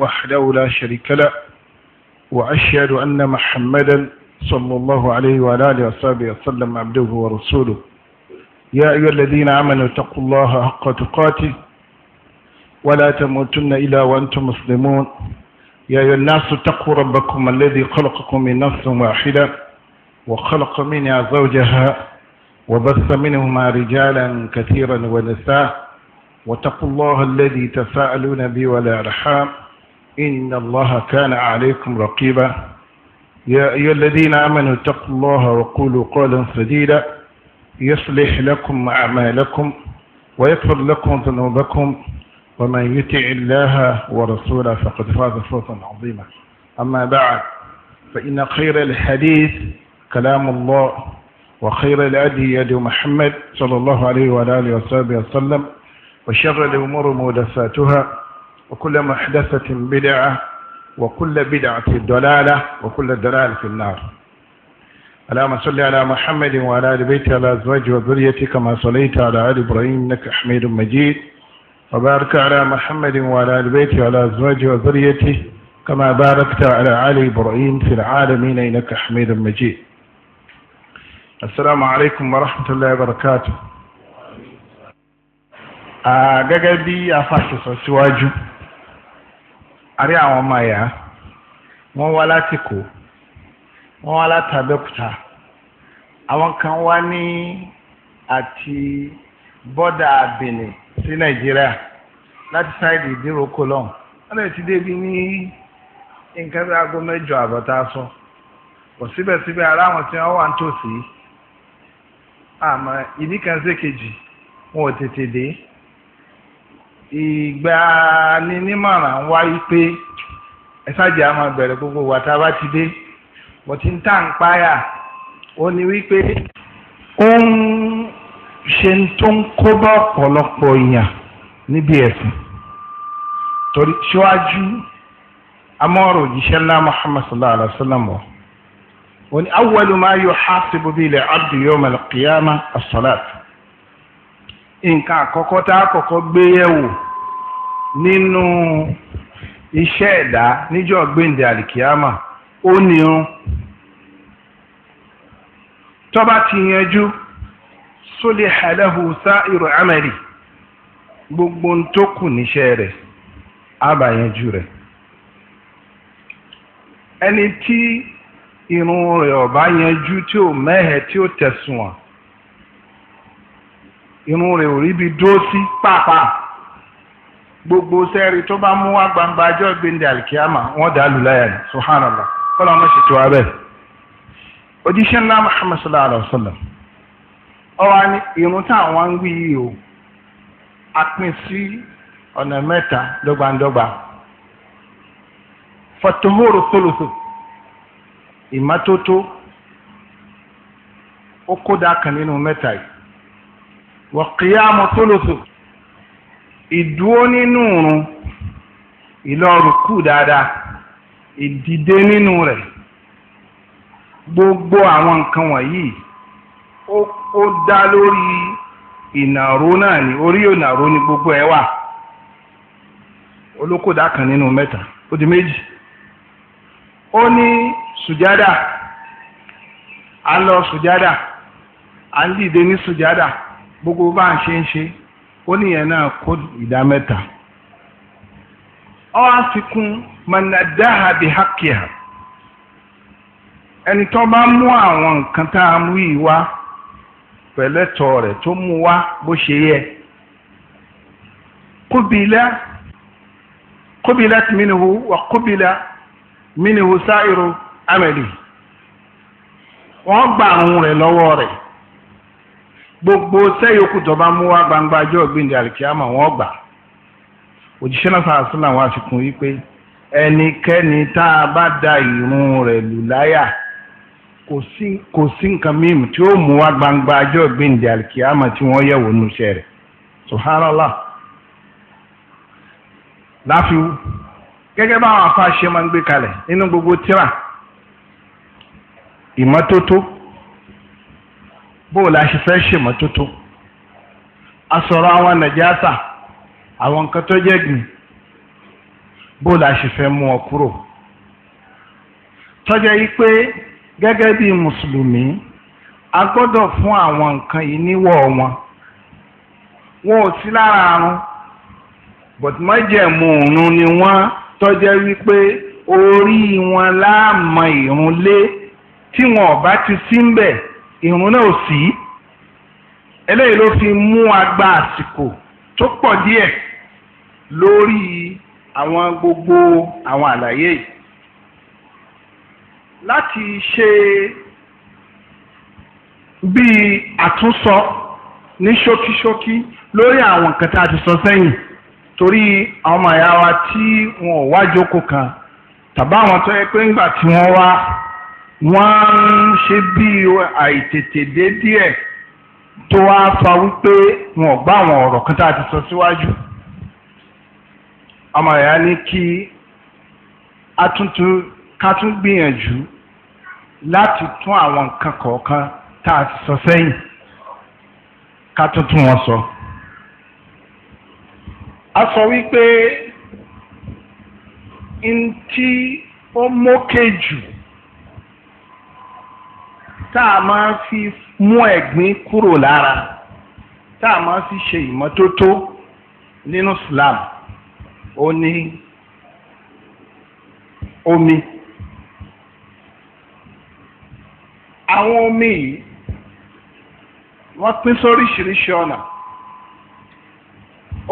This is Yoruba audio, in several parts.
وحده لا شريك له وأشهد أن محمدا صلى الله عليه وعلى آله وصحبه وسلم عبده ورسوله يا أيها الذين آمنوا اتقوا الله حق تقاته ولا تموتن إلا وأنتم مسلمون يا أيها الناس اتقوا ربكم الذي خلقكم من نفس واحدة وخلق منها زوجها وبث منهما رجالا كثيرا ونساء واتقوا الله الذي تساءلون به والأرحام إن الله كان عليكم رقيبا يا أيها الذين آمنوا اتقوا الله وقولوا قولا سديدا يصلح لكم أعمالكم ويغفر لكم ذنوبكم ومن يطع الله ورسوله فقد فاز فوزا عظيما أما بعد فإن خير الحديث كلام الله وخير الهدي يد محمد صلى الله عليه وآله وصحبه وسلم وشر الأمور محدثاتها وكل محدثة بدعة وكل بدعة ضلالة وكل ضلالة في النار اللهم صل على محمد وعلى آل بيته وعلى أزواجه وذريته كما صليت على آل إبراهيم إنك حميد مجيد وبارك على محمد وعلى آل بيته وعلى أزواجه وذريته كما باركت على آل إبراهيم في العالمين إنك حميد مجيد السلام عليكم ورحمة الله وبركاته آه، gẹ́gẹ́ bí a fàṣẹ sọ síwájú àrí àwọn ọmọ ẹ̀yà wọ́n wá láti kó wọ́n wá láti abẹ́òkúta àwọn kan wá ní àti bọ́dà Benin sí Nàìjíríà láti sáìdì ìdíròkó lọ́hùn wọ́n lè ti débi ní nǹkan bí aago mẹ́jọ àbọ̀tá sọ kò síbẹ̀síbẹ̀ ará àwọn tí wọ́n wà nítòsí àmọ́ ìdí kan sí kejì wọn ò tètè dé ìgbà ni nímọ̀ràn wáyé pé ẹ ṣáàjì á máa bẹ̀rẹ̀ gbogbo wa tá a bá ti dé bọ̀tí ń tà ń páyà ó ní wípé ó ń ṣe tó ń kó bá ọ̀pọ̀lọpọ̀ èèyàn níbi ẹ̀sìn torí ṣíwájú amọ́rò òjíṣẹ́ ńlá muhammad sallallahu alaihi wa sallam wọ̀ ó ní awwalu ma yuhasibu bil abdi yawm al-qiyamah as-salat. nǹkan àkọ́kọ́ tá a kọ́kọ́ gbé yẹ̀wò nínú iṣẹ́ ẹ̀dá níjọ́ gbẹ̀ǹdẹ̀ àlìkíyàmà ó tọ́ba ti yanjú sólè àlẹ́hù sá gbogbo ń tó kù níṣẹ́ rẹ̀ àbá yanjú rẹ̀ ẹni tí irun rẹ̀ ọ̀bá yanjú tí ò mẹ́hẹ̀ tí ó tẹ̀sùn wọn. irun rẹ̀ ò rí bi dúró sí pàápàá gbogbo sẹ́ẹ̀rì tó bá mú wá gbangba ajọ́ gbẹ̀ndẹ̀ alikiyama wọ́n dà lù láyà ní kọ́lá wọn ṣètò abẹ́ ńlá o a pín sí ọ̀nà mẹ́ta dọ́gbandọ́gba ìmọ́tótó ó kó wọ̀kíyàmù tólótò ìdúró nínú ìrun ìlọrùkù dáadáa ìdìde nínú gbogbo àwọn nǹkan wọ̀nyí ó dá lórí ìnàró náà ni orí ìnàró ní gbogbo ẹ wà olókòdá kan nínú mẹ́ta ó di méjì ó ní sùjádà lọ sùjádà ń gbogbo bá a ṣe ń ṣe ó nìyẹn náà kó ìdá mẹ́ta ọ́ àfikún mọ̀nàdáhà bí hákìá ẹni tó bá mú àwọn nǹkan tá a mú yìí wá pẹ̀lẹ́tọ̀ rẹ̀ tó mú wá bó ṣe yẹ kóbìlá kóbìlá tìmínìhù wà kóbìlá mínìhù sáírò amẹ̀lì wọ́n gba àrùn rẹ̀ lọ́wọ́ rẹ̀. gbogbo sẹ́yọkù tó bá mú wá gbangba ajọ́ ògbìn àlìkíyàmà wọn gbà òjíṣẹ́ náà sàrà sílẹ̀ àwọn àfikún yìí pé ẹnikẹ́ni tá a bá da ìrun rẹ̀ lù láyà kò sí nǹkan mímu tí ó mú wá gbangba ajọ́ ògbìn àlìkíyàmà tí wọ́n yẹ̀wò nù iṣẹ́ rẹ̀ subhanallah láfi gẹ́gẹ́ báwọn afa ṣe máa ń gbé kalẹ̀ nínú gbogbo tíra ìmọ́tótó. bóò la ṣe fẹ́ ṣèmọ́tótó asọ̀rọ̀ àwọn nàìjíríà àwọn nǹkan tó jẹ́ gbìn bóò la ṣe fẹ́ mú ọ kúrò tọ́jọ́ yìí pé gẹ́gẹ́ bí mùsùlùmí a gbọ́dọ̀ fún àwọn nǹkan yìí níwọ̀ wọn wọn ò sí lára àrùn bọ̀tí májẹ̀mú ni wọ́n tọ́jọ́ wípé orí wọn láàmọ ìrún lé tí wọn ò bá ti sí ń bẹ̀ ìrun náà ò sí eléyìí ló fi mú agba àsìkò tó pọ̀ díẹ̀ lórí àwọn gbogbo àwọn àlàyé yìí láti ṣe bíi àtúnsọ ní ṣókíṣókí lórí àwọn nǹkan tá a ti sọ sẹ́yìn torí àwọn ọmọ ìyá wa tí wọn ò wá jókòó kan tàbá àwọn tó yẹ pé ńgbà tí wọ́n wá. Wa wọ́n ń ṣe bí àìtètè dé díẹ̀ tó wá fa wípé wọn ò gbá àwọn ọ̀rọ̀ kan tá a ti sọ síwájú ọmọ ìyá ní kí atúntún ká tún gbìyànjú láti tún àwọn nǹkan kọ̀ọ̀kan tá a ti sọ sẹ́yìn ká tún tún wọn sọ. a sọ wípé ntí ó mókè jù. tá a máa fi mú ẹ̀gbin kúrò lára tá a máa fi ṣe ìmọ́tótó nínú Islam ó ní omi àwọn omi yìí wọ́n pín sóríṣiríṣi ọ̀nà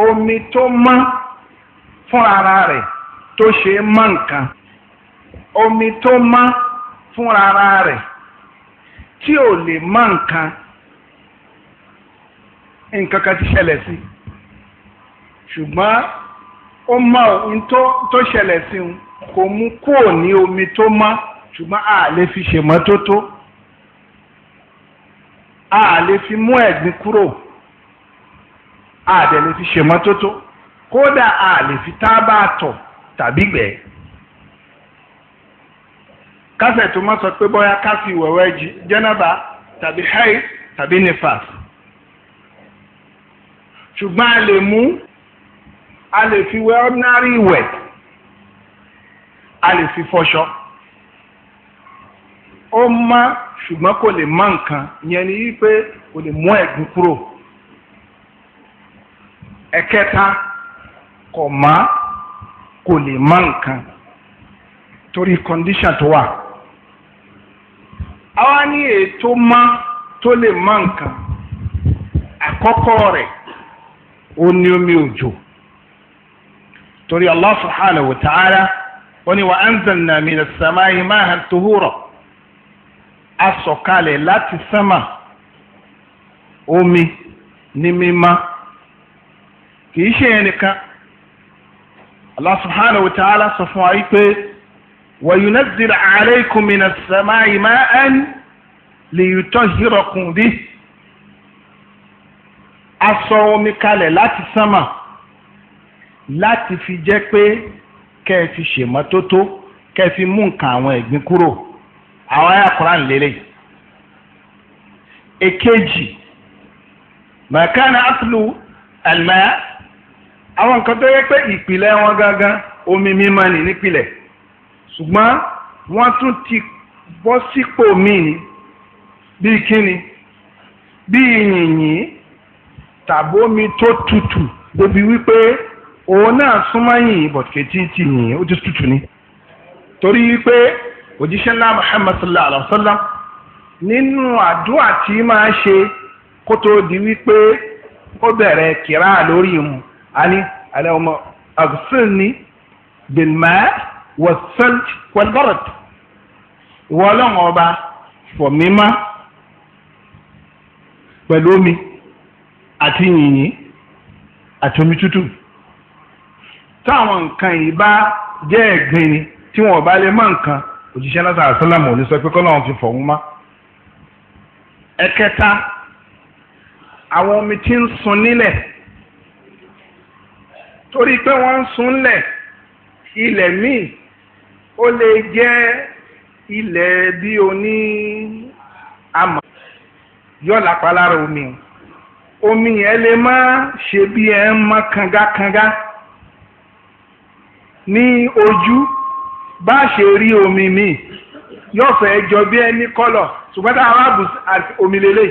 omi tó mọ́ fún ara rẹ̀ tó ṣe mọ́ nǹkan omi tó mọ́ fún ara rẹ̀ tí ò lè má nǹkan nǹkan kan ti ṣẹlẹ̀ sí ṣùgbọ́n ó mọ ohun tó ṣẹlẹ̀ sí un kò mú kúrò ní omi tó mọ́ ṣùgbọ́n a lè fi ṣèmọ́tótó a lè fi mú ẹ̀gbin kúrò a dẹ̀ lè fi ṣèmọ́tótó kódà a lè fi tábà tọ̀ tàbí gbẹ̀ẹ́ kásẹ̀ tó má sọ pé bọ́yá kásì wẹ̀wẹ́ jẹ́nàbà tàbí haid tàbí nifas ṣùgbọ́n a lè mú a lè fi wẹ̀ ordinary wẹ̀ a lè fi fọṣọ ó má ṣùgbọ́n kò lè má nǹkan ìyẹn ni wípé kò lè mú ẹ̀gbin kúrò ẹ̀kẹta kò má kò lè má nǹkan torí condition tó wà àwa ní ètò má tó lè má nǹkan àkọ́kọ́ rẹ̀ ó ní omi òjò torí Allah subhanahu wa ta'ala wọ́n ní wa anzalna minas samai ma'an tuhura a sọ̀kalẹ̀ láti sánmà omi ní mímá kì í ṣe ẹnìkan Allah subhanahu wa ta'ala sọ fún wa yìí pé. وينزل عليكم من السماء ماء ليطهركم به aṣọ omi kalẹ̀ láti sánmà láti fi jẹ́ pé kẹ́ ẹ fi ṣèmọ́tótó kẹ́ ẹ fi mú nǹkan àwọn ẹ̀gbin kúrò àwọn ayé àkùrán lélẹ̀ èkejì màkàna aslu àlùmáyà àwọn nǹkan tó yẹ pé ìpìlẹ̀ wọn gangan omi mímọ́ ni nípìlẹ̀ ṣùgbọ́n wọ́n tún ti bọ́ sípò míì bíi kíni bíi yìnyín tàbómi tó tutù débi wípé òun náà súnmọ́ yìnyín bọ̀tùkẹ́tì ti yìnyín ó ti tutù ni torí wípé òjíṣẹ́ ńlá Muhammad sallallahu alayhi wa sallam nínú àdúrà tí máa ṣe kó tó di wípé ó bẹ̀rẹ̀ kíra lórí mu a ní ọmọ àgùsìn ní bìnnìmáà wọ̀sẹ̀lt wẹ̀lbọ̀rọ̀t ìwọ ọlọ́run ọba fọ̀ mímọ́ pẹ̀lú omi àti yìnyín àti omi tútù táwọn nǹkan yìí bá jẹ́ ẹ̀gbin ni tí wọn bá lè mọ nǹkan òjíṣẹ́ náà sàrà sálàmù ò àwọn omi tí ń sun nílẹ̀ torí pé wọ́n ń sun nílẹ̀ ilẹ̀ míì ó lè jẹ́ ilẹ̀ bí oní amọ̀ yọ̀lá palára omi omi yẹn lè má ṣe bí ẹ ń mọ kangakanga ní ojú bá ṣe rí omi mi yóò fẹ́ jọ bí ẹ ní kọ́lọ̀ ṣùgbọ́n tá a wá bù omi lélẹ̀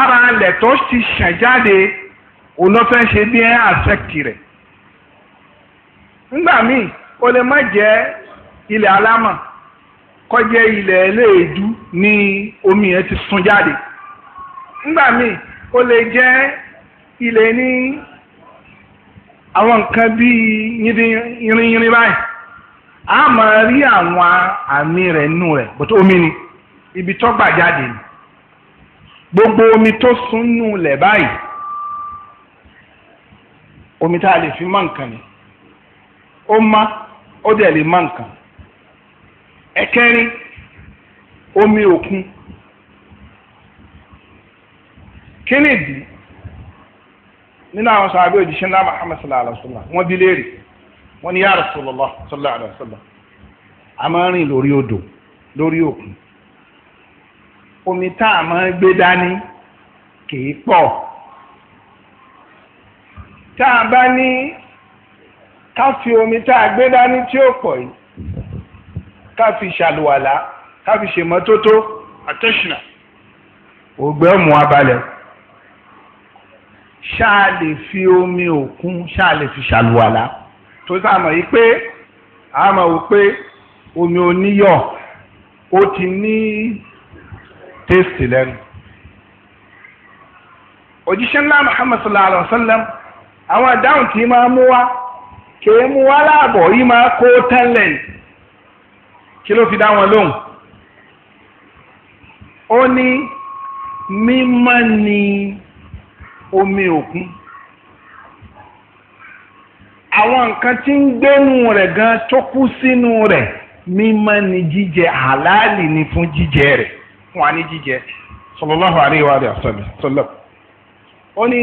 ara ilẹ̀ tó ti ṣàn jáde òun ló fẹ́ ṣe bí ẹ àṣẹ́kì rẹ̀ nígbà míì. o lè má jẹ́ ilẹ̀ alámọ̀ kó jẹ́ ilẹ̀ eléèdú ní omi yẹn ti sun jáde nígbà míì ó lè jẹ́ ilẹ̀ ní àwọn nǹkan bíi irin báyìí a máa rí àwọn àmì rẹ̀ nù rẹ̀ bọ́tọ̀ omi ni ibi tó gbà jáde ni gbogbo omi tó sun nù lẹ̀ báyìí omi tá a lè fi ma nǹkan ni ó má ó dẹ̀ e má nǹkan ẹ̀kẹrin omi òkun kíni nínú àwọn sàbẹ̀ òjíṣẹ́ ńlá Muhammad sallallahu alaihi wa sallam wọ́n bí léèrè wọ́n ní ya Rasulullah a omi tá a máa ń gbé ká fi omi tá a gbé dání tí ó pọ̀ yìí ká fi ṣàlùwàlá ká fi ṣèmọ́tótó àtẹ̀sìnà ògbẹ́ ọ̀mù abalẹ̀ ṣáà lè fi omi òkun ṣáà lè fi ṣàlùwàlá tó sàmọ̀ yìí pé àmọ̀ wò pé omi oníyọ̀ ó ti ní tẹ́sítì lẹ́nu òjíṣẹ́ ńlá Muhammad sallallahu alayhi wa sallam àwọn àdáhùn tí máa mú wá. kèé mu wá láàbọ̀ yìí máa kó talent kí ló fi dá wọn lóhùn ó ní mímọ́ ni omi òkun àwọn nǹkan tí ń gbénu rẹ̀ gan tó kú sínú rẹ̀ mímọ́ ni jíjẹ àlàálì fún jíjẹ rẹ̀ fún wa ní jíjẹ ó ní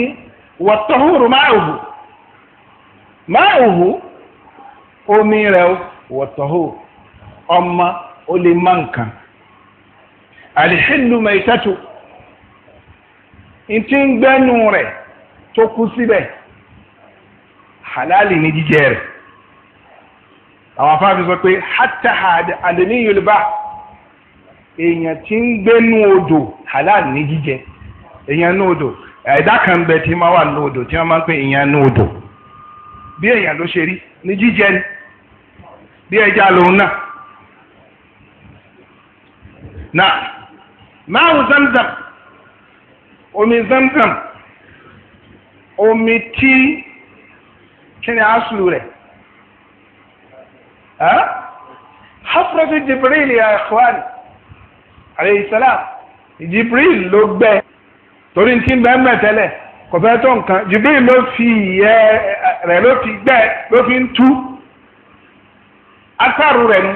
máa hù omi rẹ̀ wọ̀tọ̀hó ọmọ ó lè má nǹkan àlìhìlùmọ̀ ìtẹ́tù ntí ń gbẹ́nu rẹ̀ tó kú síbẹ̀ halali ní jíjẹ rẹ̀ àwọn afáàfi sọ pé hátà àdéní yorùbá èèyàn tí ń gbẹ́nu halali ní jíjẹ èèyàn ní odò ẹ̀dá kan bẹ tí máa wà ní odò tí wọ́n máa bí èèyàn ló ṣe rí ní jíjẹ ni bí ẹja lòun náà. náà máàwù zamzam omi zamzam omi tí kí ni aṣọ rẹ̀ hafratu jibril ya ikhwan alayhi jibril ló gbẹ torí ti bẹ́ẹ̀ mẹ́tẹ́lẹ̀ kò fẹ́ tó nǹkan jibril ló fi ìyẹ́ rẹ̀ ló fi gbẹ́ ló fi ń tú asáàrù rẹ̀ nu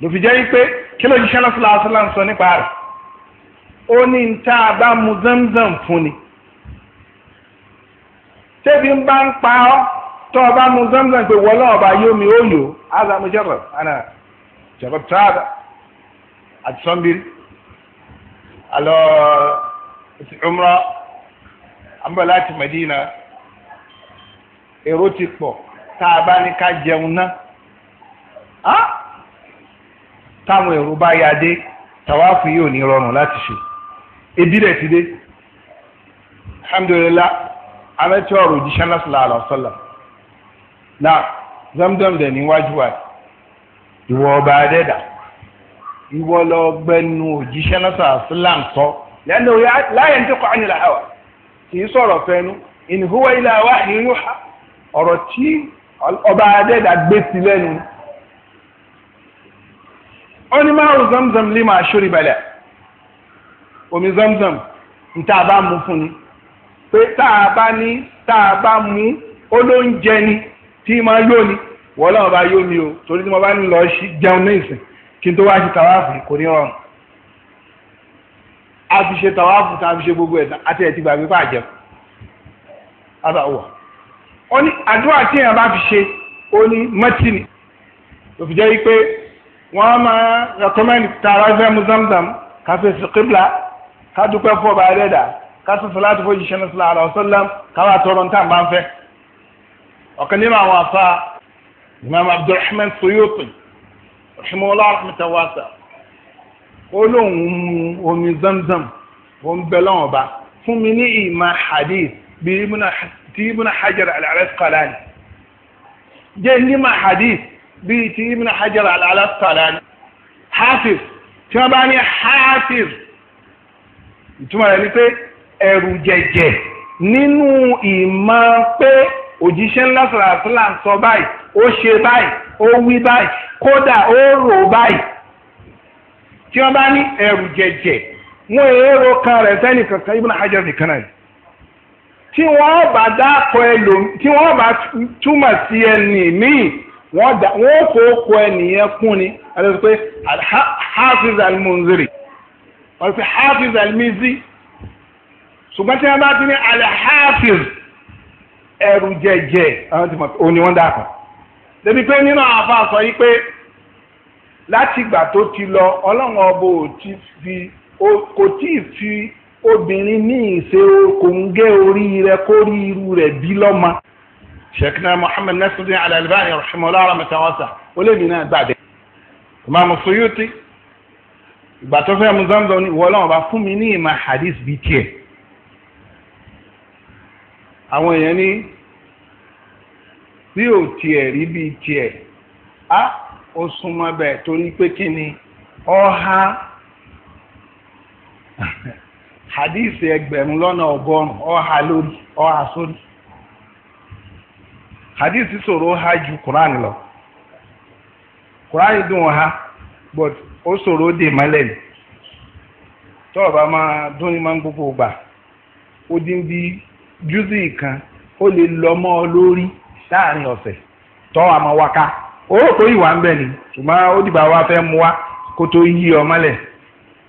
ló fi jẹ́ pé kí ló ṣiṣẹ́ lọ́sọ̀lá ọ̀sọ̀lá ń sọ nípa rẹ̀ ó ní ń tá a bá mu zamzam fún ni tẹ́bi ń bá ń pa ọ́ tọ́ bá mu zamzam pé wọ́lọ́ ọba yómi ó yò á zàmú jẹ́rọ̀ àná jẹ́rọ̀ tíráàdà àti sọ́nbírí alọ́ umrah an bala ta madina èrò ti pọ̀ tá a bá ní ká jẹun náà táwọn èrò bá ya dé tàwáàfù yìí ò ní rọrùn láti ṣe ebi rẹ̀ ti dé alhamdulilah amẹ́tí ọ̀rọ̀ òjíṣẹ́ náà sọ̀lá àlọ́sọ̀lá náà zamzam dẹ̀ níwájú wa ìwọ ọba adẹ́dà ìwọ lọ gbẹnu òjíṣẹ́ náà sọ̀rọ̀ àṣìlám sọ lẹ́nu láyé hàwà kì í sọ̀rọ̀ fẹ́nu in huwa illa wahyu ha ọ̀rọ̀ tí ọba adẹ́dà gbé sí lẹ́nu ó ní máa rò zamzam lè máa ṣórí balẹ̀ omi zamzam ní bá mú fún ni pé tá a bá ní tá a bá mú olóúnjẹ ni tí máa yó ni wọ́n lọ́wọ́ bá yó mi o torí tí mo bá ń lọ jẹun ní ìsìn kí n tó wá sí tàwáàfù kò ní rọrùn a fi ṣe tàwáàfù tá a fi ṣe gbogbo ẹ̀ àti ẹ̀ ti gbàgbé pàjẹ́ àbáwọ̀ ó ní àdúrà tí èèyàn bá fi ṣe ó ní mọ́tìnì tó fi jẹ́ wípé wọ́n máa rẹ̀kọ́mẹ́ndì tààrà fẹ́ mu zamzam ká fèsì kíbla ká dúpẹ́ fún ọba ẹlẹ́dà ká tún sọlá tó fojì ṣẹ́nu sílá àlọ́ sọ́lám ká wà tọrọ ní tàǹbà ń fẹ́. ọ̀kan nínú àwọn afa imam abdulrahman suyuti rahimahullah rahmatan wasa ó lóun mu omi zamzam ó bẹ lọ́wọ́ ba fún mi ní ìmọ̀ hadith bíi ibùnà hadith. ti ibn hajar al-asqalani jẹ́ nímọ̀ hadith bíi ti ibn hajar al-asqalani hafiz tí wọ́n bá ní hafiz ìtumọ̀ rẹ̀ ni pé ẹ̀rù jẹ̀jẹ̀ nínú ìmọ̀ pé òjíṣẹ́ ńlá sàràsílà o ṣe báyìí ó wí báyìí koda o rò báyìí tí wọ́n bá tí wọ́n bá dákọ̀ ẹlò tí wọ́n bá túmọ̀ sí ẹni míì wọ́n kò kọ ẹnìyẹn kún ni àti pé hafiz almunziri wọ́n fi hafiz almizi ṣùgbọ́n tí wọ́n bá ti ní alhafiz ẹrù jẹjẹ òní wọ́n dákọ̀ débi pé nínú àwọn afa sọ yìí pé látìgbà tó ti lọ ọlọ́run ọba ò ti fi kò tí ì fi obìnrin ní ìṣe kòǹgẹ́ orí rẹ̀ kó rí irú rẹ̀ bí lọ́mọ. Sheikhna Muhammad Nasiruddin Al-Albani rahimahullah rahmatan wasi'a ó lè mí náà gbàdé. Imam Suyuti ìgbà tó fẹ́ mu zamzam ni ìwọ ọlọ́run ọba fún mi ní ìmọ̀ hadith bíi tiẹ̀. àwọn èèyàn ní bí ò tiẹ̀ rí bíi tiẹ̀ á ó súnmọ́ bẹ́ẹ̀ torí pé kí ni ọ̀ha. hadith ẹgbẹ̀rún lọ́nà ọgọ́rùn-ún ọ̀hà lórí ọ̀hà sórí sọ̀rọ̀ ha ju quran lọ quran dùn ha but ó sọ̀rọ̀ dè mọ́lẹ̀ ni tọ́ọ̀bá máa dún ní máa ń gbogbo gbà ó dín bí kan ó lè lọ mọ́ ọ lórí láàrin ọ̀sẹ̀ tọ́ ó ìwà ni ṣùgbọ́n ó dìbò àwa fẹ́ mu wá kó tó ọ mọ́lẹ̀.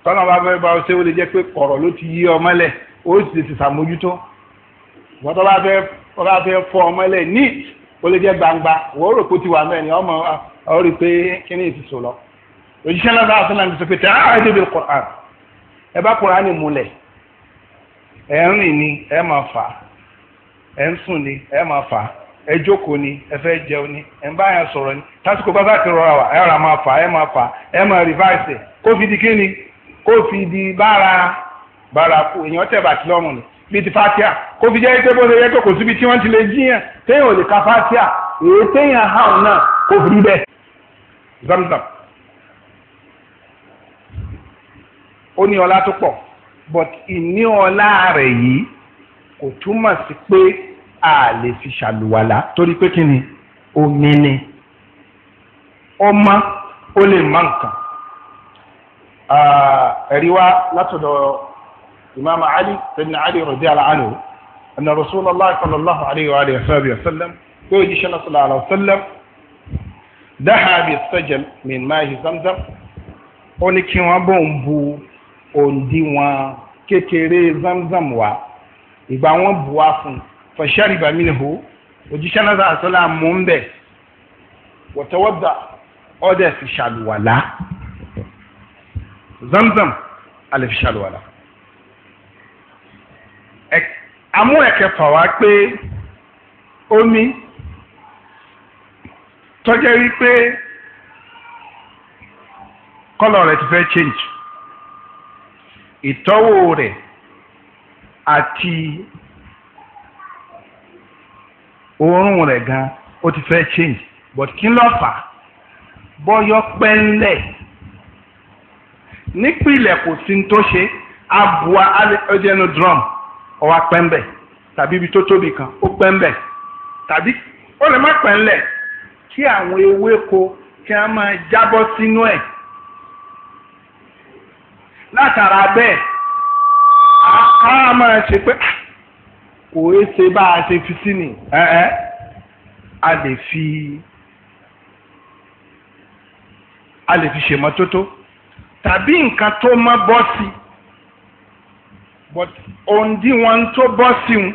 tọ́nà bá fẹ́ bá ọ ó lè jẹ́ pé kọ̀rọ̀ ló ti yí ti wọ́n tọ́ fọ ọmọ lẹ̀ gbangba wọ́n rò pé ó ti wà mẹ́rin ọmọ ọ rí pé kíní ti lọ òjíṣẹ́ náà bá sọ́nà ẹ̀ débi ẹ bá múlẹ̀ ń rìn ẹ máa fà ẹ ń sùn ẹ máa fà ẹ jókòó ẹ fẹ́ jẹun kó fi di bára bárakú èèyàn tẹ̀ bàtí lọ́rùn ni bíi ti fatia kó fi jẹ́ pé bó ṣe yẹ kó kò síbi tí wọ́n ti lè jíyàn téèyàn ò lè ka fatia èyí téèyàn hàn náà kò fi bẹ́ẹ̀ zamzam ó ní ọlá tó pọ̀ but ìní ọlá rẹ̀ yìí kò túmọ̀ sí pé a lè fi ṣàlùwàlá torí pé kí ni omi ni ọmọ ó lè má nǹkan ẹ̀rí wá látọ̀dọ̀ imam ali ibn ali radiyallahu anhu anna rasulullah sallallahu alayhi wa alihi wa sallam pé òjíṣẹ́ náà sallallahu alayhi wa sallam dáhà bí sajal min mahi zamzam ó ní kí wọ́n bọ̀ ń bu òǹdíwọ̀n kékeré zamzam wá ìgbà wọn bu wá fún fashariba minhu òjíṣẹ́ náà sallallahu mú ń bẹ̀ wọ́tọ́wọ́dà ọ̀dẹ̀ sì ṣàlùwàlá zamzam alẹ́ fi ṣàlùwàlà amú ẹ̀kẹfà wá pé omi tọ́jẹ́ rí pé kọ́lọ̀ rẹ̀ ti fẹ́ change ìtọ́wò rẹ̀ àti òórùn rẹ̀ gan ó ti fẹ́ change but kí ló fà bọ́yọ́ pẹ́ńlẹ̀ nípìnlẹ̀ kò sí ní tó ṣe abua ọdẹnu drum ọwa pẹ́ńbẹ̀ tàbí ibi tó tóbi kan ó pẹ́ńbẹ̀ tàbí ó lè má pẹ́ńlẹ̀ kí àwọn ewéko kí a máa jábọ́ sínú ẹ̀ látara bẹ́ẹ̀ a máa ṣe pé ah, kò é ṣe bá a ṣe fi sí ni ẹ̀ẹ́ a lè fi a lè fi ṣèmọ́tótó. tàbí nǹkan tó má bọ́ sí but òǹdíwọ̀n tó bọ́ sí un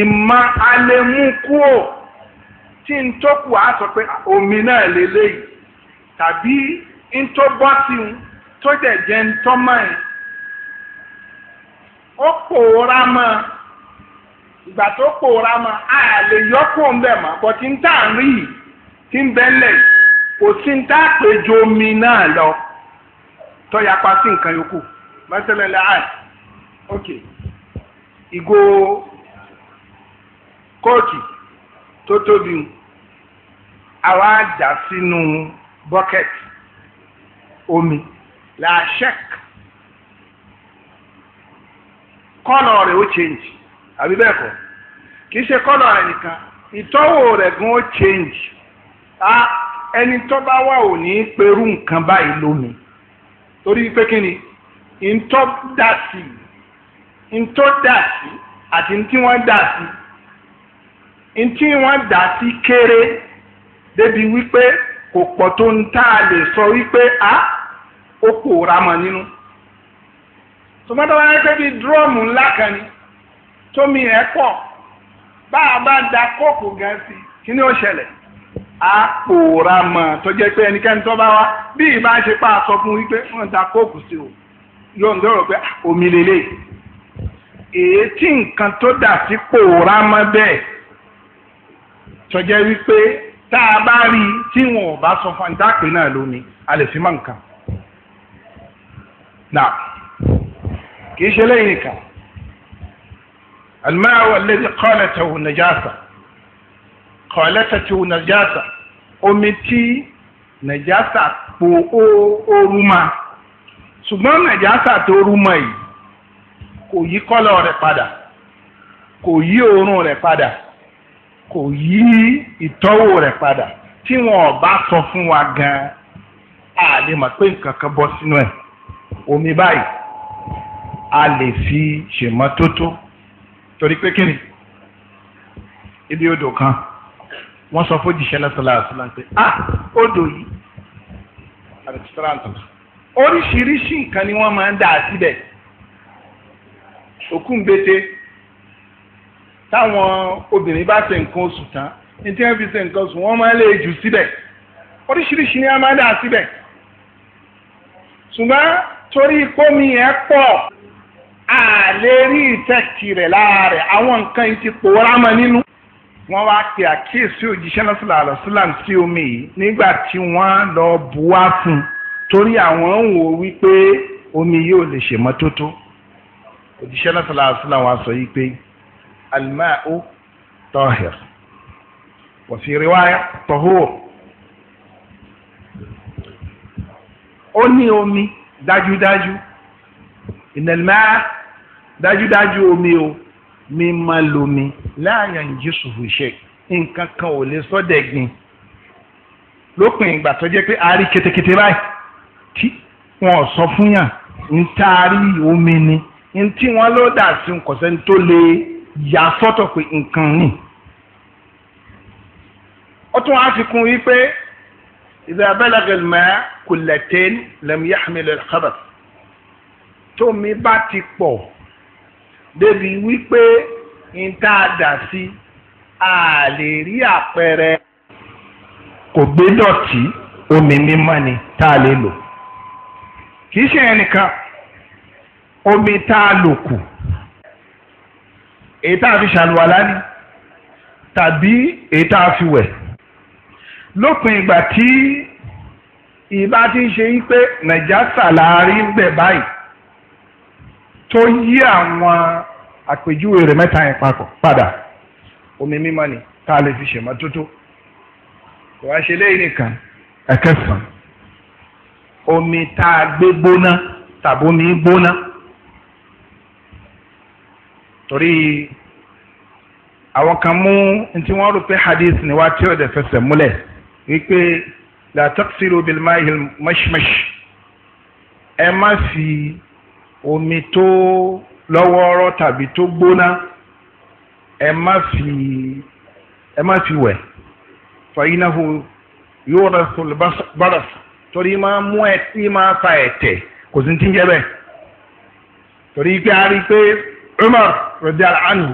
ìmọ̀ alẹ́ tí n tó kù á sọ pé omi náà lélẹ́yìí tàbí n tó bọ́ sí un tó dẹ̀ jẹ́ tọ́ mọ́ ìgbà tó pòórá mọ́ a lè yọkùn ń bẹ̀ mọ́ but n tà ń rí tí ń omi náà lọ. tó yapa sí nǹkan yòókù mẹsẹlẹ lẹ́hàn ok ìgò kóòkì tó tóbi àwa dà sínú bucket omi làṣẹk kọ́lọ̀ rẹ̀ ó change àbí bẹ́ẹ̀ kọ́ kì í ṣe kọ́lọ̀ rẹ̀ nìkan ìtọ́wò rẹ̀ gan ó change ẹni tó bá wà ò ní perú nǹkan báyìí lómi torí pé kí ni ntọ́ dà sí ntọ́ dà sí àti ntí wọ́n dà sí ntí wọ́n dà sí kéré débi wípé kò pọ̀ tó ń tá a lè sọ wípé a ó pòórá mọ́ nínú tòmọ́tò wọn yẹ bí dúrọ́ọ̀mù ńlá kan ni tómi ẹ̀ pọ̀ bá a bá da kọ́ọ̀pù gan sí kí ni ó ṣẹlẹ̀ a pòórá mọ̀ tó jẹ́ pé ẹnikẹ́ni tó bá wá bí ìbá ṣe pa àsọ fún wípé wọ́n ta kóòkù sí o yóò ń dọ̀rọ̀ pé ah, omi lélẹ̀ èyí tí nǹkan tó dà sí pòórá mọ́ bẹ́ẹ̀ tó jẹ́ wípé tá a bá rí i tí wọn ò bá sọ fún ẹni tá náà lómi a lè fi mọ̀ nǹkan nà kì í ṣe lẹ́yìn nìkan alimẹ́wàá lẹ́dí kọ́lẹ̀ tẹ̀wọ̀n nàjàsà kọ̀ọ̀lẹ́tẹ̀tì nàjàsà omi tí nàjàsà po ooru ma ṣùgbọ́n nàjàsà tó rú ma yìí kò yí kọ́lọ̀ rẹ̀ padà kò yí òórùn rẹ̀ padà kò yí ìtọ́wò rẹ̀ padà tí wọn bá sọ fún wa gan a lè mọ̀ pé nǹkan kan bọ́ sínú ẹ̀ omi báyìí a lè fi ṣèmọ́tótó torí pé kí ni ibi odò kan wọ́n sọ fún jìṣẹ́ lẹ́sọ̀lá àṣìlá pé ah odò yìí oríṣiríṣi nǹkan ni wọ́n máa ń dà síbẹ̀ òkú ń bété táwọn obìnrin bá ṣe nǹkan oṣù tán ní tí wọ́n fi ṣe nǹkan oṣù wọ́n máa lè jù síbẹ̀ oríṣiríṣi ni wọ́n máa ń dà síbẹ̀ ṣùgbọ́n torí kómi ẹ̀ pọ̀ àlè rí ìtẹ́kì rẹ̀ lára rẹ̀ àwọn nǹkan ti pòórá mọ́ nínú wọ́n wá pe àkíyèsí òjíṣẹ́ náà sílà àlọ́sílàm sí omi yìí nígbà tí wọ́n lọ buwá fún un torí àwọn ń wò wípé omi yóò lè ṣe mọ́tótó òjíṣẹ́ náà sílà àlọ́sílàm wa sọ yìí pé alimau tahir wa fi riwaya tahur ó ní omi dájúdájú ìnàlmá dájúdájú omi o mímá lomi láàyàn jésùfù ṣe nǹkan kan ò lè sọ́dẹ̀ gbin lópin ìgbà tó jẹ́ pé a rí ketekete báyìí tí wọ́n sọ fún yàn ń taari omi ni ń tí wọ́n ló dà sí nǹkan tó lè yà sọ́tọ̀ pé nǹkan ni. ó tún wá fi kún wípé idha balagha al-ma'u kullatayn lam yahmil al tómi bá ti pọ̀ débi wípé n tá a dà sí a lè rí àpẹẹrẹ kò gbé dọ̀tí omi mímọ́ ni tá a lè lò kì í ṣe ẹnìkan omi tá a lò kù èyí tá a fi ṣàlùwàlá ni tàbí èyí tá a fi wẹ̀ lópin ìgbà tí ìbá ti ń ṣe yí pé nàìjà sàlárí ń bẹ̀ báyìí tó yí àwọn àpèjúwe rẹ̀ mẹ́ta yẹn papọ̀ padà omi mímọ́ ni tá a lè fi ṣèmọ́tótó kò wá ṣe léyìn nìkan ẹ̀kẹsàn omi tá a gbé gbóná tàbí omi gbóná torí àwọn kan mú ntí wọ́n rò pé hadith ni wá tí ó dẹ̀ fẹsẹ̀ múlẹ̀ wípé la taqsilu bil ma'i al mashmash ẹ má fi omi tó lọ́wọ́ọ́rọ́ tàbí tó gbóná ẹ má fi ẹ má fi wẹ̀ fàyínáhu yóò rẹ sọlbàrà torí máa mú ẹ tí máa fa ẹ̀tẹ̀ kò sí ti ń jẹ́ bẹ́ẹ̀ torí pé a rí i pé Umar rẹ̀dí àlánù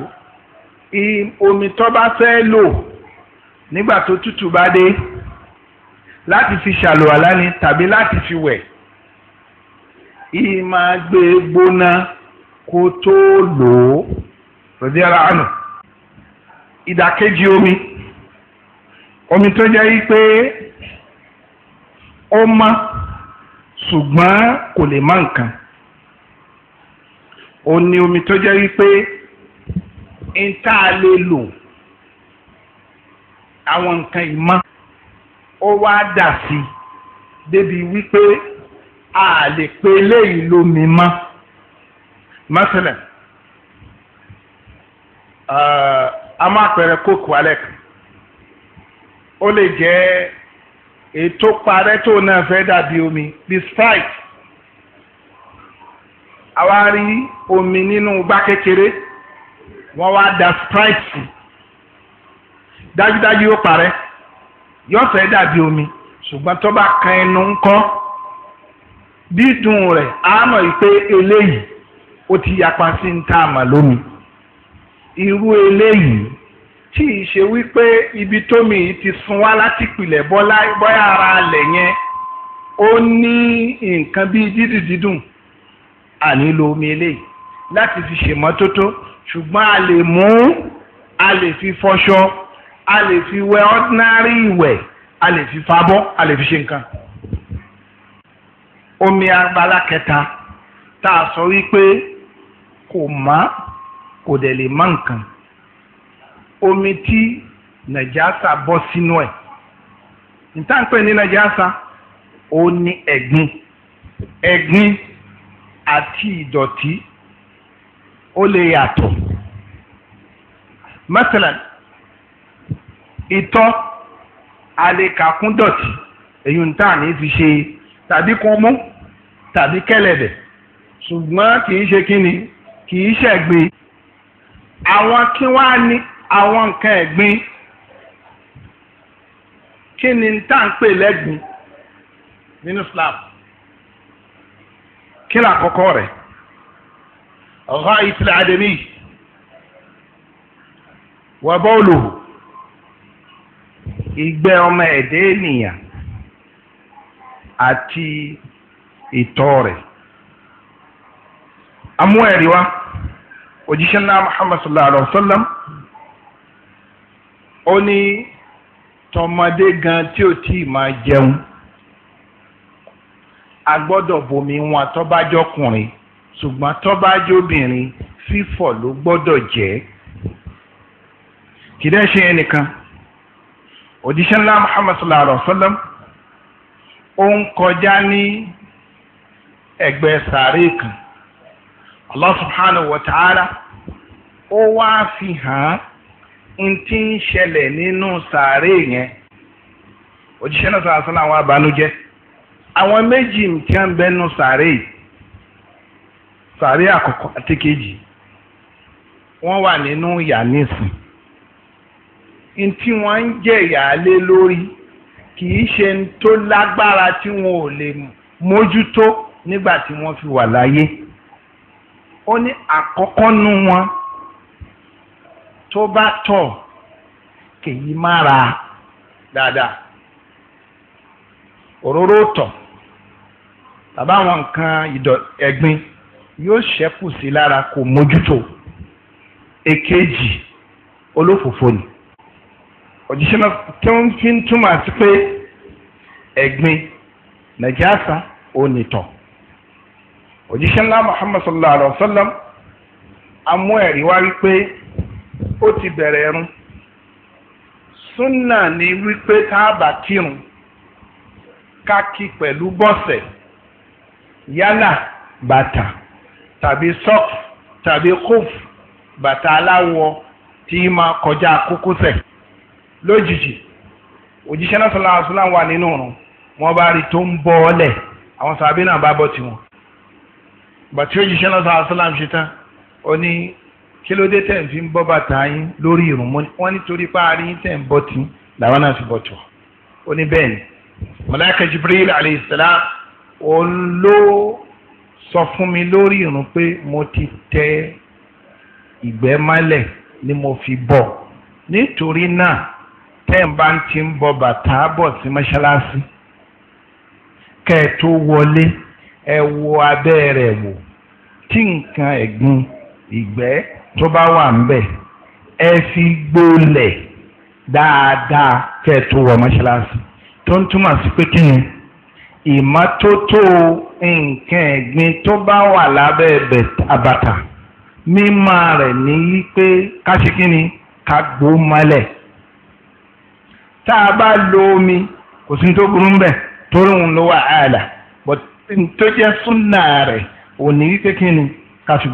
omi tó bá fẹ́ lò nígbà tó tútù bá dé láti fi ṣàlùwàlá ni tàbí láti fi wẹ̀ yìí máa gbé gbóná kó tó lò ó rẹ̀dí ara àná ìdàkejì omi omi tó jẹ́ yí pé ó mọ́ ṣùgbọ́n kò lè má nǹkan ó ní omi tó jẹ́ wípé ń tá a lè lò àwọn nǹkan ìmọ̀ ó wá dà sí débi wípé a lè pe eléyìí lómi mọ́ mọ́sálẹ̀ a máa pẹ̀rẹ̀ kókò alẹ́ kan ó lè jẹ́ ètò parẹ́ tó náà fẹ́ dàbí omi bí sprite a wá rí omi nínú gbá kékeré wọ́n wá da sprite sí dájúdájú yóò parẹ́ yóò fẹ́ dàbí omi ṣùgbọ́n tó bá kan ẹnu ńkọ́ dídùn rẹ̀ á mọ̀ pé eléyìí ó ti yapa sí ń tá a mà lómi irú eléyìí tí ì ṣe wípé ibi tómi yìí ti sun wá láti pìlẹ̀ bọ́yá ara alẹ̀ yẹn ó ní nǹkan bíi dídùn dídùn ànílò omi eléyìí láti fi ṣèmọ́tótó ṣùgbọ́n a lè mú a lè fi fọṣọ a lè fi wẹ ordinary ìwẹ̀ a lè fi fabọ́ a lè fi ṣe nǹkan omi abala kẹta tá a sọ wípé kò má kò dẹ̀ lè má nǹkan omi tí nàìjíríà bọ́ sínú ẹ̀ ìtànpẹ̀ ní nàìjíríà ó ní ẹ̀gbin ẹ̀gbin àti ìdọ̀tí ó lè yàtọ̀ mẹ́tẹ̀lẹ̀ ìtọ̀ àlekàkúndọ̀tí èyí ń tà ní fi ṣe tàbí kọmú tàbí kẹlẹ̀bẹ̀ ṣùgbọ́n kì í ṣe kíni kì í ṣẹ̀gbin àwọn kí wọ́n á ní àwọn nǹkan ẹ̀gbin kí ni tá à ń pè lẹ́gbin nínú Islam kí ni àkọ́kọ́ rẹ̀ ọ̀rọ̀ ìtìlẹ̀ àdèmí wà bọ́ọ̀lù ìgbẹ́ ọmọ ẹ̀dẹ́ ènìyàn àti ìtọ̀ rẹ̀ amú ẹ̀rí wa òjíṣẹ́ ńlá muhammad sallallahu alayhi wa sallam ó ní tọmọdé gan tí ò tí ì máa jẹun a gbọ́dọ̀ bomi wọn tó bá jọkùnrin ṣùgbọ́n tó bá jọbìnrin fífọ̀ ló gbọ́dọ̀ jẹ́ kìdẹ́ ṣe ẹnìkan òjíṣẹ́ ńlá muhammad sallallahu alayhi wa sallam. ó ń kọjá ní ẹ̀gbẹ́ sàárè kan Allah subhanahu ó wá fi hàn án n tí ń ṣẹlẹ̀ nínú sàárè yẹn òjíṣẹ́ náà àwọn abánújẹ́ àwọn méjì tí wọ́n bẹ nínú sàárè sàárè àti kejì wọ́n wà nínú ìyà nísìn kì í ṣe ń tó lágbára tí wọn ò lè mójútó nígbà tí wọ́n fi wà láyé ó ní àkọ́kọ́ nu wọn tó bá tọ̀ kèyí mára dáadáa òróró tọ̀ tàbí àwọn nǹkan ẹ̀gbin yóò ṣẹ́kù sí lára kò mójútó èkejì olófòfò ni òjíṣẹ́ náà tí wọ́n fi ń túmọ̀ sí pé ẹ̀gbin nàìjíríà onítọ̀ òjíṣẹ́ ńlá Muhammad sallallahu alayhi wa sallam amú ẹ̀rí wá wípé ó ti bẹ̀rẹ̀ ẹ̀rún súnà ni wípé tá a bá kírun ká kí pẹ̀lú bọ́sẹ̀ yálà bàtà tàbí sọ́ọ̀kì tàbí kófù bàtà aláwọ̀ tí máa kọjá kókósẹ̀ lójijì òjíṣẹ́ náà sọlá àṣùlá wà nínú ọ̀run wọn bá rí tó ń bọ́ ọlẹ̀ àwọn sàbí náà bá bọ́ tiwọn bàtí òjíṣẹ́ náà sọlá àṣùlá ṣe tán ó ní kí ló dé tẹ̀ ń fi ń bọ́ bàtà yín lórí ìrùn wọn nítorí páàrí yín tẹ̀ ń bọ́ tí làwọn náà fi bọ́ tiwọn ó ní bẹ́ẹ̀ ni mọ̀láìkà Jibril alayhi salam òun ló sọ fún mi lórí ìrùn pé mo ti tẹ ìgbẹ́ mọ́lẹ̀ ni mo fi bọ̀ nítorí náà tẹ́ẹ̀ bá ń ti ń bọ bàtà bọ̀ sí mọ́ṣáláṣí kẹ́ ẹ tó wọlé ẹ wo abẹ́ rẹ̀ wò tí nǹkan ẹ̀gbin ìgbẹ́ tó bá wà ń bẹ̀ ẹ fi gbólẹ̀ dáadáa kẹ́ wọ mọ́ṣáláṣí tó ń túmọ̀ sí pé kí ni ìmọ́tótó nǹkan ẹ̀gbin tó bá wà lábẹ́ àbàtà mímọ́ rẹ̀ ní wípé ká ni ká gbó mọ́lẹ̀. tá a bá lo omi kò sí tó burú bẹ̀ torí ló wà áàlà but tó jẹ́ súnà rẹ̀ òní wípé kí ni ká fi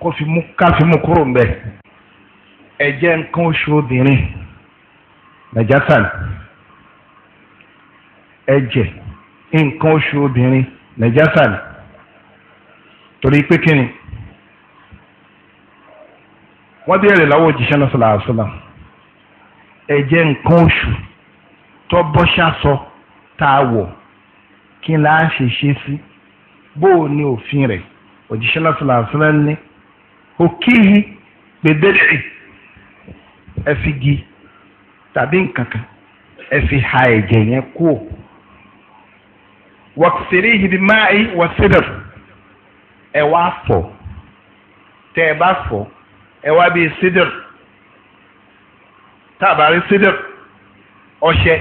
kó fi mú ká fi mú kúrò nǹkan oṣù obìnrin ẹ̀jẹ̀ nǹkan oṣù tó bọ́ṣàṣọ tá a wọ̀ kí n láà ṣe ṣe sí bó o ní òfin rẹ̀ òjíṣẹ́ lọ́sọ̀lá àṣírẹ́ ní òkìhí gbèdéke ẹ̀figi tàbí nǹkan kan ha ẹ̀jẹ̀ yẹn kú o wọ́kìsìrì máa yí wọ́sídọ̀ ẹ̀ wá fọ̀ tẹ́ ẹ bá fọ̀ ẹ wá bíi sídọ̀ tábà rí sídẹ̀p ọṣẹ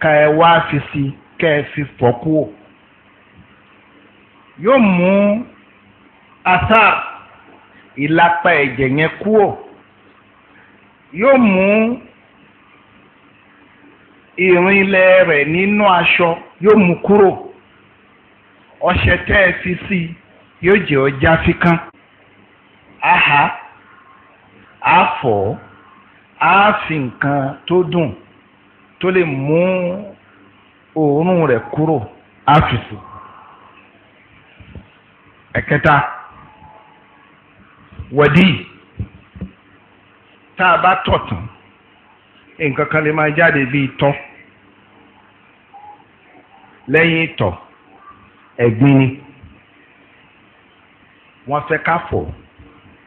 ká ẹ wá fi si ká ẹ fi fọ̀ kúò yóò mú asar ìlapa ẹ̀jẹ̀ yẹn kúò yóò mú ìrìn ilẹ̀ rẹ̀ nínú aṣọ yóò mú kúrò ọṣẹ tẹ́ ẹ fi sí yóò jẹ́ ọjà fíkán aha àfọ̀ á fi nǹkan tó dùn tó lè mú òórùn rẹ̀ kúrò á fi sí. ẹ̀kẹta wẹ̀dí tá a bá tọ̀ tán nǹkan kan lè máa jáde bíi tọ́ lẹ́yìn ìtọ̀ ẹ̀gbin ni wọ́n fẹ́ ká fọ̀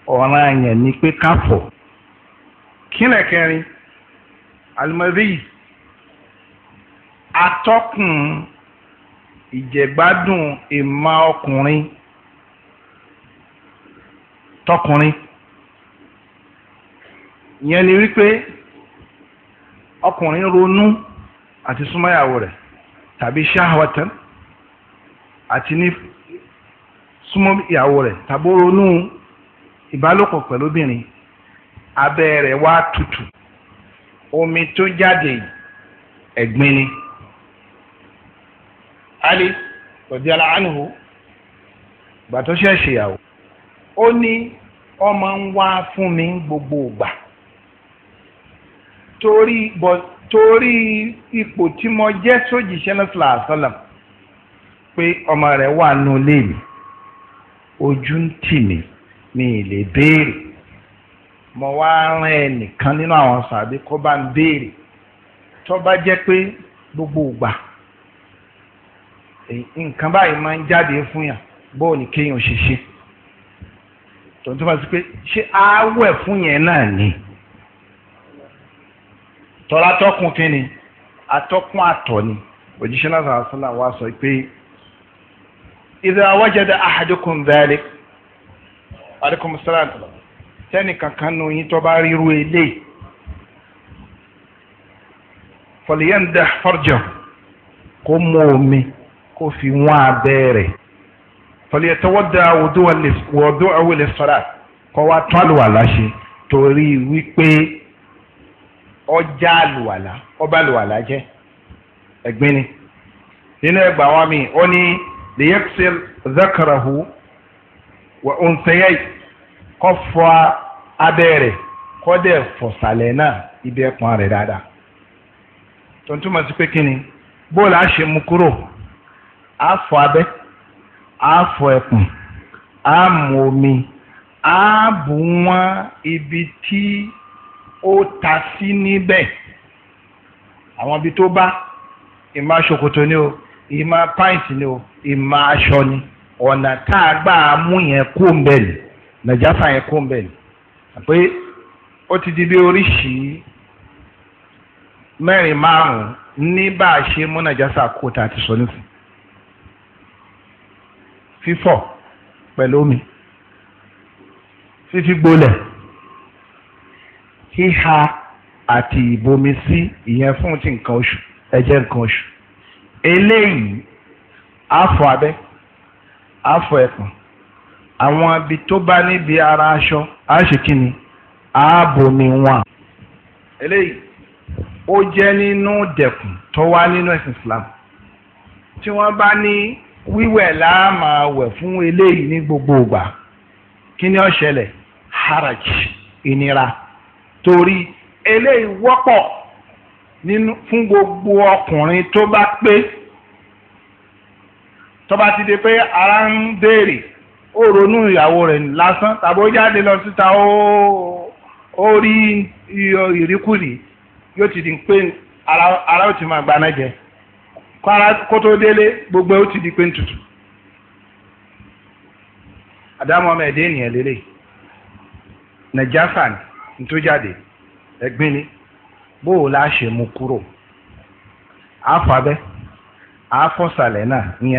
ọ̀ràn ni pé ká kílẹ̀ kẹrin alimọ́bí atọ́kùn ìjẹ̀gbádùn ìmọ̀ ọkùnrin tọkùnrin ìyẹn ni wípé ọkùnrin ronú àti súnmọ́yàwó rẹ̀ tàbí ṣáhàwátán àti ní súnmọ́yàwó rẹ̀ tàbí ronú ìbálòpọ̀ pẹ̀lú obìnrin abẹ́ rẹ̀ wá tutù omi tó jáde ẹ̀gbin ni. Ali rọ̀díàlá ànúhù ìgbà tó ṣẹ̀ṣẹ̀ o. ó ní ọmọ ń wá fún mi gbogbo ìgbà torí bọ̀ torí ipò tí mo jẹ́ sójìṣẹ́ náà fìlà pé ọmọ rẹ̀ wà nù lé mi ojú ń tì mí mi ì lè béèrè. mo wá rán ẹnìkan nínú àwọn sàbí kó bá ń béèrè tó bá jẹ́ pé gbogbo ìgbà nǹkan báyìí máa ń jáde fún yàn bóò ní kéèyàn ṣe ṣe tó ń tó bá sí pé ṣé àáwẹ̀ fún yẹn náà ni tọ́lá tọ́kùn kí ni atọ́kùn àtọ̀ ni òjíṣẹ́ náà sọ̀rọ̀ sọ́lá wa sọ pé idha wajada ahadukum dhalik alaikum salaam tẹ́nì kankan nu yín tó bá ríru eléyìí fọlìyẹ́ndà fọ́rjọ kó mú omi kó fi wọ́n abẹ́ rẹ̀ fọlìyẹ́tọ́wọ́dà wọ́dọ́ àwọlé sọ́ra kọ́ wa tún àlùwàlá ṣe torí wípé ọjà àlùwàlá ọba àlùwàlá jẹ́ ẹ̀gbin ni nínú ẹgbàá wọn mi ó ní lèyẹ́kùsẹ̀ zákàràhù wà òǹṣẹ́yẹ́ kọ́ fọ́ a abẹ́ rẹ̀ kọ́dẹ̀ fọ̀sàlẹ̀ náà ibi ẹ̀pọ̀n rẹ̀ dáadáa tó ń túmọ̀ sí pé kí ni bóòlù á ṣe mú kúrò á fọ abẹ́ á fọ ẹ̀pọ̀n á mú omi á bù wọ́n ibi tí ó ta sí níbẹ̀ àwọn ibi tó bá ìmọ̀ aṣòkòtò ni o ìmọ̀ pàǹtì ni o ìmọ̀ aṣọ ni ọ̀nà tá a gbà mú yẹn kó ń bẹ̀ lì nàìjáfà yẹn kó ń bẹ̀ lì pé ó ti di bí oríṣìí mẹ́rin márùn-ún ní bá a ṣe múnàjásà kó tá a ti sọ nísìn fífọ̀ pẹ̀lú omi fífi gbolẹ̀ híha àti ìbomi sí ìyẹn fún ti nǹkan oṣù ẹ̀jẹ̀ nǹkan oṣù eléyìí àfọ̀ abẹ́ àfọ̀ ẹ̀pọ̀n àwọn abi tó bá níbi ara aṣọ á ṣe ni ààbò mi wọn. eléyìí ó jẹ́ nínú dẹ̀kùn tó wá nínú ẹ̀sìn Islam tí wọ́n bá ní wíwẹ̀ la máa wẹ̀ fún eléyìí ní gbogbo ìgbà kí ni ó ṣẹlẹ̀ haraj ìnira torí eléyìí wọ́pọ̀ nínú fún gbogbo ọkùnrin tó bá pé tó bá ti di pé ara ń béèrè ó ronú ìyàwó rẹ̀ lásán tàbí ó jáde lọ síta ó ó rí ìríkùrì yóò ti di pé ara ó gbogbo ó ti di pé tutù àdámọ́ ọmọ ẹ̀dẹ́ ènìyàn lélẹ̀ nàìjáfà ni bóò la ṣe mú kúrò àfàbẹ́ àfọ̀sàlẹ̀ náà ní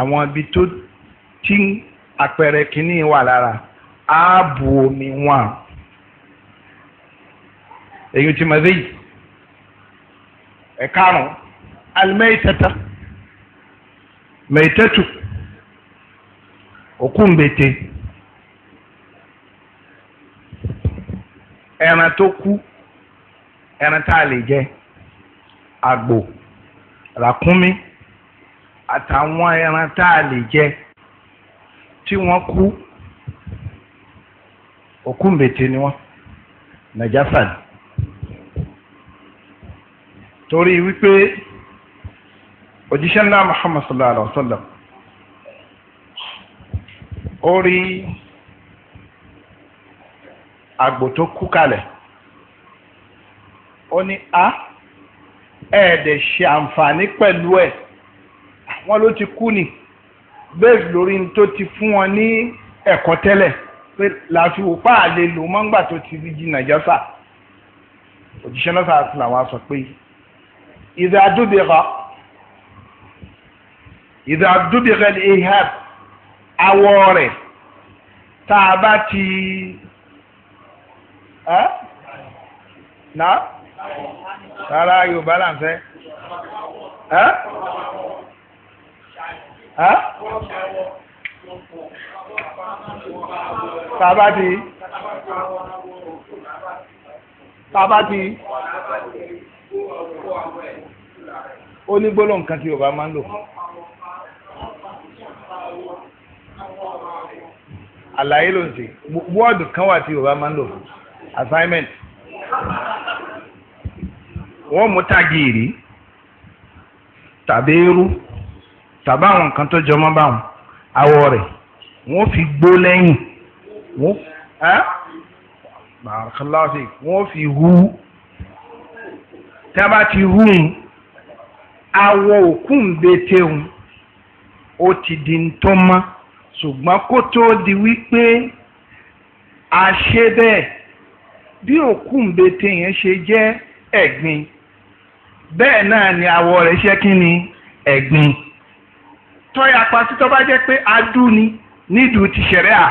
àwọn ibi tó tí àpẹẹrẹ kínní wà lára ààbò omi wọn èyí tí mo dé yìí ẹ̀karùn-ún alimẹ́tẹ́tà mẹ́tẹ́tù òkúńbètè ẹran tó kú ẹran tá a lè jẹ àgbò ràkúnmí àtàwọn ẹran tá a lè jẹ tí wọ́n kú òkú mbètè ni wọ́n nàjàfà ni torí wípé òjíṣẹ́ ńlá Muhammad sallallahu alaihi wa sallam ó rí àgbò tó kú kalẹ̀ ó ní a ah, ẹ̀ẹ́dẹ̀ ṣe àǹfààní pẹ̀lú ẹ̀ wọn ló ti kú ni bẹ́ẹ̀ lórí tó ti fún wọn ní ẹ̀kọ́ tẹ́lẹ̀ pé làásùwò páàlè lò mọ́ ńgbà tó ti rí jìnnà jásà òjíṣẹ́ náà sáà sí làwọn sọ pé ìdá àdúbìrà ìdá àdúbìrà ihab awọ rẹ̀ tá a bá ti na rárá yorùbá là ń fẹ́ tàbá ti tàbá ti ó ní gbólóhùn nǹkan tí Yorùbá máa ń lò. àlàyé ló ń ṣe wọ́ọ̀dù kan wà tí Yorùbá máa ń lò assignment wọ́n mú tàgìrì tàbí irú tàbá àwọn nǹkan tó jọmọ́ báwọn awọ rẹ̀ wọ́n fi gbó lẹ́yìn wọ́n bàrúkàláfì wọ́n fi hu tí a bá ti hu un awọ òkú ń bete un ó ti di ń tó mọ́ ṣùgbọ́n kó tó di wípé a ṣe bẹ́ẹ̀ bí òkú ń bete yẹn ṣe jẹ́ ẹ̀gbin bẹ́ẹ̀ náà ni awọ rẹ̀ ṣe ni ẹ̀gbin. E tọ́yà pàṣẹ tó bá jẹ́ pé adú ni nídùú ti ṣẹ̀rẹ́ à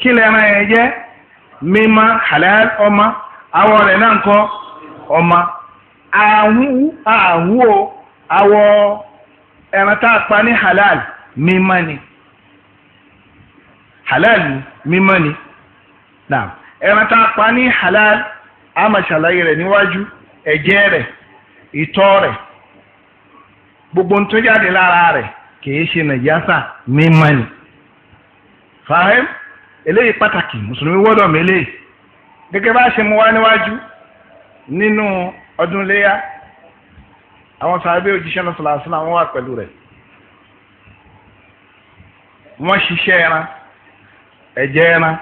kí lẹ́ran ẹ̀ jẹ́ mímọ́ halal ọmọ awọ rẹ̀ náà ń kọ́ ọmọ àhún àhún o awọ ẹran tá a pa ní halal mímọ́ ni halal mímọ́ ni naam ẹran tá a pa ní halal àmàṣàlàyé rẹ̀ níwájú ẹ̀jẹ̀ rẹ̀ ìtọ̀ rẹ̀ gbogbo ntọ́jáde lára rẹ̀ kìí ṣe nàìjásà mímọ́ ni fàáhìm eléyìí pàtàkì mùsùlùmí wọ́dọ̀ mélèé gẹ́gẹ́ bá ṣe mú wá níwájú nínú ọdún léyà àwọn sàbẹ̀ òjíṣẹ́ náà sọ̀rọ̀ àṣìlá wọn wà pẹ̀lú rẹ̀ wọ́n ṣiṣẹ́ ẹran ẹ̀jẹ̀ ẹran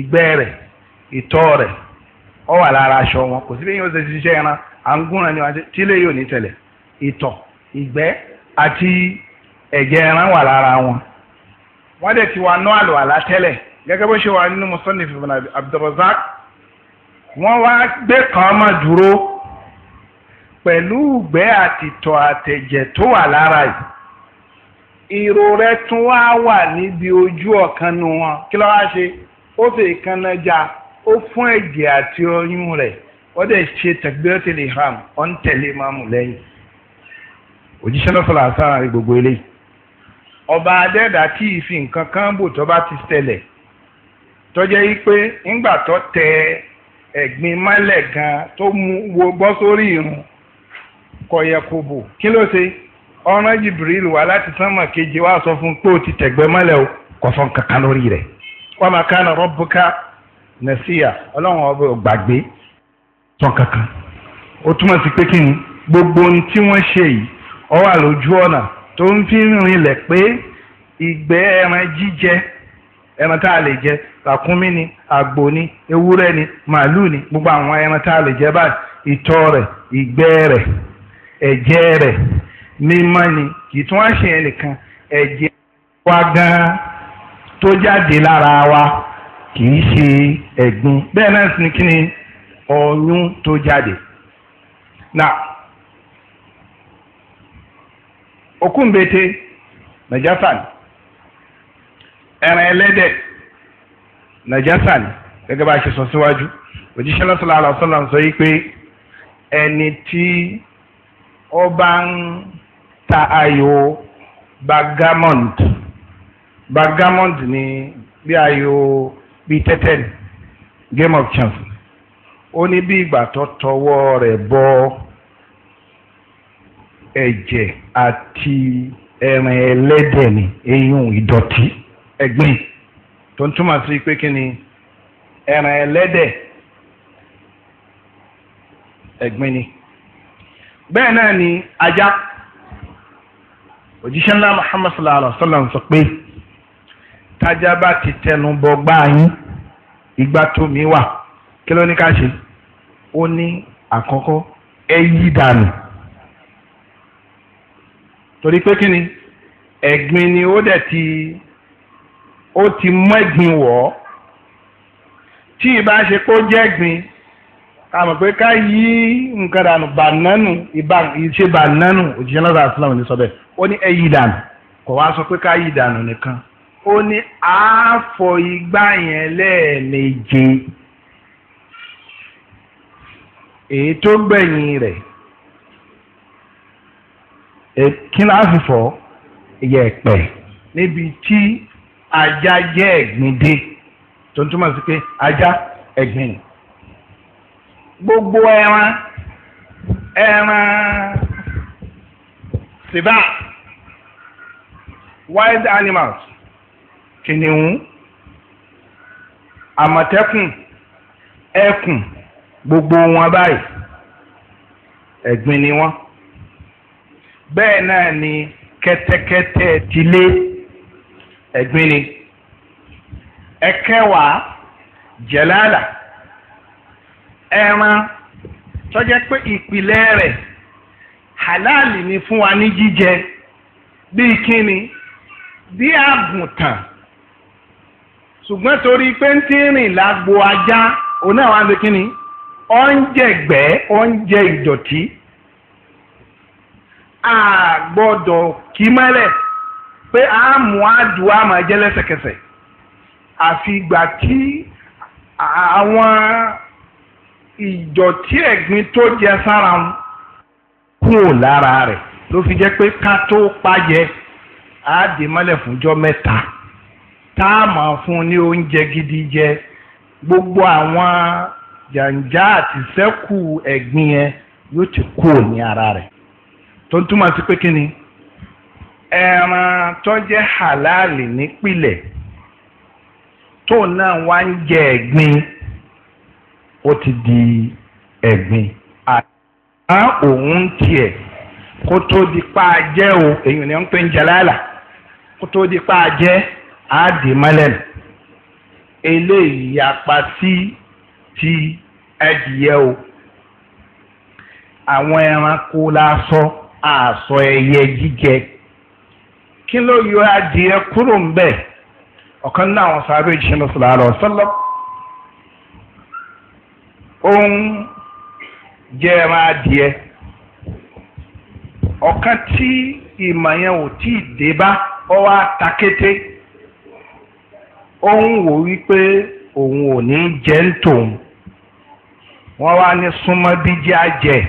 ìgbẹ́ rẹ̀ ìtọ̀ rẹ̀ ọ wà lára aṣọ wọn kò sí bí yóò ṣe ṣiṣẹ́ ẹran à ń gúnra ni wọn tí ilé yóò ní tẹ̀lẹ̀ ìtọ̀ ìgbẹ́ àti ẹ̀jẹ̀ ẹran wà lára wọn wọ́n dẹ̀ ti wà nú àlùwàlá tẹ́lẹ̀ gẹ́gẹ́ bó ṣe wà nínú musannif ibn abdulrazak wọ́n wá gbé kan mọ́ dúró pẹ̀lú ìgbẹ́ àtìtọ̀ àtẹ̀jẹ̀ tó wà lára yìí ìrò rẹ tún wá wà níbi ojú ọ̀kan nu wọn kí ló wá ṣe ó fi ìkànnà já ó fún ẹ̀jẹ̀ àti ọyún rẹ̀ ó dẹ̀ ṣe takbiratul ihram ó ń tẹ̀lé máàmù lẹ́yìn òjíṣẹ́ náà sọ̀rọ̀ àṣà gbogbo eléyìí. ọba adẹ́dà kí í fi nǹkan kan bò tó bá ti ṣẹlẹ̀ tó jẹ́ yí tó tẹ ẹ̀gbin mọ́lẹ̀ gan tó mú wo bọ́ sórí irun kò yẹ kó bò kí ló ṣe ọ̀ràn wá láti keje wá sọ fún pé ti tẹ̀gbẹ́ mọ́lẹ̀ o lórí rẹ̀ ọlọ́run ọba gbàgbé túmọ̀ gbogbo ohun tí wọ́n ṣe yìí wà lójú tó ń fi rinlẹ̀ pé ìgbẹ́ ẹran jíjẹ ẹran tá a lè jẹ ni àgbò ni ewúrẹ́ ni ni gbogbo àwọn ẹran tá a lè jẹ báyìí ìtọ̀ rẹ̀ ìgbẹ́ rẹ̀ ẹ̀jẹ̀ rẹ̀ mímọ́ ni kì í tún wá ṣe ẹnìkan ẹ̀jẹ̀ wa gan-an tó jáde lára wa kì í ṣe bẹ́ẹ̀ náà sì ni kí ni ọyún tó jáde. Now, okumbete najasa ni ẹran ẹlẹ́dẹ̀ najasa ni gẹ́gẹ́ bá a ṣe sọ síwájú òjíṣẹ́ lọ́sọ̀lá àlọ́sọ̀lá sọ yìí pé ẹni tí ó bá ń ta ayò bagamond bagamond ni bí ayò bíi tẹ́tẹ́ game of chance ó ní bí ìgbà tó tọwọ́ rẹ̀ bọ ẹ̀jẹ̀. E àti ẹran ẹlẹ́dẹ̀ ni eyín ìdọ̀tí ẹ̀gbìn tó ń túmọ̀ sí pé kí ni ẹran ẹlẹ́dẹ̀ ẹ̀gbìn ni bẹ́ẹ̀ náà ni ajá òjíṣẹ́ ńlá Muhammad sallallahu alaihi wa sallam sọ pé tájá bá ti tẹnu bọ gbáà yín ìgbà tó mi wà kí ló ní ká ṣe ó ní àkọ́kọ́ ẹ yí dànù torí pé kí ni ẹ̀gbin ni ó dẹ̀ ti ó ti mẹ́gbin wọ̀ ọ́ tí ìbá ṣe kó jẹ́gbin ká mọ̀ pé ká yí nǹkan dànù bànánù ìbá ìṣe bànánù òjìṣẹ́ lọ́sà àṣìláàmù ní sọ́bẹ̀ ó ní ẹ yí dànù kò wá sọ pé ká yí dànù nìkan ó ní àáfọ̀ igbá yẹn lẹ́ẹ̀mejì èyí tó gbẹ̀yìn rẹ̀. Eh, kí náà fi fọ yẹ̀pẹ̀ níbi tí ajá jẹ́ ẹ̀gbin dé tó ń túmọ̀ sí pé ajá ẹ̀gbin ni gbogbo ẹran ẹran sìbá wild animals kìnìún àmọ̀tẹ́kùn ẹkùn gbogbo wọn báyìí ẹ̀gbin ni wọ́n bẹ́ẹ̀ náà ni kẹ́tẹ́kẹ́tẹ́ tilé ẹ̀gbin ni ẹ̀kẹwàá jẹ̀láàlà ẹran tó jẹ́ pé ìpìlẹ̀ rẹ̀ halali ni fún wa ní jíjẹ bíi kíni bí àgùntàn ṣùgbọ́n torí pé ń tí rìn lágbo ajá òun náà wá ń ṣe kíni oúnjẹ gbẹ́ oúnjẹ ìdọ̀tí a gbọ́dọ̀ kì í mọ́lẹ̀ pé a mú àdúrà máa jẹ́ lẹ́sẹ̀kẹsẹ̀ àfìgbà tí àwọn ìdọ̀tí ẹ̀gbin tó jẹ sára wọn kúrò lára ló fi jẹ́ pé ká tó a dè mọ́lẹ̀ tá a máa fún ní oúnjẹ gidi jẹ gbogbo àwọn jàǹjà àti sẹ́kù ẹ̀gbin yẹn yóò ti kúrò ní ara tó ń túmọ̀ sí pé kí ni ẹran tó jẹ́ halali nípìlẹ̀ tó náà wá ń jẹ ẹ̀gbin ó ti di ẹ̀gbin àmọ́ òun tiẹ̀ kó tó di pa jẹ́ o èyàn ni wọ́n pè ń jalala kó tó di pa jẹ́ á mọ́lẹ̀ eléyìí yapa sí ti adìyẹ o àwọn ẹranko la sọ. So àsọ ẹyẹ jíjẹ kí ló yọ adìẹ kúrò ń bẹ ọ̀kan náà àwọn sáré ìṣẹ́ lọ sọ̀rọ̀ àlọ́ sọ́lọ́ òun jẹ́ ẹran adìẹ ọ̀kan tí ìmọ̀ yẹn ò tí ì dé bá ọ wá ta kété òun wò wípé òun ò ní jẹ́ ń tòun wọ́n wá ní súnmọ́ bí jẹ́ àjẹ́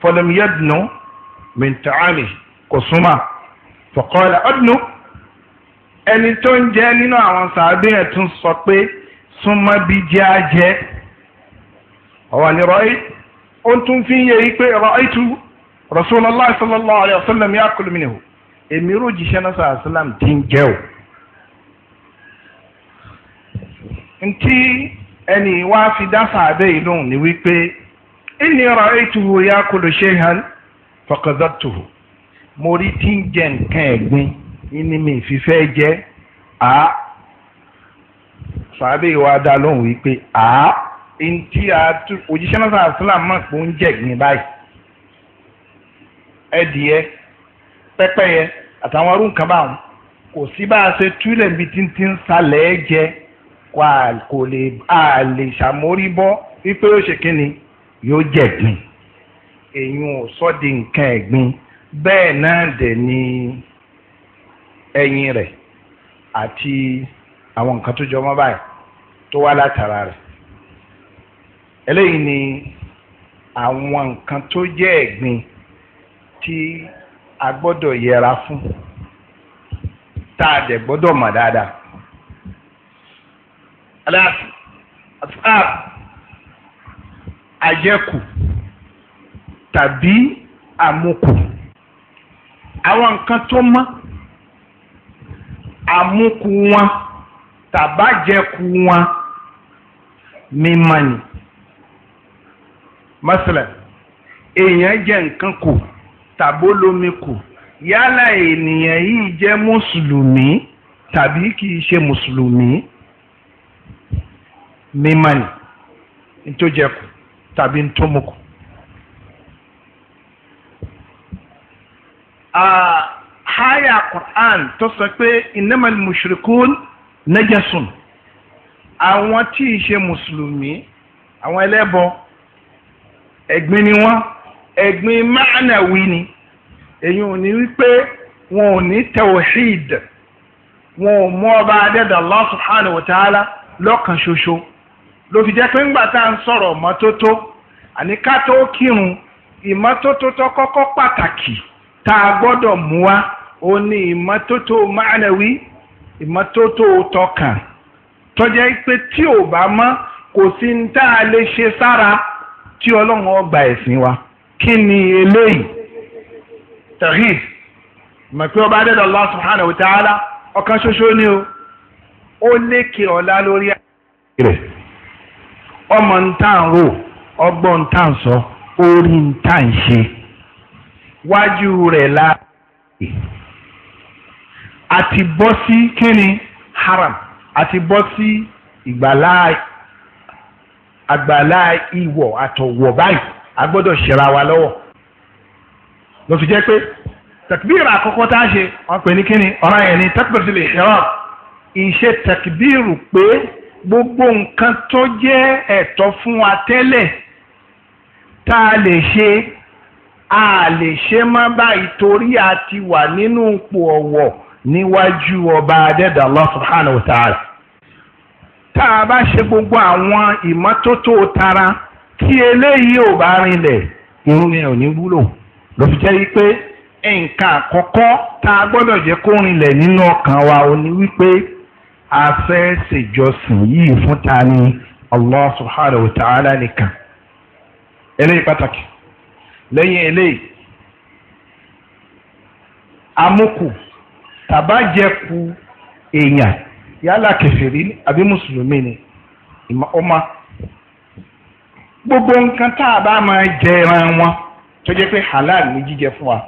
fọlọ́mìyẹ́dùnú. No? min ta'ami kò súnmọ́ fọ̀kọ́lá ọdún ẹni tó ń jẹ nínú àwọn sàábé yẹn tún sọ pé súnmọ́ bí jẹ́ á jẹ́ ọ̀wà ní rọ́í ó tún fi ń yẹ yí pé rọ́ìtú rasulullah sallallahu alayhi wa sallam yakulu minhu èmi rò jíṣẹ́ náà sàlá sàlám ti ń jẹ́ o. ntí ẹni wá fi dá sàábé yìí lóhùn ni wípé inni ra'aytuhu yakulu shay'an fakazatuhu mo rí tí ń jẹ nǹkan ẹ̀gbin ní mi fífẹ́ jẹ́ a sàbẹ̀ wa dá lóhùn wípé a ntí a tún òjíṣẹ́ náà sàrà sílà mọ̀ pé ó ń jẹ̀gbin báyìí ẹdìyẹ pẹ́pẹ́yẹ àtàwọn arú nǹkan báwọn kò sí bá a ṣe túlẹ̀ níbi tí ń ti ń salẹ̀ jẹ kò lè ṣàmórí bọ́ wípé ó ṣe kí ni yóò jẹ̀gbin. èyàn ò sọ di nǹkan ẹ̀gbin bẹ́ẹ̀ náà dẹ̀ ni ẹyin rẹ̀ àti àwọn nǹkan tó jọmọ́ báyìí tó wá látara rẹ̀ eléyìí ni àwọn nǹkan tó jẹ́ ẹ̀gbin tí a gbọ́dọ̀ yẹra fún tá a dẹ̀ gbọ́dọ̀ mọ̀ dáadáa. aláàfin àjẹkù. tàbí àmukù àwọn nǹkan tó mọ́ àmukù wọn tàbájẹkù wọn mímọ́ ni mọ́sálẹ̀ èèyàn jẹ nǹkan kù tàbó lomi kù yálà ènìyàn yìí jẹ́ mùsùlùmí tàbí kìí ṣe mùsùlùmí mímọ́ ni tàbí ntó háyà Qur'an tó sọ pé innamal mushrikun najasun àwọn tí ì ṣe mùsùlùmí àwọn ẹlẹ́bọ ẹ̀gbin ni wọ́n ẹ̀gbin ma'nawi ni èyí ò ní wípé wọn ò ní tawhid wọn ò mú ọba adẹ́dàá Allah subhanahu wa ta'ala lọ́kàn ṣoṣo ló fi jẹ́ pé ńgbà tá à ń sọ̀rọ̀ mọ́tótó àní kírun ìmọ́tótó tó kọ́kọ́ pàtàkì ta a gbọ́dọ̀ mú wa ó ní ìmọ́tótó máàlẹ́wí ìmọ́tótó tọkàn tọ́jà pé tí ò bá mọ́ kò sí ní tá a lè ṣe sára tí ọlọ́run ọgbà ẹ̀sìn wa kí ni eléyìí tẹ̀hìd mọ̀pẹ́ ọba adẹ́dọ̀ subhanahu wa ta'ala ọ̀kan ṣoṣo ni o ó lékè ọ̀la lórí ọmọ ń tàn rò ọgbọ́n ń tàn sọ orí wájú rẹ̀ la àti bọ́ sí kíni haram àti bọ́ sí ìgbàlá àgbàlá ìwọ̀ àtọ̀wọ̀ báyìí a gbọ́dọ̀ ṣera wa lọ́wọ́ ló fi jẹ́ pé takbir àkọ́kọ́ tá a ṣe wọ́n pè ní kíni ọ̀ràn yẹn ni takbiratul ihram ìṣe takbir pé gbogbo nǹkan tó jẹ́ ẹ̀tọ́ fún wa tẹ́lẹ̀ tá a lè ṣe a lè ṣe mọ́ báyìí torí a ti wà nínú ipò ọ̀wọ̀ níwájú ọba adẹ́dà Allah subhanahu wa ta'ala tá a bá ṣe gbogbo àwọn ìmọ́tótó tara kí eléyìí ò bá rinlẹ̀ irun yẹn ò ní wúlò ló fi jẹ́ wípé nǹkan àkọ́kọ́ tá a gbọ́dọ̀ jẹ́ kó rinlẹ̀ nínú ọkàn wa ò ní wípé a fẹ́ ṣèjọsìn yìí fún ta ni Allah subhanahu wa ta'ala nìkan eléyìí pàtàkì. lẹ́yìn eléyìí amúkù tàbájẹkù èèyàn yálà kèfèrí àbí mùsùlùmí ni ọmọ gbogbo nǹkan tá a bá máa jẹ ẹran wọn tó jẹ́ pé halal ní jíjẹ fún wa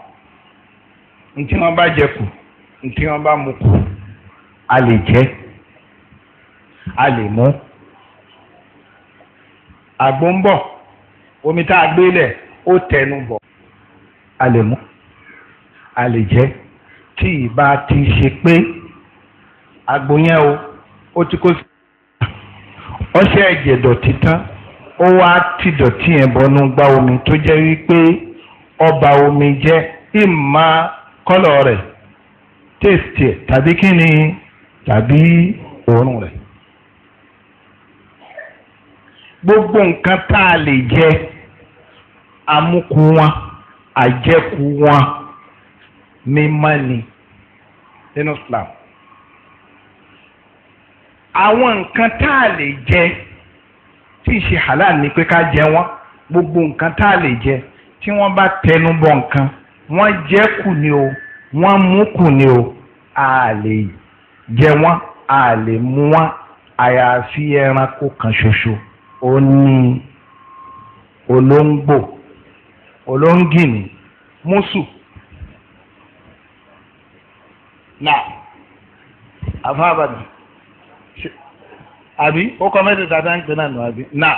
ntí wọn bá jẹ kù ntí wọn bá mu a lè jẹ a lè mu àgbo ń omi tá a gbé lẹ̀ ó tẹnu bọ̀ a lè mú a lè jẹ tí ìbá ti ṣe pé àgbo yẹn o ó ti kó sí ọṣẹ ẹ̀jẹ̀ dọ̀tí tán ó wá ti dọ̀tí yẹn bọnú gbá omi tó jẹ́ wípé ọba omi jẹ́ ìmọ̀ kọ́lọ̀ rẹ̀ tèstì ẹ̀ tàbí kí ni tàbí òórùn rẹ̀ gbogbo nǹkan tá a lè jẹ amúkú wọn àjẹkù wọn mímọ́ ni nínú Islam àwọn nǹkan tá a lè jẹ tí ì ṣe halal ni pé ká jẹ wọn gbogbo nǹkan tá a lè jẹ tí wọ́n bá tẹnu bọ nǹkan wọ́n jẹ kù ni o wọ́n mú kù ni o a lè jẹ wọn a lè mú wọn àyàfi ẹranko kan ṣoṣo ó ní olóńgbò. Olongini. musu na afabani abi o kọmẹtẹ tata n pinna nu abi na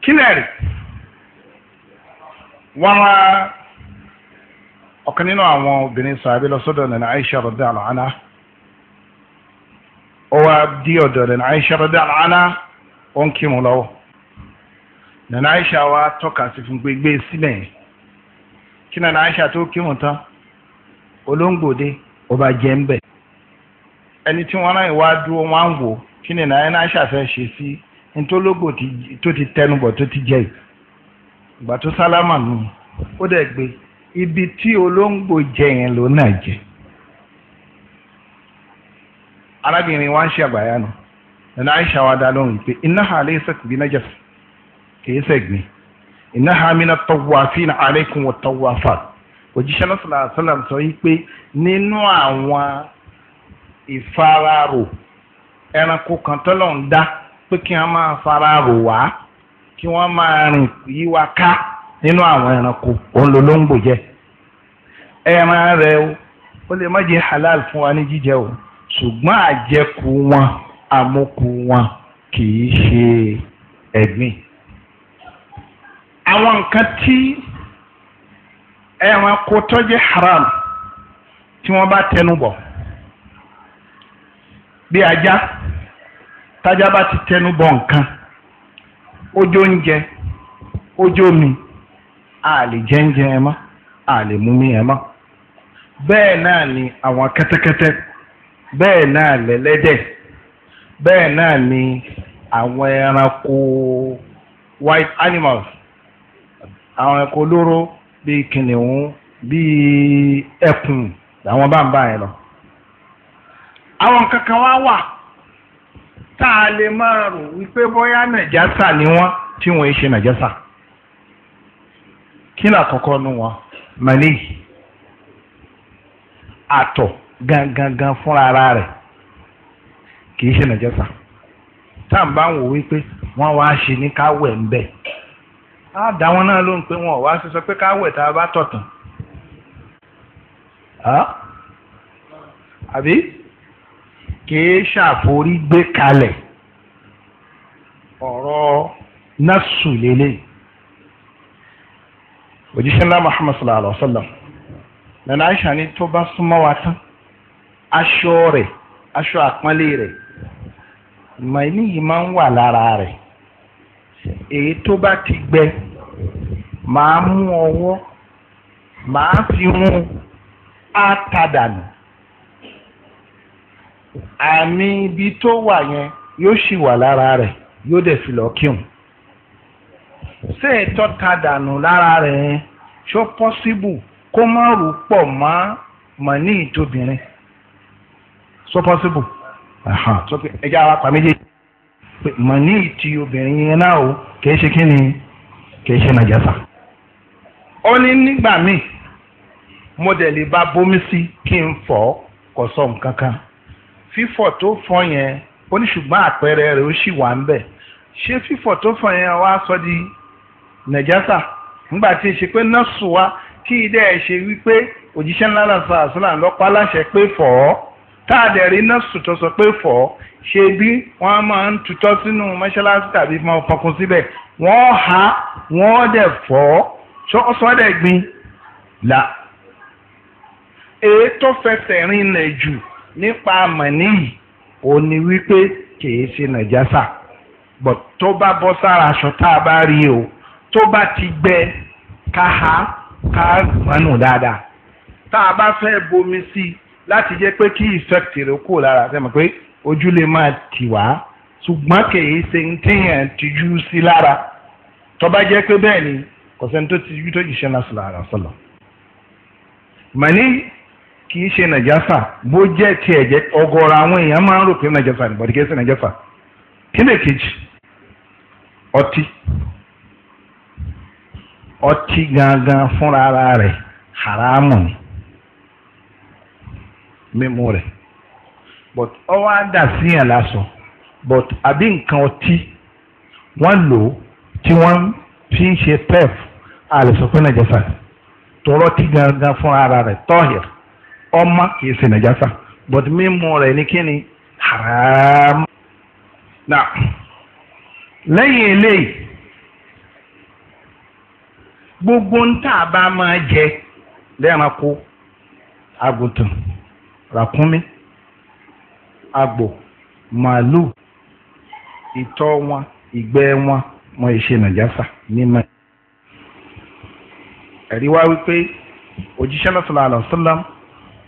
kinari wọn wa ọkan nínú àwọn obìnrin sọ abi na sọdọ nana aisha rọdẹ alọhana ọwọ adi ọdọ nana aisha rọdẹ alọhana ọ n kí nana aisha wa tọka sí fún si na sílẹ̀ yẹn na nana aisha tó kírun tán ọba jẹ́ ń bẹ̀ ẹni tí wọ́n náà wá dúró wọ́n á ń wò kí nana aisha fẹ́ ṣe sí ntólógò tó ti tẹnubọ̀ tó ti jẹ́ ìgbà tó sálámà nù ó dẹ̀ gbé ibi tí olóńgbò jẹ yẹn ló náà jẹ arábìnrin wa ń ṣe àgbàyanu nana aisha wa dá lóhùn pé iná àlẹ́ sẹ́kù kìí sẹ́gbìn iná hamina tawafin aleikum wa tawafa òjíṣẹ́ náà sọ̀rọ̀ àṣàlàm sọ wípé nínú àwọn ìfararò ẹranko kan tọ́lọ̀ ń dá pé kí wọ́n máa fararò wá kí wọ́n máa rìn yí wa ká nínú àwọn ẹranko òun ló ló ń gbò jẹ ẹran rẹ o ó lè má jẹ halal fún wa ní jíjẹ o ṣùgbọ́n àjẹkù wọn àmukù wọn kì ṣe ẹ̀gbìn. àwọn nǹkan tí ẹranko tó jẹ́ haram tí wọ́n bá tẹnu bọ̀ bí ajá tájá bá ti tẹnu bọ̀ nǹkan ojú oúnjẹ ojú omi a lè jẹ́ oúnjẹ ẹ mọ́ a lè mú mi ẹ mọ́ bẹ́ẹ̀ náà ni àwọn kẹtẹkẹtẹ bẹ́ẹ̀ náà lẹ́lẹ́dẹ̀ bẹ́ẹ̀ náà ni àwọn ẹranko white animals àwọn ẹ̀kọ́ olóró bíi kìnìún bíi ẹkùn làwọn bá ń bá yẹn lọ. àwọn kankan wá wà tá a lè máa rò wípé bóyá nàìjásà ni wọ́n tí wọ́n ṣe nàìjásà kí ni àkọ́kọ́ nu wọn mani àtọ̀ gangan fúnra ara kì í ṣe nàìjásà tá à ń bá wò wípé wọ́n wá ṣe ní ká wẹ̀ ń bẹ̀ a dá wọn náà ló ń pé wọn ò wá sọ pé káwẹ̀ tá a bá tọ̀tàn àbí kìí ṣàforígbé kalẹ̀ ọ̀rọ̀ násù lélẹ̀ òjíṣẹ́ ńlá Muhammad sallallahu alaihi wa sallam nana Aisha ni tó wa tán aṣọ rẹ̀ aṣọ àpọ́nlé rẹ̀ màá ní yìí máa ń wà lára èyí tó bá ti gbẹ màá mú ọwọ́ màá fi hun átadànù àmì ibi tó wà yẹn yóò sì wà lára rẹ̀ yóò dẹ̀ fi lọ kírun ṣé ètò tadànù lára rẹ̀ yẹn ṣó pọ́síbù kó má rò pọ̀ mọ́ mọ̀ ní ìtòbìnrin ṣó pọ́síbù ẹ̀jẹ̀ ara pa méjèèjì. mọ̀ní ìtì obìnrin yẹn náà o kì ṣe kí ni kì ṣe nàjàsà. ó ní nígbà míì mo bá sí kí n fọ̀ kò sọ nǹkan kan fífọ̀ tó fọ̀ yẹn ó ní ṣùgbọ́n àpẹẹrẹ rẹ̀ ó sì wà ń di nàjàsà nígbà tí ìṣe pé nọ́ọ̀sù wa kí idẹ́ ẹ̀ ṣe wípé òjíṣẹ́ ńlá làṣà àṣùlà ńlọ́pàá láṣẹ tá a dẹ̀ rí nọ́ọ̀sù tó sọ pé fọ́ ṣe bí wọ́n máa ń tutọ́ sínú mọ́ṣáláṣí tàbí máa fọkùn síbẹ̀ wọ́n ha wọ́n dẹ̀ fọ́ sọ́dẹ̀ gbin là èyí tó fẹsẹ̀ rinlẹ̀ jù nípa mọ̀nì yìí ò ní wípé kìí ṣe nàjásà bọ̀ tó bá bọ́ sára aṣọ tá a bá rí o tó bá ti gbẹ ká ha ká gbanú dáadáa tá a bá fẹ́ bomi sí i láti jẹ́ pé kí effect rẹ̀ kúrò lára ṣe mọ̀ pé ojú lè máa tì wá ṣùgbọ́n kèé ṣe ń téèyàn tìjú sí lára tó jẹ́ pé bẹ́ẹ̀ ni kò sẹ́ni tó tìjú tó jìṣẹ́ náà sọ̀rọ̀ àrà sọ̀rọ̀ mọ̀ní kì í ṣe nàjàsà bó jẹ́ àwọn èèyàn máa ń rò pé ni kì í ṣe kejì ọtí ọtí gangan fúnra ara rẹ̀ haramu ni. memo re but owaada see alaso but abi nkan oti won lo ki won pinche pef a le soko najasa toro ti gan gan fun ara re tohia o ma but memo re nikini haram na leyin ile gbogbo nta aba ma je lera ma ko a rakumi agbo malu ito nwa igbe nwa mo ise na jasa nima eri wa wipe ojise na sallallahu alaihi wasallam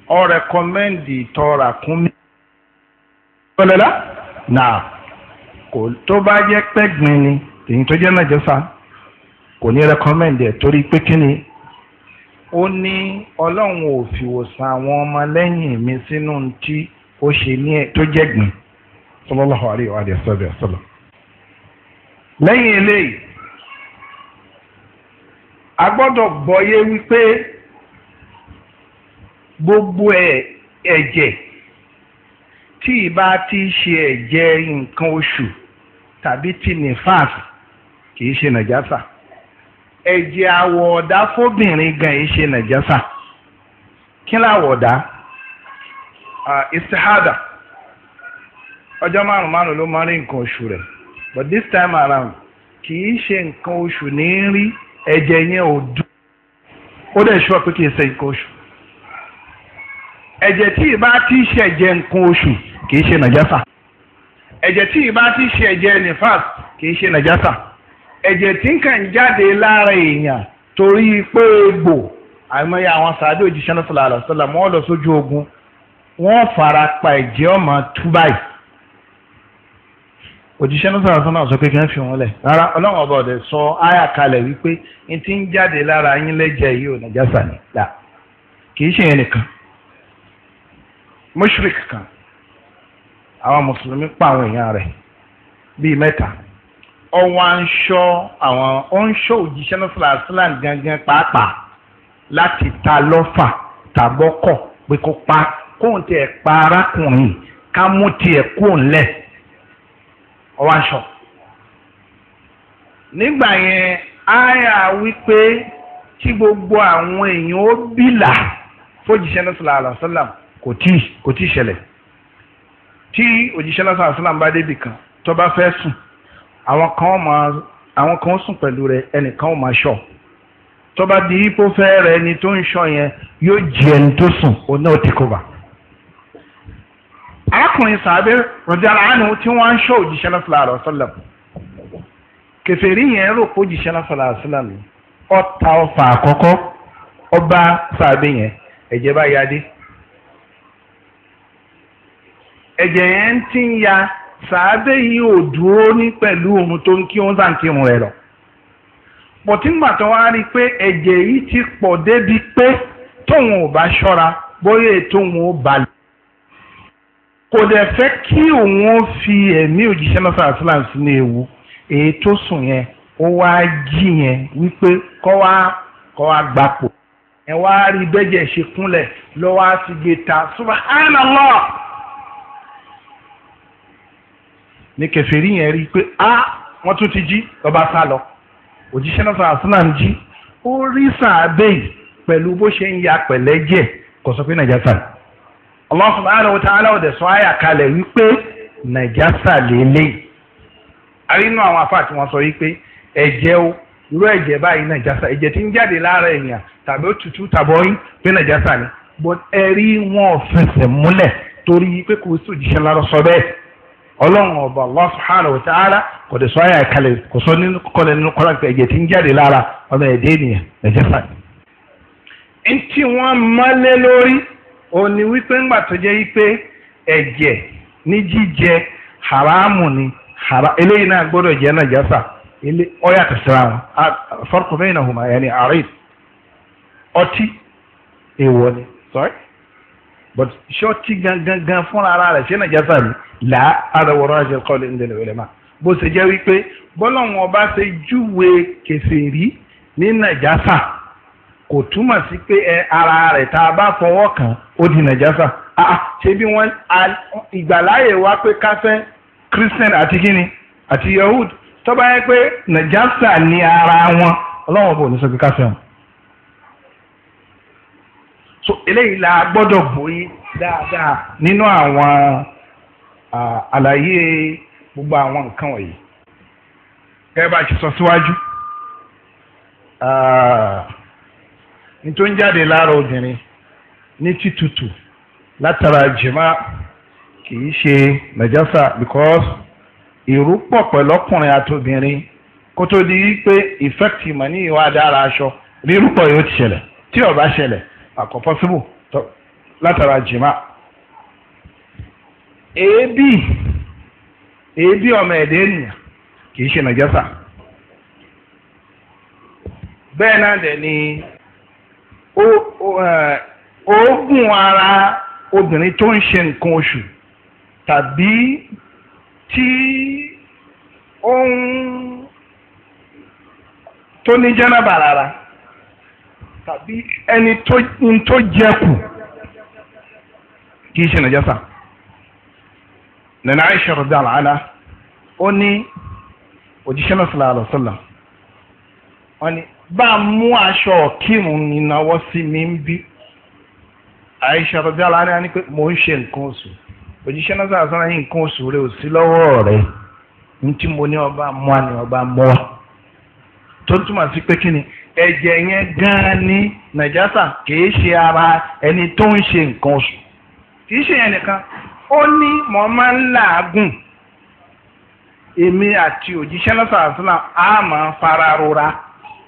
o recommend ito rakumi kolela na ko to ba je pegmini teyin to je na ko ni recommend e ó ní ọlọ́run ò fìwòsàn àwọn ọmọ lẹ́yìn mi sínú tí ó ṣe ní ẹ tó wa lẹ́yìn eléyìí a gbọ́dọ̀ gbọ́yé wípé gbogbo ẹ̀jẹ̀ tí ìbá ti ṣe ẹ̀jẹ̀ nǹkan oṣù tàbí ní nìfàs kì í ṣe ẹ̀jẹ̀ àwọ̀ ọ̀dá fóbìnrin gan yìí ṣe nàjásà kí láwọ̀ ọ̀dá istihada ọjọ́ márùn márùn ló máa rí nǹkan oṣù rẹ̀ but this time around kì í ṣe nǹkan oṣù ní rí ẹ̀jẹ̀ yẹn ò dùn ó dẹ̀ ṣọ́ pé kì í ṣe nǹkan oṣù ẹ̀jẹ̀ tí ì bá ti ṣẹ̀jẹ̀ nǹkan oṣù kì í ṣe nàjásà ẹ̀jẹ̀ tí ì bá ti ṣẹ̀jẹ̀ nifas kì í ṣe nàjásà. ẹ̀jẹ̀ tí ń kàn jáde lára èèyàn torí pé egbò àìmọye àwọn sàádé òjíṣẹ́ náà sọ̀rọ̀ lọ sójú ogun wọ́n fara pa ẹ̀jẹ̀ ọmọ túbáì òjíṣẹ́ náà sọ̀rọ̀ àlọ́sọ́là sọ pé kí wọ́n fi rárá ọlọ́run ọba ọ̀dẹ̀ sọ kalẹ̀ wípé n ti ń jáde lára yín lẹ́jẹ̀ yìí ò là kì í ṣe yẹn ọwọ́ à ń ṣọ́ àwọn ó ń ṣọ́ òjíṣẹ́ náà fúnra sílán gangan pàápàá láti ta lọ́fà tàbọ́kọ̀ pé kó pa kóun tiẹ̀ pa arákùnrin ká mú tiẹ̀ kóun lẹ̀ ọwọ́ à ń ṣọ́ nígbà yẹn àyà wípé tí gbogbo àwọn èèyàn ó bìlà fójíṣẹ́ náà sọ̀rọ̀ àlàsọ́làm kò tí kò tí ṣẹlẹ̀ tí òjíṣẹ́ náà sọ̀rọ̀ àlàsọ́làm bá débì kan tó bá fẹ́ sùn àwọn kan máa àwọn kan sùn pẹ̀lú rẹ ẹnìkan ò máa ṣọ tó bá di ipò fẹ́ rẹ ẹni tó ń ṣọ yẹn yóò jí ẹni tó sùn òun náà ti kó bá. arákùnrin sàbẹ rọdíàlà àánú tí wọ́n ń ṣọ òjíṣẹ́ náà fúlà rọ sọlẹ kẹfẹẹrí yẹn rò pé òjíṣẹ́ náà fúlà sọlẹ mi ọta ọfà àkọ́kọ́ ọba sàbẹ yẹn ẹ̀jẹ̀ bá yá dé ẹ̀jẹ̀ yẹn ti ń ya sàádé yìí ò dúró ní pẹ̀lú ohun tó ń kí wọ́n sàn kírun rẹ̀ lọ. pọ̀tíngbà tó wá rí i pé ẹ̀jẹ̀ yìí ti pọ̀ débi pé tóun ò bá ṣọ́ra bóyá ètò òun ò balẹ̀. kò dẹ̀ fẹ́ kí òun ó fi ẹ̀mí òjíṣẹ́ náà sàásìláàmù sínú ewu èyí tó sùn yẹn ó wá jí yẹn wípé kọ́ wá kọ́ wá gbapò ẹ̀ wá rí bẹ́jẹ̀ ṣe kúnlẹ̀ lọ́wọ́ á ti gbé ta subhanallah. ní kèfèrí yẹn rí i pé a wọ́n tún ti jí lọ́ba sá lọ òjíṣẹ́ náà sọ̀rọ̀ àsúná ń jí ó rí sàbẹ̀ pẹ̀lú bó ṣe ń ya pẹ̀lẹ́ jẹ́ kò sọ pé nàìjásà Allah subhanahu wa ta'ala ọ̀dẹ̀ sọ àyà kalẹ̀ wípé nàìjásà lélẹ̀ àrínú àwọn afáà tí wọ́n sọ wípé ẹ̀jẹ̀ o irú ẹ̀jẹ̀ báyìí nàìjásà ẹ̀jẹ̀ tí ń jáde lára èèyàn tàbí òtútù tàbọ́yìn pé nàìjásà ni but ẹ̀rí wọn ò fẹsẹ̀ múlẹ̀ torí pé kò sí òjíṣẹ́ lárọ́ sọ bẹ́ẹ̀ ọlọ́run ọba allah subhanahu wa ta'ala kò dé sọ ayé kò sọ nínú kọ́lẹ̀ nínú kọ́lẹ̀ pé ẹ̀jẹ̀ tí ń jáde lára ọmọ ẹ̀dẹ́ ènìyàn ẹ̀jẹ̀ fà. ń tí wọ́n mọ́lé lórí òní wípé ńgbà tó jẹ́ wípé ẹ̀jẹ̀ ní jíjẹ haramu ni eléyìí náà gbọ́dọ̀ jẹ́ náà but ṣọ́ọ̀tì gangan fúnra ara rẹ̀ ṣé nàìjásá mi la á arẹwọ̀rọ̀ àṣẹ kọ́lé ń dẹ̀lẹ̀ wẹ̀lẹ̀ mà bó ṣe jẹ́ wípé bọ́lọ́hún ọba ṣe júwe kèfèrí ní nàìjásá kò túmọ̀ sí pé ẹ ara rẹ̀ tá a bá fọwọ́ kàn ó di nàìjásá ṣé bí wọ́n ìgbàláyè wá pé káfẹ́ christian àti kíni àti yahud tọ́ba yẹ pé nàìjásá ni ara wọn bo bò ní sọ pé káfẹ́ wọn so eléyìí la gbọ́dọ̀ bóyí dáadáa nínú àwọn àlàyé gbogbo àwọn nǹkan wọ̀nyí gẹ́gẹ́ bá a ti sọ síwájú nítorí ń jáde lára obìnrin ní títutù látara jìmá kì í ṣe nàjásà because ìrúpọ̀ pẹ̀lú ọkùnrin àtobìnrin kó tó di pé ìfẹ́kìtì mọ̀ ní ìwà dára aṣọ rírúpọ̀ yóò ti ṣẹlẹ̀ tí ó ṣẹlẹ̀ àkọ́ pọ́síbù tọ́ látara jìmá ebi, ebi ọmọ ẹ̀dẹ́ ènìyàn kì í ṣe nàjásà bẹ́ẹ̀ náà dẹ̀ ni oògùn ara obìnrin tó ń ṣe nǹkan oṣù tàbí tí ó ń tó ní jẹ́nàbà rárá tàbí ẹni tó ń tó jẹ kù kì í ṣe nàjásà nana Aisha rọdà àlàálá ó ní òjíṣẹ́ náà sọ̀rọ̀ àlọ́ sọ̀lá wọ́n ní bá a mú aṣọ ọ̀kírun ìnáwó sí mi ń bí Aisha rọdà àlàálá ní pé mò ń ṣe nǹkan oṣù òjíṣẹ́ náà sọ̀rọ̀ sọ̀rọ̀ yìí nǹkan oṣù rẹ̀ ò sí lọ́wọ́ rẹ̀ ní tí mo ní ọba mú àná ọba mú tó ń túmọ̀ sí pé kí ni. ẹ̀jẹ̀ yẹn gan-an ní nàìjásà kìí ṣe ara ẹni tó ń ṣe nǹkan oṣù kìí ṣe yẹn nìkan ó ní mo máa ń làágùn èmi àti òjíṣẹ́ lọ́sàásùnà á máa fara rora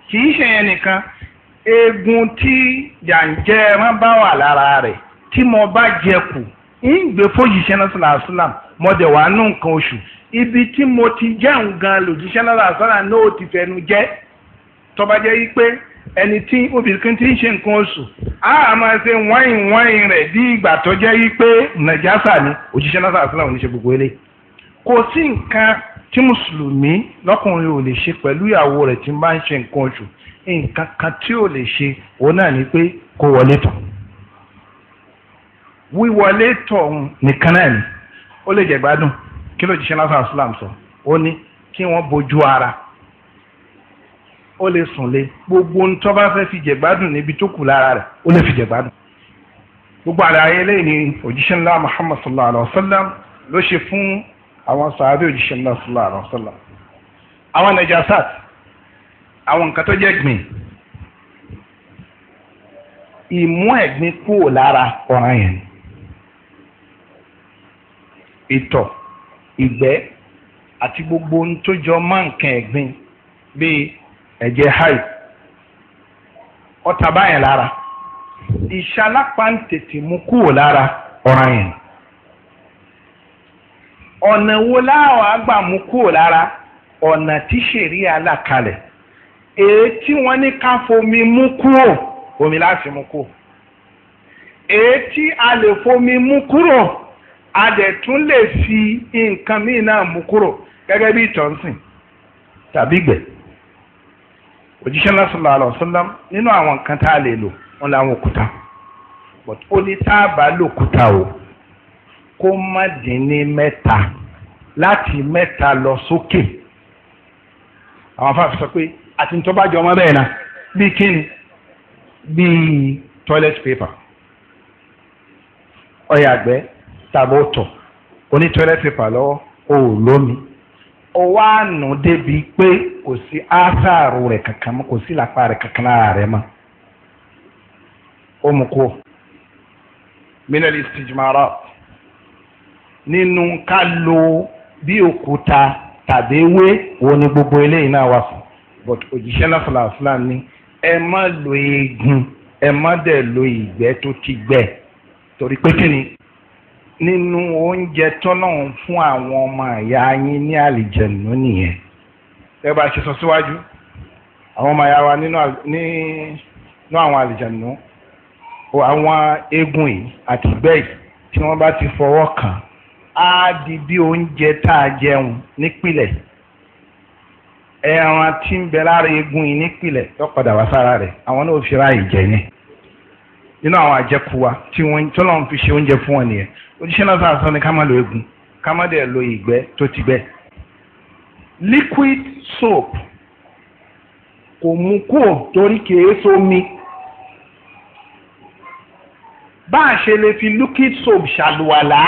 kìí ṣe yẹn nìkan eegun tí jàǹjẹ́ máa bá wà lára rẹ̀ tí mo bá jẹ kù wà ibi tí mo ti jẹun gan lòjíṣẹ́ náà ó ti tọba jẹ́ yí pé ẹni tí obìnrin ti ń ṣe nǹkan oṣù a máa ṣe wáìn wáìn rẹ̀ bí ìgbà tó jẹ́ yí pé nàìjásà ni òjíṣẹ́ náà sàásìlà òní ṣe gbogbo eléyìí kò sí nǹkan tí mùsùlùmí lọ́kùnrin ò lè ṣe pẹ̀lú ìyàwó rẹ̀ tí bá ń ṣe nǹkan oṣù nǹkan kan tí ò lè ṣe òun náà ni pé kó wọlé tọ̀ wíwọlé tọ̀ nìkan náà ni ó lè jẹ́ gbádùn kí lóòjíṣẹ́ náà sàásìlà sọ ó ní kí wọ́n bojú ara ó lè sùn lé gbogbo ń tọ́ bá fẹ́ fi jẹ̀gbádùn níbi tó kù lára rẹ̀ ó lè fi jẹ̀gbádùn. gbogbo àlàyé eléyìí ni òjíṣẹ́ ńlá muhammad sallallahu alayhi wa sallam ló ṣe fún àwọn sàádé òjíṣẹ́ ńlá sallallahu alayhi wa sallam. àwọn najasat àwọn nǹkan tó jẹ́ gbìn ìmú ẹ̀gbin kúrò lára ọ̀ràn yẹn ìtọ̀ ìgbẹ́ àti gbogbo ohun tó jọ mọ́ ẹ̀gbin bíi ẹ̀jẹ̀ haid ọ̀tá báyẹn lara ìṣalápá ń tètè mú kúrò lára ọ̀ràn yẹn ọ̀nà wo láwọn àgbà mú kúrò lára ọ̀nà tí ṣèrí alákalẹ̀ èyí tí wọ́n ní ká fomi mú kúrò omi láti mú kúrò èyí tí a lè fomi mú kúrò a dẹ̀ tún lè fi nǹkan míì náà mú kúrò gẹ́gẹ́ bí ìtọ̀nsìn tàbí gbẹ̀ẹ́. òjíṣẹ́ náà sallallahu alaihi wasallam nínú àwọn nǹkan tá a lè lò wọn làwọn òkúta but ó ní tá a bá lòkúta o kó má dín ní mẹ́ta láti mẹ́ta lọ sókè àwọn afáàfin sọ pé àti tó bá jọ ọmọ bẹ́ẹ̀ náà bíi kíni bíi toilet paper ọyà àgbẹ̀ tàbí ó tọ̀ toilet paper lọ́wọ́ ó ò lómi ọwọ́ àánú débi pé kò sí ásáàrù rẹ̀ kankan mọ́ kò sí làpá rẹ̀ kankan lára rẹ̀ mọ́ ó mú kú minal istijmara nínú ká lo bí òkúta tàbí ewé wo ni gbogbo eléyìí náà wà fún but òjíṣẹ́ náà fúlàfúlà ni ẹ má lo eegun ẹ má dẹ̀ lo ìgbẹ́ tó ti gbẹ torí pé kí ni nínú oúnjẹ tọ́lọ́hún fún àwọn ọmọ ìyá yín ní àlìjẹ̀nù nìyẹn ẹ bá ṣe sọ síwájú àwọn ọmọ ìyá wa nínú àwọn àlìjẹ̀nù àwọn eegun yìí àti ìgbẹ́ tí wọ́n bá ti fọwọ́ kàn á di bí oúnjẹ tá a jẹun nípìlẹ̀ ẹran tí ń bẹ lára eegun yìí nípìlẹ̀ yọ padà wá sára rẹ̀ àwọn náà fi ráàyè jẹ yẹn nínú àwọn àjẹkù wa tí wọ́n fi ṣe oúnjẹ fún wọn nìyẹn oníṣẹ́ náà sàásán ni ká má lo egun ká má dẹ̀ lo ìgbẹ́ tó ti gbẹ. liquid soap kò mú kúrò torí kìí sómi bá a ṣe lè fi liquid soap ṣàlùwàlá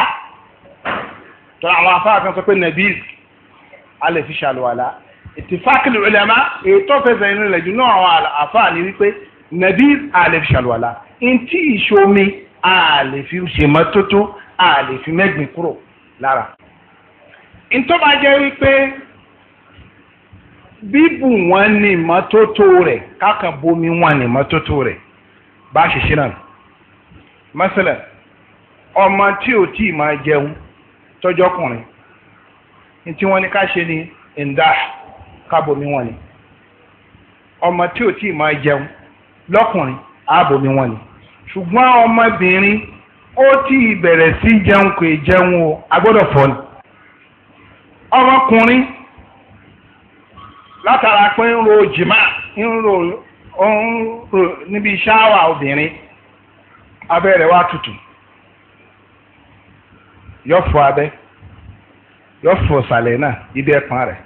tọ́lá àwọn afárá kan sọ pé nabiz a lè fi ṣàlùwàlá ìtìfákìlì ulama èyí tó fẹsẹ̀ inú rẹ̀ jù náà àwọn àfáà ní wípé nabiz a lè fi ṣàlùwàlá ntí ìṣomi a lè fi ṣèmọ́tótó a lè fi mẹ́gbìn kúrò lára ntọ́ba jẹ́ wípé bíbù wọn ní mọ́tótó rẹ̀ kákan bomi wọn ní mọ́tótó rẹ̀ bá a ṣe ṣe náà mọ́sálà ọmọ tí ò tí ì máa jẹun tọ́jọ́kùnrin ntí wọ́n ní ká ṣe ní ǹdà ká bomi wọn ní ọmọ tí ò tí ì máa jẹun lọ́kùnrin ààbò ni wọ́n ni ṣùgbọ́n ọmọbìnrin ó ti bẹ̀rẹ̀ sí jẹun kò jẹun o agbọ́dọ̀ fọ́ ni ọmọkùnrin látara pé ń ro jìmá ń ro níbi ṣáwà obìnrin abẹ́ rẹ̀ wá tutù yọ abẹ́ yọ fọ sàlẹ̀ náà ibi ẹ̀pọ̀n rẹ̀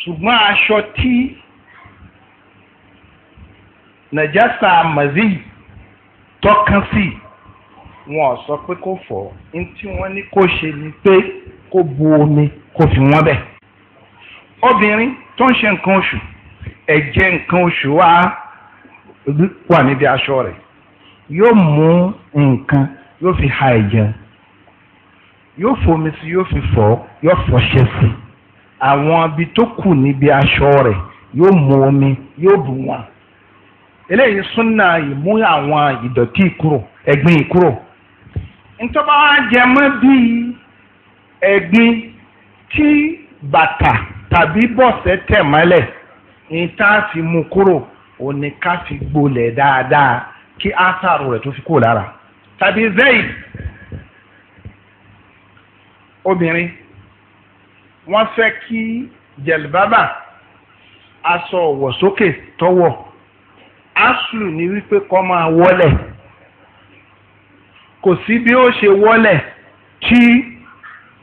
ṣùgbọ́n aṣọ tí. nàjàsà amazi tọ́kàn sí wọn ò sọ pé kó fọ̀ ní tí wọ́n ní kó ṣe ni pé kó bu omi kó fi wọ́n bẹ̀. obìnrin tó ń ṣe nǹkan oṣù ẹ̀jẹ̀ nǹkan oṣù wa wà níbi aṣọ rẹ̀ yóò mú nǹkan yóò fi ha ẹ̀jẹ̀ yóò fomi sí yóò fi fọ̀ yóò fọṣẹ sí àwọn ibi tó kù níbi aṣọ rẹ̀ yóò mú omi yóò bù wọn eléyìí súnà ìmú àwọn ìdọ̀tí kúrò ẹ̀gbin kúrò ntọ́ba wa jẹ mọ́ bíi ẹ̀gbin tí bàtà tàbí bọ̀sẹ̀ tẹ̀ mọ́lẹ̀ ní tá a fi mú kúrò òní ká fi gbolẹ̀ dáadáa kí ásàrò rẹ̀ tó fi kúrò lára tàbí zayd obìnrin wọ́n fẹ́ kí jẹ̀lbábà aṣọ ọ̀wọ̀ sókè tọ́wọ̀ aslu ni wípé kọ́ máa wọ́lẹ̀ kò sí bí ó ṣe wọ́lẹ̀ tí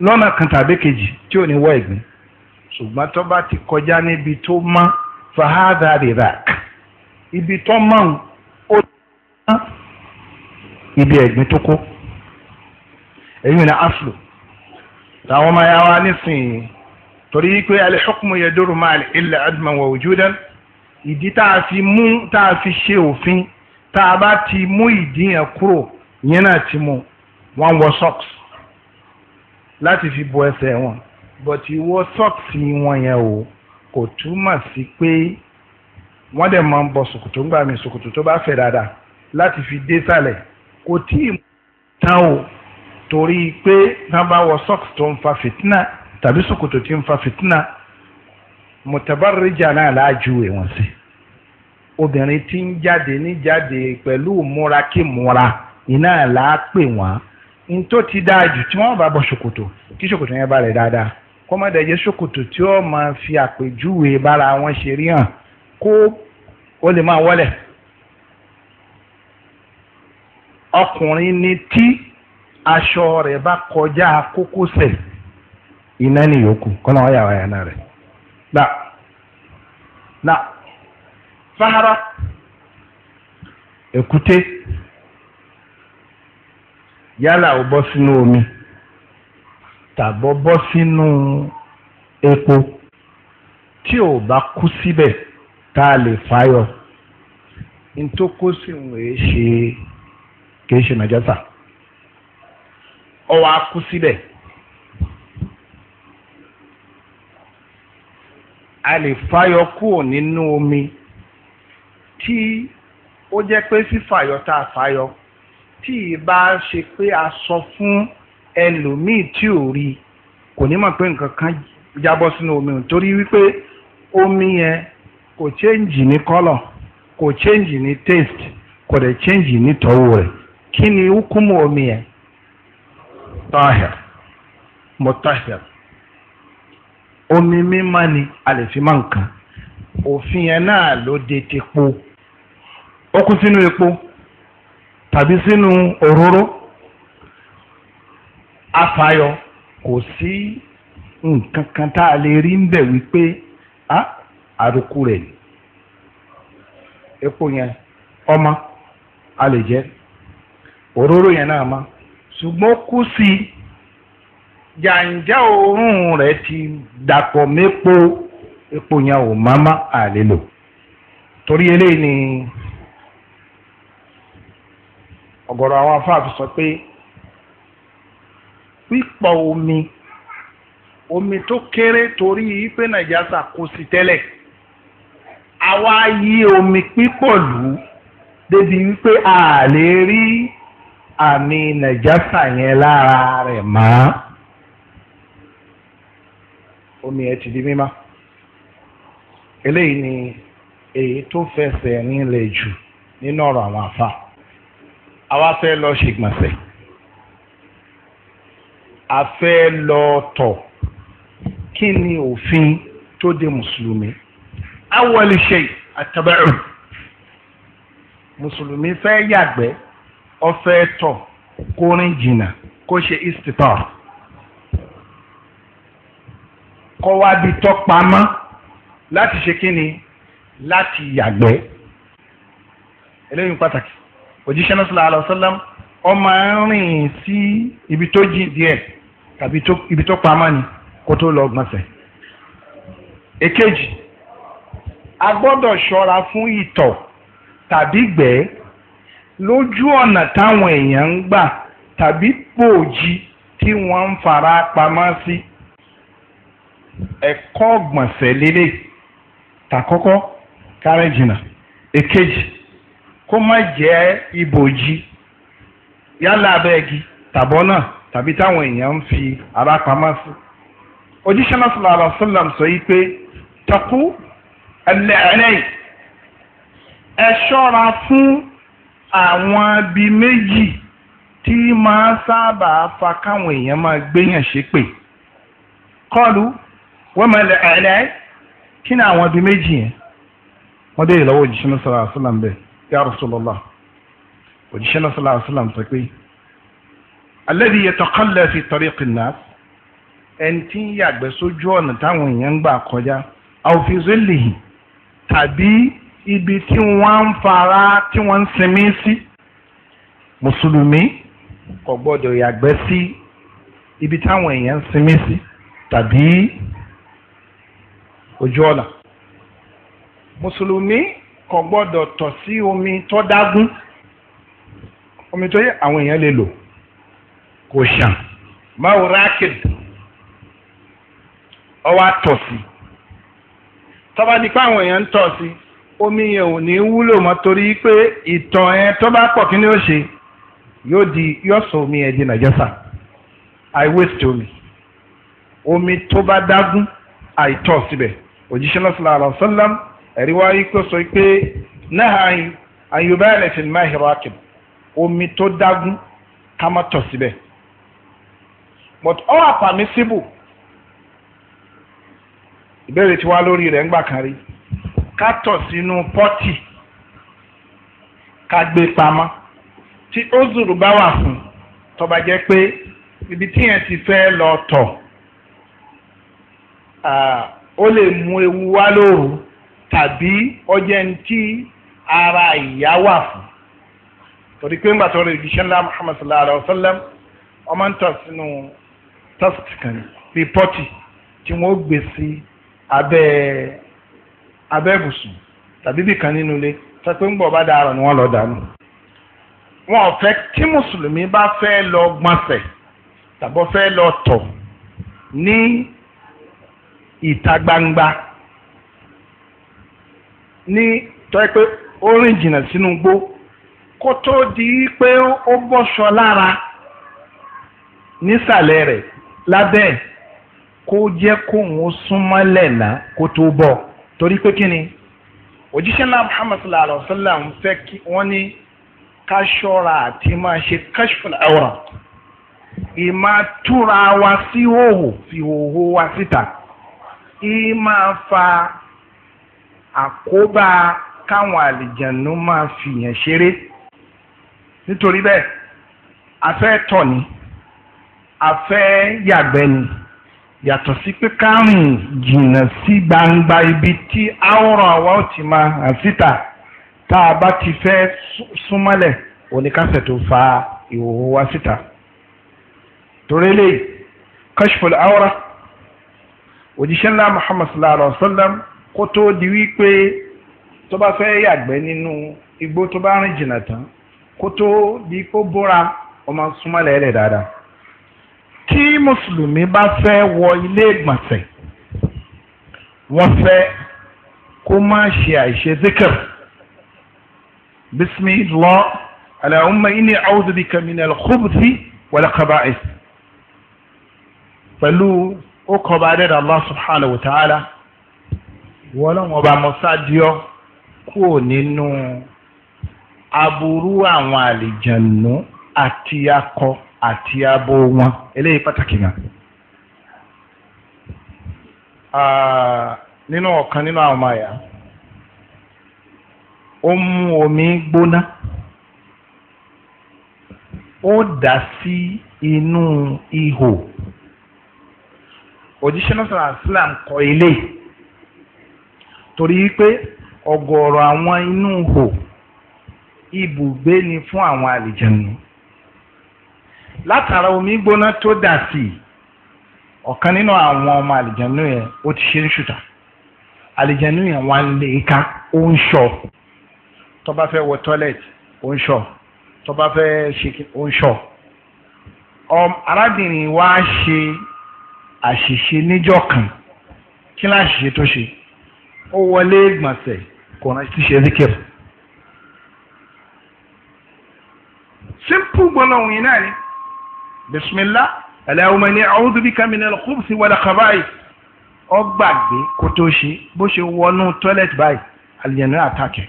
lọ́nà kan tàbí kejì tí ò ní wọ́ ẹ̀gbin ṣùgbọ́n tó bá ti kọjá níbi tó mọ́ fahadà rìràk ibi tó mọ́ ó ti ibi ẹ̀gbin tó kó èyí ni aslu táwọn ọmọ yàrá nísìnyí torí pé al-hukmu yaduru ma'a al-illa adman wa wujudan ìdí tá a fi mú tá a fi ṣe òfin tá a bá ti mú ìdí yẹn kúrò yẹn náà ti mú wọn wọ socks láti fi bo ẹsẹ̀ wọn but ìwọ socks wọn yẹn o kò túmọ̀ sí pé wọ́n dẹ̀ máa ń bọ ṣòkòtò ń gbà mí ṣòkòtò tó bá fẹ̀ dáadáa láti fi dé sàlẹ̀ kò tí ì tán o torí pé tá bá wọ socks tó ń fa fitna tàbí ṣòkòtò tí ń fa fìtínà mutabarrija náà láàjú ìwọ̀n sí obìnrin tí ń jáde níjáde pẹ̀lú múrakímúra iná là á pè wọ́n n tó ti dáa jù tí wọ́n bá bọ́ ṣòkòtò kí ṣòkòtò yẹn bá rẹ̀ dáadáa kọ́mọdéjẹ́ ṣòkòtò tí ó máa fi àpèjúwe bára wọn ṣe rí hàn kó o lè máa wọlé ọkùnrin ni tí aṣọ rẹ̀ bá kọjá kókósẹ̀ iná nìyókù kọ́nà ọ̀yà ọ̀yà náà rẹ̀ náà náà. fahara èkúté yálà ó bọ́ sínú omi tàbọ́ bọ́ sínú epo tí ò bá kú síbẹ̀ tá a lè fàyọ ntòkó sì ń wèé ṣe kìí ṣe nàjásà ọwọ́ á kú síbẹ̀. a lè fàyọ kúrò nínú omi tí ó jẹ́ pé fífàyọ tá a fàyọ tí bá ṣe pé a sọ fún ẹlòmíì tí ò rí kò ní mọ̀ pé nǹkan kan jábọ́ sínú omi ò torí wípé omi yẹn kò change ní kọ́lọ̀ kò change ní taste kò dẹ̀ change ní tọ́wọ́ rẹ̀ kí ni hukumu omi yẹn tahir mutahir omi mímọ́ ni a lè fi ma ń òfin yẹn náà ló de ti po. ọkụ kú sínú epo tàbí sínú òróró afayọ kò sí nǹkan kan tá a lè rí ń bẹ̀ wípé a àrùkù rẹ̀ ni epo yẹn ọmọ a lè jẹ òróró yẹn náà ma ṣùgbọ́n kú sí jàǹjà òórùn rẹ̀ ti dàpọ̀ mépo epo yẹn ò má má a torí eléyìí ni. ọ̀gọ̀rọ̀ àwọn afáàfin sọ pé pípọ̀ omi omi tó kéré torí pé nàìjíríà kò sí tẹ́lẹ̀ àwa yí omi pípọ̀ lù ú débi wípé a lè rí àmì nàìjíríà yẹn lára rẹ̀ mọ́ omi ẹ ti di mímọ́ eléyìí ni èyí tó fẹsẹ̀ rinlẹ̀ jù nínú ọ̀rọ̀ àwọn afáà àwa fẹ́ lọ ṣègbọ̀nsẹ̀ a fẹ́ lọ tọ̀ kí ni òfin tó de mùsùlùmí awọ́lì ṣe àtàbẹ̀rù mùsùlùmí fẹ́ yàgbẹ́ ó fẹ́ tọ̀ kó rìn jìnnà kó ṣe istitar kó wá di tọ́ pamọ́ láti ṣe kí ni láti yàgbẹ́ eléyìí pàtàkì òjíṣẹ́ náà sallallahu alaihi wasallam ó máa ń rìn sí ibi tó jìn díẹ̀ tàbí ibi tó pamọ́ ni kó tó lọ gbọ̀nsẹ̀. èkejì a gbọ́dọ̀ ṣọ́ra fún ìtọ̀ tàbí gbẹ́ lójú ọ̀nà táwọn èèyàn ń gbà tàbí pòòjì tí wọ́n ń fara pamọ́ sí. ẹ̀kọ́ gbọ̀nsẹ̀ lélẹ̀ tàkọ́kọ́ kárẹ́jìnà èkejì. E kó má jẹ́ ibòji yálà abẹ́gi tàbọ́nà tàbí táwọn èèyàn ń fi ara pamọ́ sí. òjíṣẹ́ náà sallallahu alaihi wasallam sọ yìí pé takú ẹlẹ́ẹ̀rẹ́ ẹ ṣọ́ra fún àwọn abi méjì tí máa sábà fa káwọn èèyàn máa gbéyàn ṣépè kọlu wọ́n máa lẹ̀ ẹ̀rẹ́ kí ni àwọn abi méjì yẹn wọ́n dé ìlọ́wọ́ òjíṣẹ́ náà sallallahu alaihi bẹ́ẹ̀ ya Rasulullah òjíṣẹ́ náà sallallahu alaihi wasallam sọ pé alladhi yataqalla fi tariqi an-nas ẹni tí ń yàgbẹ́ sójú ọ̀nà táwọn èèyàn ń gbà kọjá aw fi zillihi tàbí ibi tí wọ́n ń fara tí wọ́n ń sinmi sí mùsùlùmí kò gbọ́dọ̀ yàgbẹ́ sí ibi táwọn èèyàn ń sinmi sí tàbí ojú ọ̀nà mùsùlùmí kò gbọ́dọ̀ tọ̀ sí omi tó dágún omi tó yẹ àwọn èèyàn lè lò kò ṣàn máa wòrán akéde ọwọ́ àtọ̀ sí tó bá di pé àwọn èèyàn ń tọ̀ sí omi yẹn ò ní wúlò mọ́ torí pé ìtàn ẹ tó bá pọ̀ kí ni ó ṣe yóò di yóò sọ omi ẹ di nàìjẹsà i waste omi omi tó bá dágún àìtọ̀ síbẹ̀ òjíṣẹ́ náà sallallahu alaihi wasallam eriwa wá yí sọ pé náà àyùbá omi tó dágún ká má tọ̀ but all are permissible ìbéèrè tí wá lórí rẹ̀ ńgbà kan rí ká tọ̀ sínú pọ́tì ká gbé pamọ́ tí ó zùrù ibi tí yẹn ti fẹ́ lọ tọ̀ ó lè mú ewu wá lóru tàbí ọjẹ́ ń tí ara ìyá wà fún torí pé ńgbà tó rẹ̀ ìdíṣẹ́ ńlá Muhammad alayhi wa sallam ọmọ ń tọ̀ sínú tọ́sítì kan rìpọ́tì tí wọ́n gbé sí abẹ́ abẹ́ ibùsùn tàbí bìkan nínú ilé sọ pé ńgbà ọba dàrọ̀ ni wọ́n lọ dànù wọn ò fẹ́ tí mùsùlùmí bá fẹ́ lọ gbọ̀nsẹ̀ tàbí fẹ́ lọ tọ̀ ní ìta gbangba. ní tọ́yẹ pé ó rìn jìnnà sínú igbó kó tó di pé ó bọ́ṣọ lára nísàlẹ̀ rẹ̀ lábẹ́ kó jẹ́ kóun súnmọ́lẹ̀ náà kó tó bọ̀ torí pé kí ni òjíṣẹ́ náà Muhammad sallallahu alayhi wa sallam fẹ́ kí wọ́n ní ká ṣọ́ra àti máa ṣe kashful awra wa sí hòhò wa síta fa àkóbá káwọn àlìjànú máa fìyàn ṣeré nítorí bẹ́ẹ̀ a fẹ́ tọ̀ ni a fẹ́ yàgbẹ́ ni yàtọ̀ sí pé kárìn jìnnà sí gbangba ibi tí àwòrán àwa ò ti máa hàn síta tá a bá ti fẹ́ súnmọ́lẹ̀ oníkásẹ̀ tó fa ìhòòhò wa síta torí lè kashful awra òjíṣẹ́ ńlá Muhammad sallallahu alaihi wa sallam kó tó di wípé tó bá fẹ́ yàgbẹ́ nínú igbó tó bá rìn jìnnà tán kó tó di kó bóra ọmọ súnmọ́lẹ̀ ẹ̀rẹ̀ dáadáa tí mùsùlùmí bá fẹ́ wọ ilé ìgbọ̀nsẹ̀ wọ́n fẹ́ kó má ṣe àìṣe zikr bismillah allahumma inni a'udhu bika min al-khubuthi wal khaba'ith pẹ̀lú kọba adẹ́dàá allah subhanahu wa ta'ala ìwọ náà wọn bá mọ́sádìọ́ kúrò nínú aburú àwọn àlìjànú àti akọ àti abo wọn eléyìí pàtàkì náà. nínú ọ̀kan nínú àwọn ọmọ àyà ó mú omi gbóná ó dà sí inú ihò òjíṣẹ́ náà sọ̀rọ̀ àsìlám kọ ilé torí pé ọ̀gọ̀ọ̀rọ̀ àwọn inú hò ibùgbé ni fún àwọn àlìjẹnu látara omi gbóná tó dà sí i ọ̀kan nínú àwọn ọmọ àlìjẹnu yẹn ó ti ṣe ń ṣùtà àlìjẹnu yẹn wà ń lè ka ó ń ṣọ tó bá fẹ́ wọ tọ́lẹ̀tì ó ń ṣọ tó bá fẹ́ ṣe ó ń ṣọ arábìnrin wa ṣe àṣìṣe níjọ́ kan kí láṣìṣe tó ṣe ó wọlé gbọ̀nsẹ̀ kò rántí ti ṣe zikir. simple gbọ́lọ́hùn yìí náà ni bisimilah aláwọ̀mọ̀ ni a'udhu bika minal khubuthi wal khaba'ith ọ gbàgbé kó tó ṣe bó ṣe wọnú toilet báyìí àlìyànnú àtàkẹ́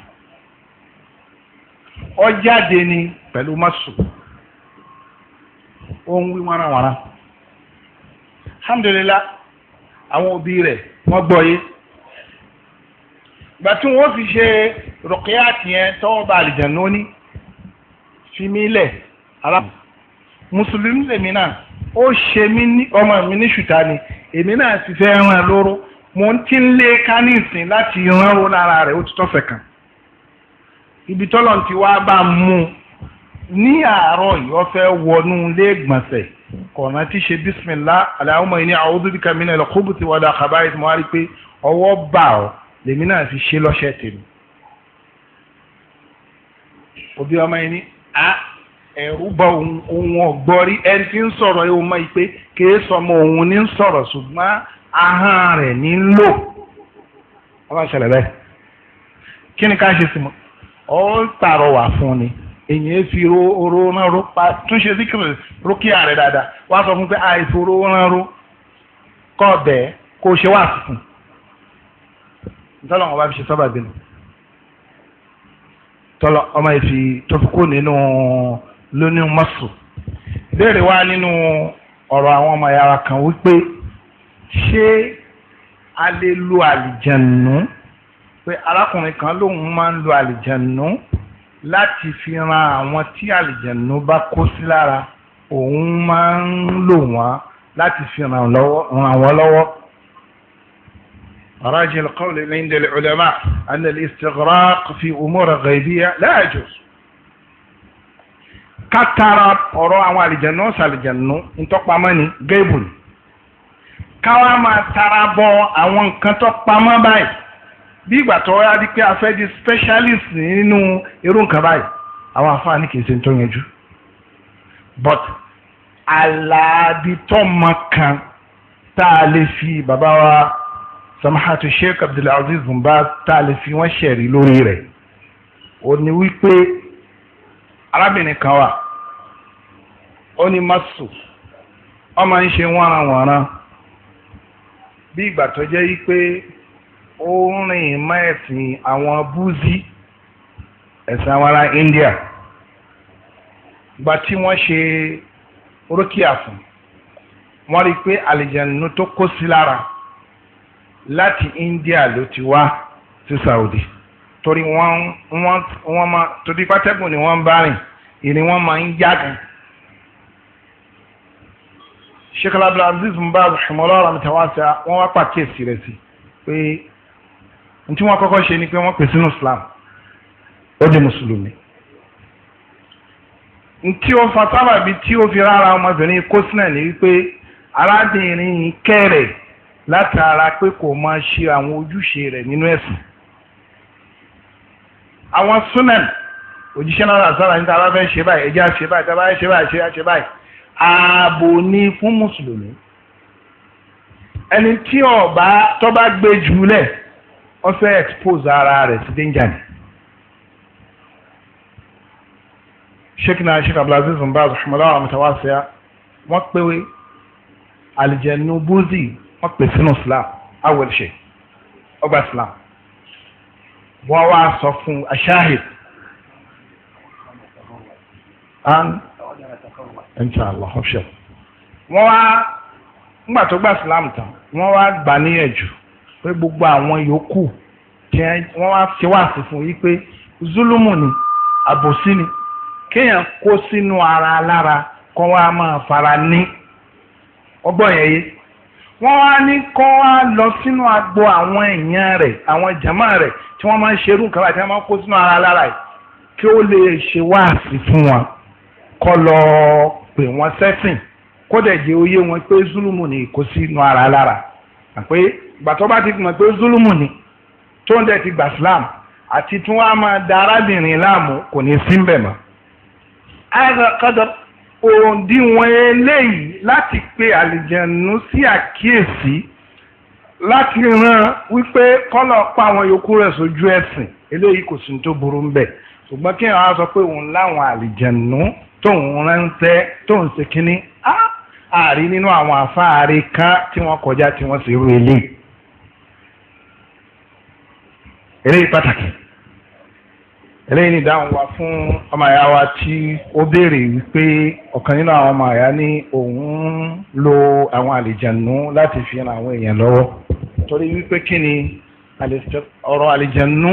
ọ jáde ni pẹ̀lú mọ́sù ó ń wí wánrawànra alhamdulillah àwọn òbí rẹ̀ wọ́n gbọ́ yé ìgbà tí wọ́n fi ṣe rọ̀kíyà tiẹ̀ tọ́wọ́ bá àlìjàn lóní fi mí lẹ̀ ara mùsùlùmí lèmi náà ó ṣe mí ní ọmọ mi ní ṣùtá ni èmi náà ti fẹ́ ràn lóró mo ti ń lé kánìsìn láti ránró lára rẹ̀ ó ti tọ́sẹ̀ kan ibi tọ́lọ̀ ti wá bá mú un ní àárọ̀ yìí wọ́n fẹ́ wọnú ilé ìgbọ̀nsẹ̀ kọ̀ọ̀nà tí ṣe bísímìlá aláwọ̀ mọ̀ ní àwọn òdúbìkà mi náà lọ́kùnrin ti wọ́n dà kábàáyé tí mo wá rí pé ọwọ́ bà ọ́ lèmi náà fi ṣe lọ́ṣẹ́ tèmi òbí ọmọ yẹn ni a ẹ̀rú bọ ohun ọ̀gbọ́rí ẹni tí ń sọ̀rọ̀ ẹ̀ ọmọ yìí pé kìí sọmọ òun ní ń sọ̀rọ̀ ṣùgbọ́n ahọ́n rẹ̀ ní ń lò wọ́n bá ṣẹlẹ̀ bẹ́ẹ̀ kí ni ká ṣe sí mu ó tààrọ̀ wà fún ni èyàn fi oró rán ro pa túnṣe síkìrì rókìá rẹ̀ dáadáa wọ́n á sọ fún pé àìfòró rán ro kọ́ bẹ́ẹ̀ kó ṣe wà fún ntọ́lọ̀ wọn bá fi ṣe sábà bínú tọ́lọ̀ ọmọ yìí fi tófukú nínú lónìí mọ́sù béèrè wá nínú ọ̀rọ̀ àwọn ọmọ yàrá kan wípé ṣé a lè lo àlìjẹ̀nù pé arákùnrin kan lòun máa ń lo àlìjẹ̀nù láti fi ran àwọn tí àlìjẹ̀nù bá kó sí lára òun máa ń lò wọ́n láti fi ràn wọ́n lọ́wọ́ راجع القول عند العلماء أن الاستغراق في أمور غيبية لا يجوز kátara ọ̀rọ̀ àwọn àlìjẹ̀nù ṣàlìjẹ̀nù ntọ́pamọ́ ni gébùn káwa máa tara bọ àwọn nǹkan tó pamọ́ báyìí bí ìgbà tó yá di pé a fẹ́ di specialist nínú irú nǹkan báyìí àwọn afáàní kì í ṣe tó yanjú but aláàbí tó mọ kan tá a lè fi bàbá wa samahatu sheikh abdulaziz mbaz tá a lè fi wọ́n ṣẹ̀rí lórí rẹ̀ ó ní wípé arábìnrin kan wà ó ní masu ó máa ń ṣe wọ́nranwọ̀nran bí ìgbà tó jẹ́ wípé ó ń rìn mọ́ àwọn búzí ẹ̀sìn àwọn ará india ìgbà tí wọ́n ṣe rókìá fún wọ́n rí i pé àlìjẹ̀nu tó kó sí lára láti India ló ti wá sí Saudi torí wọ́n wọ́n wọ́n máa torí pátẹ́kùn ni wọ́n ń bá rìn ìní wọ́n máa ń yá gan. Sheikh Abdulaziz Mubaz ṣùmọ́lọ́rọ̀ mi tàwọn àṣà wọ́n wá pàkíyèsí rẹ̀ sí pé n tí wọ́n kọ́kọ́ ṣe ni pé wọ́n pè sínú Islam ó di mùsùlùmí. n tí ó fa sábàbí tí ó fi rárá ọmọbìnrin kó sínú ẹ̀ ní wípé arábìnrin kẹrẹ̀ẹ́ látara pé kò máa ṣe àwọn ojúṣe rẹ̀ nínú ẹ̀sìn. àwọn sunan òjíṣẹ́ náà rà sára níta bá fẹ́ ṣe báyìí ẹja ṣe báyìí tábà ṣe báyìí ṣe báyìí ààbò ni fún mùsùlùmí. ẹni tí ọba tó gbé jùlẹ̀ ó expose ara rẹ̀ sí danger ni. sheikh náà sheikh abdulaziz mbaz rahmanahu amtawasiya wọ́n pèwé alìjẹ̀nu búzì wọ́n pè sínú islam awel ṣe ọgbà islam wọ́n wá sọ fún ashahid an inshallah ọ̀ṣẹ́ wọ́n wá nígbà tó gba islam tán wọ́n wá gbà níyànjú pé gbogbo àwọn yòókù tí wọ́n wá ṣe wá sí fún yí pé zulumu ni àbòsí ni kéèyàn kó sínú ara lára kó wá máa fara ní ọgbọ́n yẹn yé wọ́n wá ní kọ́ wá lọ sínú agbo àwọn èèyàn rẹ̀ àwọn jàmá rẹ̀ tí wọ́n máa ń ṣerú nǹkan báyìí tí wọ́n máa ń kó sínú ara lára yìí kí ó lè ṣe wáàsí fún wọn kọ́ lọ pè wọ́n sẹ́sìn kó dẹ̀ jẹ́ oyé wọn pé zulumu ni kó sínú ara lára àpé ìgbà bá ti mọ̀ pé zulumu ni tó ń dẹ̀ ti gbà Islam àti tí wọ́n máa da arábìnrin láàmú kò ní sí ń bẹ̀ mọ́ òǹdíwọ̀n eléyìí láti pe àlìjẹ̀nù sí àkíyèsí láti ran wípé kọ́lọ̀ pa àwọn yòókù rẹ̀ sójú ẹ̀sìn eléyìí kò sí tó burú ń bẹ̀ ṣùgbọ́n kí àwọn sọ pé òun láwọn àlìjẹ̀nù tóun ránṣẹ́ tóun ṣe kínní á àrí nínú àwọn àfáàrí kan tí wọ́n kọjá tí wọ́n sì rú eléyìí eléyìí pàtàkì eléyìí ni ìdáhùn wa fún ọmọ àyà wa tí ó béèrè wípé ọ̀kan nínú àwọn ọmọ àyà ní òun ń lo àwọn àlìjànú láti fi ran àwọn èèyàn lọ́wọ́ torí wípé kí ni ọ̀rọ̀ àlìjànú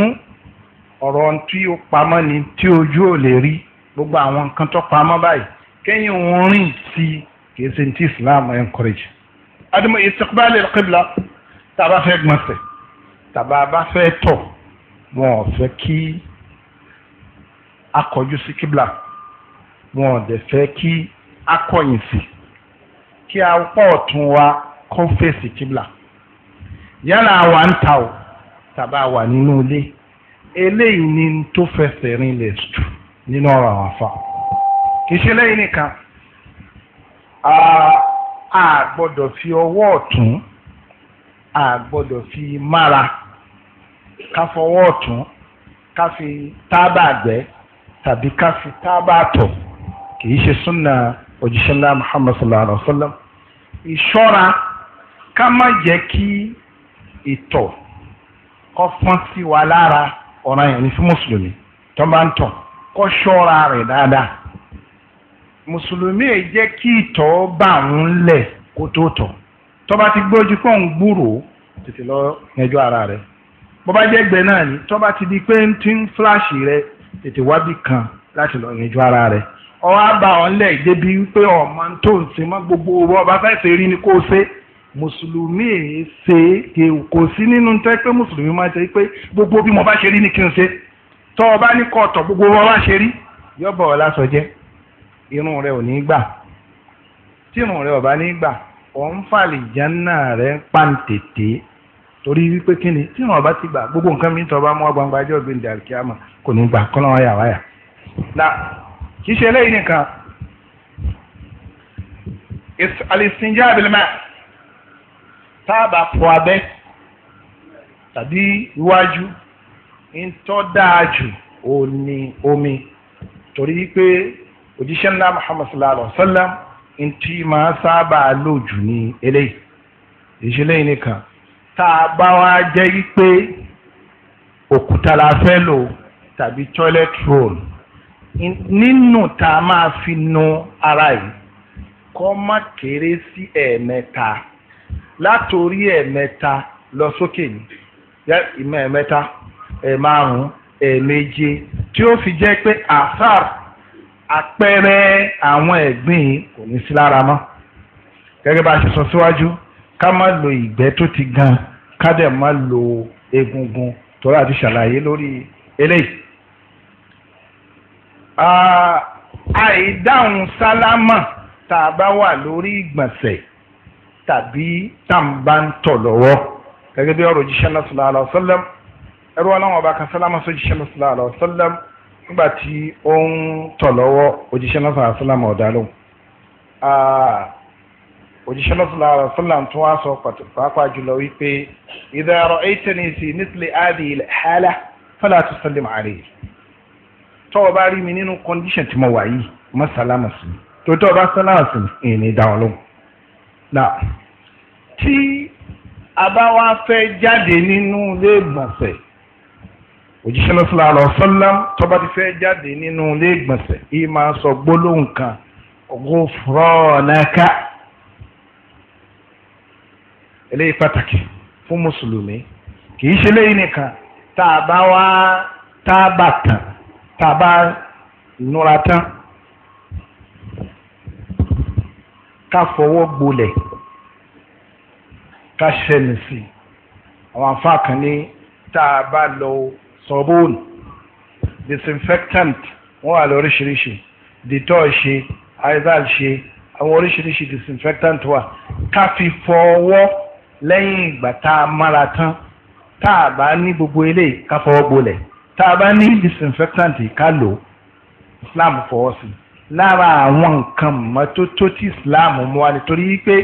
ọ̀rọ̀ tí ó pamọ́ ni tí ojú ò lè rí gbogbo àwọn nǹkan tó pamọ́ báyìí kẹ́yìn òun rìn sí kìí ṣe ti Islam encourage. adamu istiqbal al-qibla tàbá fẹ́ gbọ̀nsẹ̀ tàbá bá fẹ́ tọ̀ wọn ò fẹ́ kí akọjú sí kíbla wọn ò dẹ̀ fẹ́ kí akọyìn sí kí apá ọ̀tún wa kó fèsì kíbla yálà wà ń ta o tàbá wà nínú ilé eléyìí ni tó fẹsẹ̀ rinlẹ̀ jù nínú ọ̀rọ̀ àwọn afa kì í ṣe lẹ́yìn nìkan a gbọ́dọ̀ fi ọwọ́ ọ̀tún a gbọ́dọ̀ fi mára ká fọwọ́ ọ̀tún ká fi tábà tàbí ká fi tábà tọ̀ kìí ṣe súnà òjíṣẹ́ ńlá muhammad sallallahu alaihi wa sallam ìṣọ́ra ká má jẹ́ kí ìtọ̀ kó fọ́n sí wa lára ọ̀ràn yẹn ní fún mùsùlùmí tó bá ń tọ̀ kó ṣọ́ra rẹ̀ dáadáa mùsùlùmí ẹ̀ jẹ́ kí ìtọ̀ bá òun lẹ̀ kó tó tọ̀ tó ti gbójú pé òun gbúrò tètè lọ yanjú ara rẹ̀ bó bá náà ni tó ti di pé ń tí fúláṣì rẹ̀ tètè wábì kan láti lọ yanjú ara rẹ̀ ọwọ́ àbá wọn lẹ̀ débi pé ọmọ tó ń ṣe mọ́ gbogbo owó ọba fẹ́ ṣe rí ni kó ṣe mùsùlùmí ṣe kò sí nínú tó pé mùsùlùmí máa ṣe pé gbogbo bí mo bá ṣe rí ni kí n ṣe tọ́ ọba ní kọ́ọ̀tọ̀ gbogbo owó ọba ṣe rí yọ̀bọ̀ ọ̀la sọ jẹ́ irun rẹ̀ ò ní gbà tí irun rẹ̀ ọba ní gbà ọ̀ ń fàlì jẹ́ náà rẹ̀ pàǹtẹ̀tẹ̀ torí wípé kí ni tí wọn bá ti gbà gbogbo nǹkan mi tọ́ bá mú agbangba ẹjọ́ gbé ndàrí kí a mọ̀ kò ní gbà kọ́ lọ́wọ́ yàwáyà. na kì í ṣe eléyìí nìkan alìsìnjá abilma tá a bá fọ abẹ́ tàbí iwájú ń tọ́ dáa jù ó omi torí pé òjíṣẹ́ ńlá muhammad sallallahu alaihi wa sallam ń tí máa sábà lò jù ní eléyìí ìṣẹ̀lẹ̀ yìí nìkan tá a bá wá jẹ́ wípé òkúta la fẹ́ lò tàbí toilet roll nínú tá a máa fi nu ara yìí kó má kéré sí ẹ̀ẹ̀mẹ́ta látòrí ẹ̀ẹ̀mẹ́ta lọ sókè ní ìmọ̀ ẹ̀ẹ̀mẹ́ta ẹ̀ẹ̀márùn-ún ẹ̀ẹ̀méje tí ó fi jẹ́ pé àṣàr àpẹẹrẹ àwọn ẹ̀gbìn kò ní sí lára mọ́ gẹ́gẹ́ bá a ṣe sọ síwájú. So ká má lo ìgbẹ́ tó ti gan ká dẹ̀ má lo egungun torí àti ṣàlàyé lórí eléyìí. àìdáhùn sálámà tá a bá wà lórí ìgbọ̀nsẹ̀ tàbí tá n bá ń tọ̀ lọ́wọ́ gẹ́gẹ́ bí ọ̀rọ̀ jíṣẹ́ náà sallallahu alaihi wasallam ẹrú ọlọ́wọ́n ọba kan sálámà sọ jíṣẹ́ náà sallallahu alaihi wasallam nígbà tí ó ń tọ̀ lọ́wọ́ òjíṣẹ́ náà sallallahu alaihi wasallam ọ̀dà òjíṣẹ́ lọ́sọ̀lá ara sọ́là tó wá sọ pàápàá jùlọ wípé idha ra'aytani fi mithli hadhihi al-hala fala tusallim alayhi tó o bá rí mi nínú kọ́ndíṣàn tí mo wà yìí má sálámà sí mi tó tó o bá sálámà sí mi èyí ni dáhùn lóhùn. náà tí a fẹ́ jáde nínú ilé òjíṣẹ́ lọ́sọ̀lá ara sọ́là tó ti fẹ́ jáde nínú ilé ìgbọ̀nsẹ̀ eléyìí pàtàkì fún mùsùlùmí kì í ṣe léyìí nìkan tá a bá wá tá a bá tán tá a bá núra tán ká fọwọ́ gbolẹ̀ ká ṣẹlẹ̀ sí àwọn àfáà kan ní tá a bá lọ sọ́bóònù disinfectant wọ́n wà lóríṣiríṣi detol ṣe aizal ṣe àwọn oríṣiríṣi disinfectant wà ká fi fọwọ́ lẹ́yìn ìgbà tá a mára tán tá a bá ní gbogbo eléyìí ká fọwọ́ gbolẹ̀ tá a bá ní disinfectant ká lò Islam fọwọ́ sí lára àwọn nǹkan mọ́tótó tí Islam mú wa nítorí pé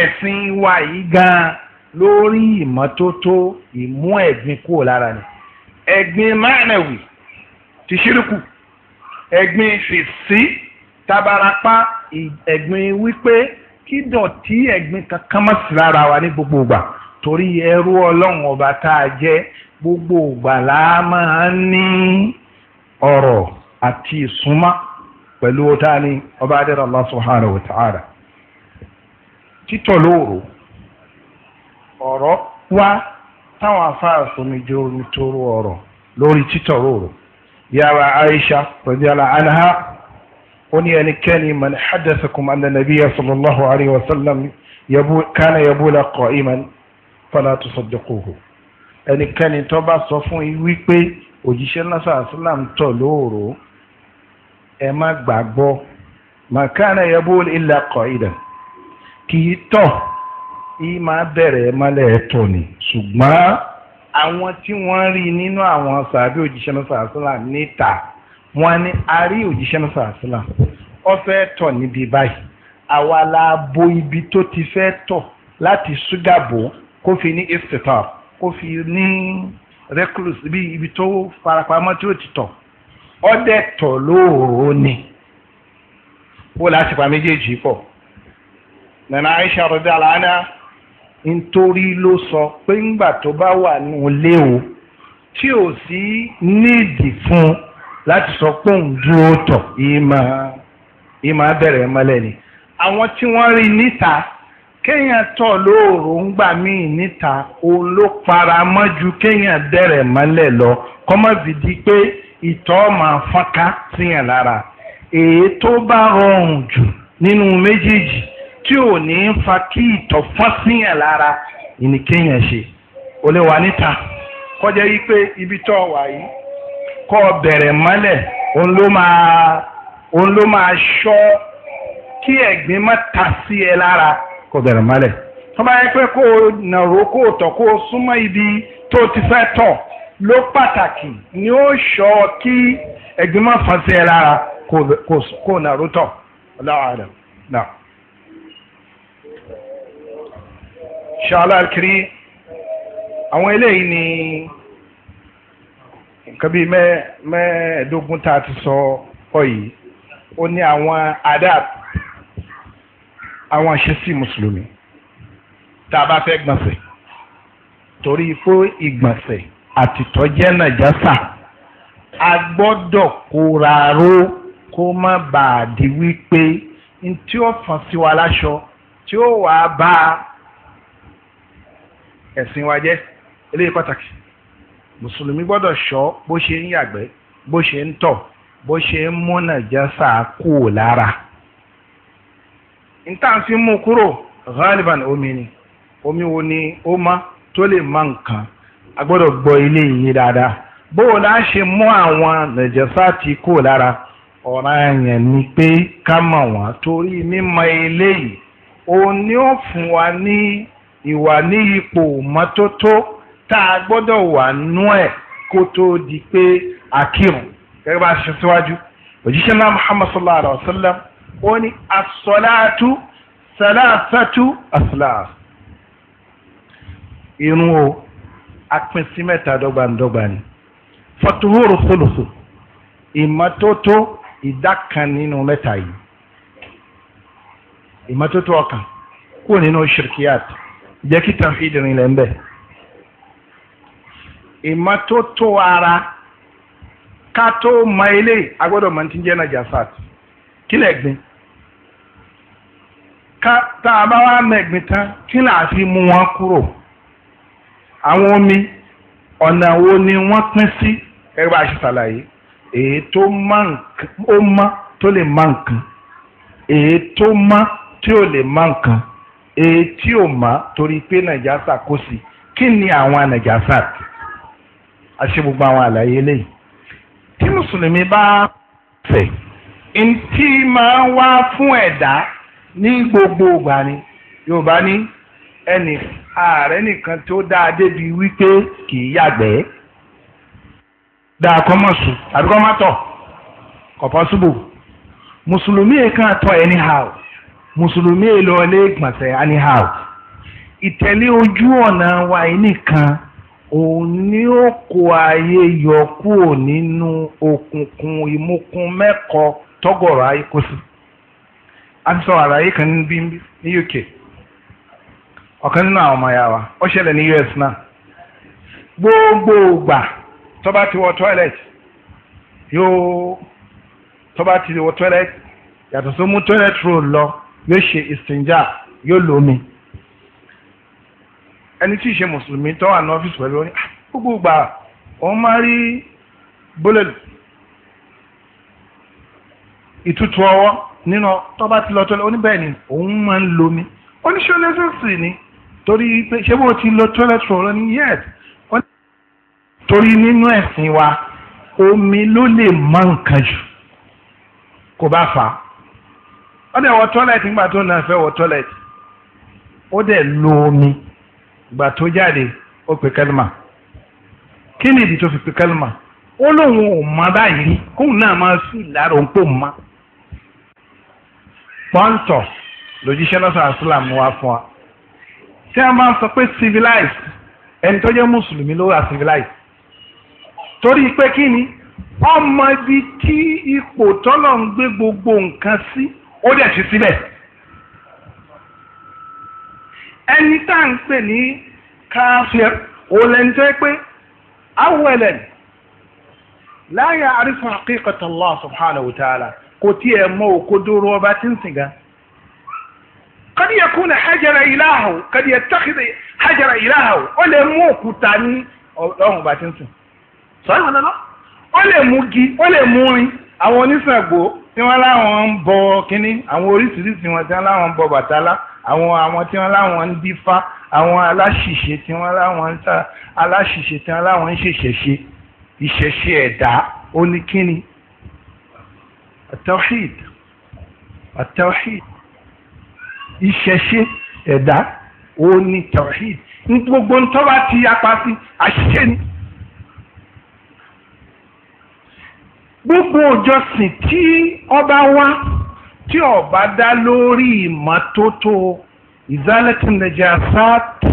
ẹ̀sìn wa yìí gan-an lórí ìmọ́tótó ìmú ẹ̀gbin kúrò lára ni ẹ̀gbin mánàwì ti ṣírùkù ẹ̀gbin fìsí tabarapá ẹ̀gbin wípé kí dọ̀tí ẹ̀gbin kankan má sí lára wa ní gbogbo ìgbà torí ẹrú ọlọ́run ọba tá a jẹ́ gbogbo ìgbà la máa ń ní ọ̀rọ̀ àti ìsúnmọ́ pẹ̀lú ọ̀tá ni ọba adẹ́rọ Allah subhanahu wa ta'ala títọ̀ lóòrò ọ̀rọ̀ wá táwọn afáàsùn mi jẹ́ omi tó ọ̀rọ̀ lórí títọ̀ lóòrò yàrá Aisha radiyallahu anha ó ní ẹnikẹ́ni man haddathakum anna nabiyya sallallahu alayhi wa sallam kana yabula qa'iman fala tusaddiquhu ẹnikẹ́ni tó bá sọ fún yín wípé òjíṣẹ́ náà sàlám tọ̀ lóòrò ẹ má gbàgbọ́ ma kana yabul illa qa'idan kì í tọ̀ yìí máa bẹ̀rẹ̀ mọ́lẹ̀ ẹ̀tọ́ ni ṣùgbọ́n àwọn tí wọ́n rí nínú àwọn sàbí òjíṣẹ́ wọ́n ni a òjíṣẹ́ náà sàásìlà ọ fẹ́ tọ̀ níbi báyìí àwa la ibi tó ti fẹ́ tọ̀ láti ṣúgàbò kó fi ní istitar kó fi ní bí ibi tó farapamọ́ tí ó ti tọ̀ ó dẹ̀ tọ̀ lóòrò ni wọ́n láti pa méjèèjì pọ̀ nana Aisha láti sọ pé òun dúró tọ̀ ìmọ̀ ìmọ̀ abẹ́rẹ́ mọ́lẹ̀ ni. àwọn tí wọ́n rí níta kéèyàn tọ̀ lóòrò ń gbà míì níta òun ló para mọ́ ju kéèyàn dẹ̀rẹ̀ mọ́lẹ̀ lọ kọ́mọ́sì di pé ìtọ̀ máa fọ́nká síyàn lára èyí tó bá rọrùn jù nínú méjèèjì tí ò ní fa kí ìtọ̀ fọ́n síyàn lára ìní ṣe ò wà níta kọjá yí pé ibi tó wà yìí kọ́ ọ bẹ̀rẹ̀ mọ́lẹ̀ òun ló máa òun ló máa ṣọ́ kí ẹ̀gbin má ta sí ẹ lára kọ́ bẹ̀rẹ̀ mọ́lẹ̀ bá pé kó o nàró kó o tọ̀ súnmọ́ ibi tó ti fẹ́ tọ̀ ló pàtàkì ni ó ṣọ́ kí ẹ̀gbin má sí ẹ lára kó tọ̀ nǹkan bíi mẹ́ẹ̀ẹ́dógún tá a ti sọ ọ yìí ó ní àwọn adab àwọn àṣesí mùsùlùmí tá a bá fẹ́ gbọ̀nsẹ̀ torí fún ìgbọ̀nsẹ̀ àtìtọ́jẹ́ nàjásà a gbọ́dọ̀ kóra ró kó má bàa di wípé tí ó fọ́n sí wa láṣọ tí ó wàá bá ẹ̀sìn wa jẹ́ eléyìí pàtàkì. mùsùlùmí gbọ́dọ̀ ṣọ́ bó ṣe ń yàgbẹ́ bó ṣe ń tọ̀ bó ṣe ń múnà jásà kúò lára nta mú kúrò ghaliban omi ni omi wo ni ó tó lè nǹkan a gbọ́dọ̀ gbọ́ ilé yìí dáadáa bó o ṣe mú àwọn nàjẹ́sà tí kúò lára ọ̀ràn yẹn ni pé ká mọ̀ wọ́n torí mímọ̀ eléyìí òun ni ó fún wa ní ìwà ní tá a gbọ́dọ̀ wà nú ẹ̀ kó tó di pé akírun gẹ́gẹ́ bá a ṣe síwájú òjíṣẹ́ náà muhammad sallallahu alayhi wa sallam ó ní asọ́láàtú sàlàsàtú asọ́láàs irun o apin sí mẹ́ta dọ́gbandọ́gba ni fatuhuru soloso ìmọ́tótó ìdá kan nínú mẹ́ta yìí ìmọ́tótó ọkàn kúrò nínú shirkiyat jẹ́ kí tàfíìdì rìn lẹ́ńbẹ́ẹ́. tó ara ká tó ma ilé agbọ́dọ̀ gbọ́dọ̀ mọ ti jẹ́ najasat kí lẹ́gbin ká tá a bá wá mẹ́gbin tán kí là á fi mú wọn kúrò àwọn omi ọ̀nà wo ni wọ́n pín sí ẹgbẹ́ bá a ṣe ṣàlàyé èyí tó má nǹkan ó tó lè nǹkan èyí tó tí ò lè má nǹkan èyí tí ò má torí pé àti gbogbo àwọn àlàyé lẹ́yìn tí mùsùlùmí bá fẹ́ ntí máa wá fún ẹ̀dá ní gbogbo ìgbà ni yorùbá ní ẹnì ààrẹ nìkan tó dáa débi wípé kì í yàgbẹ́ dáa kọ́ mọ̀ sùn àbí kọ́ má tọ̀ kò pọ́síbù mùsùlùmí kan tọ̀ anyhow mùsùlùmí lọ ilé ìgbọ̀nsẹ̀ anyhow ìtẹ̀lé ojú ọ̀nà wa yìí nìkan òun ni ó kó ayé yọ kúrò nínú òkùnkùn ìmúkun mẹ́kọ tọ́gọ̀rọ̀ ayé a ti sọ àlàyé kan níbí ní UK ọ̀kan nínú àwọn ọmọ yàrá ó ṣẹlẹ̀ ní US náà gbogbo ìgbà tó bá ti wọ toilet yóò tó bá ti wọ toilet yàtọ̀ mú toilet roll lọ yóò ẹni tí ì ṣe mùsùlùmí tó wà ní ọ́fíìsì pẹ̀lú ọ ní ah, gbogbo ìgbà òun máa rí bólẹ̀lù ìtutù ọwọ́ nínú tọ́ba ti lọ tọ́lẹ̀ ni òun máa ń lomi oníṣẹ́ lẹ́sẹ̀sì ni torí pé ṣé bó ti lọ tọ́lẹ̀ sọ̀rọ̀ ni yẹ́t torí nínú ẹ̀sìn wa omi ló lè mọ nǹkan jù kò bá fà á ó dẹ̀ wọ tọ́lẹ̀tì nígbà tó náà fẹ́ wọ tọ́lẹ̀tì ó dẹ̀ lo omi gbà tó jáde ó pe kẹlímà kí ni ìdí tó fi pe kẹlímà ó lóun ò mọ báyìí kóun náà máa fi lára òun pò mọ pọ́ńtọ̀ lójíṣẹ́ lọ́sọ̀ àṣìlám wa fún wa tí a máa ń sọ pé civilized ẹni tó jẹ́ mùsùlùmí ló wà civilized torí pé kí ni ọmọ ibi tí ipò tọ́lọ̀ ń gbé gbogbo nǹkan sí ó dẹ̀ ti síbẹ̀. ẹni tá à ń pè ní káfíà òlẹ̀ntẹ́ pé awẹ́lẹ̀ láyà àrífà àkíkọ̀tà Allah subhanahu wa ta'ala kò tiẹ̀ mọ òkodoro ọba tí ń sìgá. قد kuna حجر إلهه قد يتخذ حجر إلهه ó lè mú òkúta ní ọlọ́run ọba tí ń sìn sọ́yìn wọn na? ó lè mú gi ó lè mú rin àwọn tí wọ́n láwọn ń bọ kínní àwọn oríṣiríṣi wọn tí wọ́n àwọn àwọn tí wọ́n láwọn ń dífá àwọn aláṣìṣe tí wọ́n láwọn ń sá aláṣìṣe tí wọ́n láwọn ń ṣèṣẹ̀ṣe ìṣẹ̀ṣe ẹ̀dá oníkíni atawhid atawhid ìṣẹ̀ṣe ẹ̀dá oní tawhid ní gbogbo ń tọ́ba ti apá sí àṣìṣe ni. gbogbo òjọsìn tí ọba wá tí ó bá dá lórí ìmọ́tótó izalatin najasat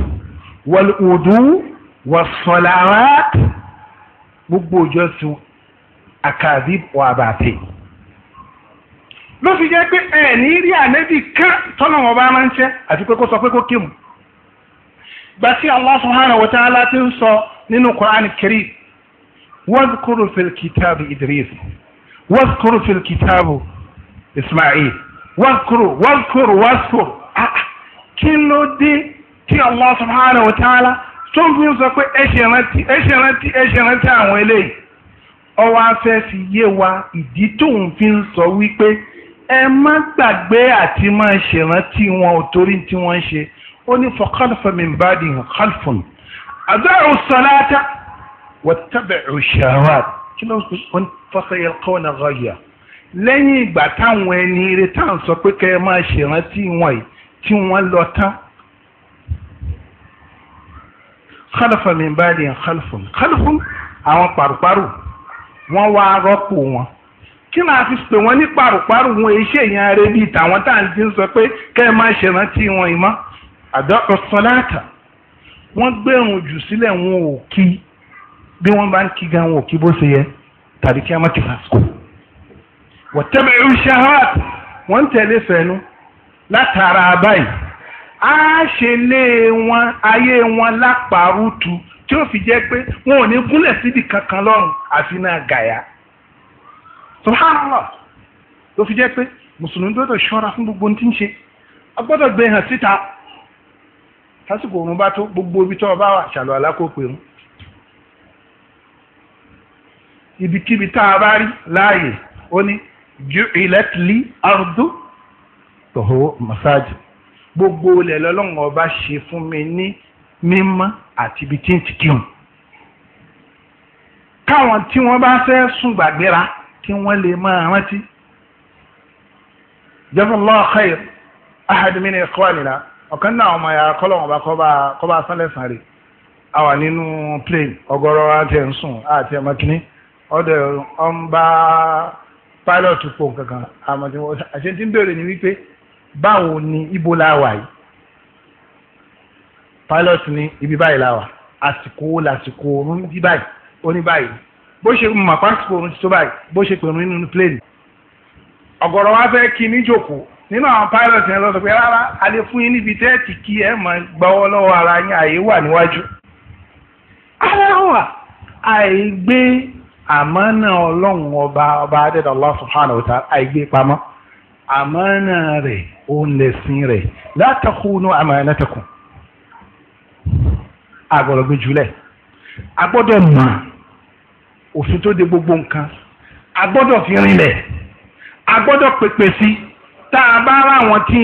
wàlúùdú wàsọ̀làwàt gbogbo ìjọsìn àkàbí wàbàtì ló fi jẹ́ pé ẹ̀ ní rí ànẹ́bì kán tọ́nà wọn bá máa ń ṣẹ́ àti pé kó sọ pé kó kí mu gba tí Allah subhanahu wa ta'ala ti ń sọ nínú Qur'an Karim wadhkur fil kitabi Idris wadhkur fil kitabi. Ismail wákùrù wákùrù wákùrù kí ló dé tí Allah subhanahu wa ta'ala tó ń fi sọ pé ẹ ṣe rántí ẹ ṣe rántí ẹ ṣe rántí àwọn eléyìí ọwọ́ afẹ́ fi yé wa ìdí tóun fi ń sọ wípé ẹ má gbàgbé àti máa ṣèrántí wọn ò torí tí wọ́n ṣe ó ní fa khalfa min ba'dihim khalfun ada'u kí ló ń fa sayalqawna ghayya lẹ́yìn ìgbà táwọn ẹni eré táwọn sọ pé kẹ́ ẹ máa ṣèrántí wọn yìí tí wọ́n lọ tán khalafa min baadi khalfun khalfun àwọn paruparu wọ́n wá rọ́pò wọn kí náà fi pè wọ́n ní paruparu wọn èyí ṣèyàn arẹ bíi tàwọn tá à ń ti sọ pé kẹ́ ẹ máa ṣèrántí wọn yìí mọ́ àdọ́kọ̀ sọláàtà wọ́n gbẹ̀rùn jù sílẹ̀ wọn ò kí bí wọ́n bá ń kí gan wọn ò kí bó ṣe yẹ tàbí kí wọ́n má kí fásitì. wọ́tẹ́bẹ̀rù shahad wọ́n tẹ̀lé fẹ́nu látara báyìí á ṣe lé wọn ayé wọn lápárùtù tí ó fi jẹ́ pé wọn ò ní gúnlẹ̀ síbi kankan lọ́rùn àfi náà gàyà subhanallah ló fi jẹ́ pé mùsùlùmí gbogbo ohun tí ń ṣe a gbé hàn síta gbogbo ibi tó o bá wà ṣàlọ́ ibikíbi tá a bá ju'ilat li ardu toho masajid gbogbo ilẹ̀ lọ́lọ́run ọba ṣe fún mi ní mímọ́ àti ibi tí ń ti kírun káwọn tí wọ́n bá fẹ́ sùn gbàgbéra kí wọ́n lè máa rántí. jazakallahu khair ahad min ikhwanina ọ̀kan náà ọmọ ya kọ́lọ́wọ́n bá kọ́ bá sálẹ̀ sáré a wà nínú plane ọgọ́rọ́ àti ẹ̀ ń sùn àti ẹ̀ mọ́kínní ọ̀dẹ̀ ọ̀n pilot po nǹkan kan àmọ́ tí tí ń béèrè ni wípé báwo ni ibo la wà yìí pilot ni ibi báyìí la wà àsìkò làsìkò oorun ti báyìí oní báyìí bó ṣe mọ̀ pásítọ̀ oorun ti tó báyìí bó ṣe pèrún nínú plane ọ̀gọ̀rọ̀ wa fẹ́ kí ní jòkó nínú àwọn pilot yẹn lọ́sọ̀ pé rárá a lè fún yín níbi tẹ́ẹ̀tì kí ẹ mọ̀ gbọ́wọ́ lọ́wọ́ ara yín àyè wà níwájú. ara wà àìgbé àmánà ọlọ́run ọba ọba adẹ́dàá Allah subhanahu wa ta'ala àìgbé pamọ́ àmánà rẹ̀ òun lẹ̀sìn rẹ̀ la takhunu amanatakum àgbọ̀dọ̀ gbé jùlẹ̀ àgbọ̀dọ̀ mọ̀ òfin tó de gbogbo nǹkan àgbọ̀dọ̀ fi rinlẹ̀ àgbọ̀dọ̀ pèpè sí tá a bá rà wọn tí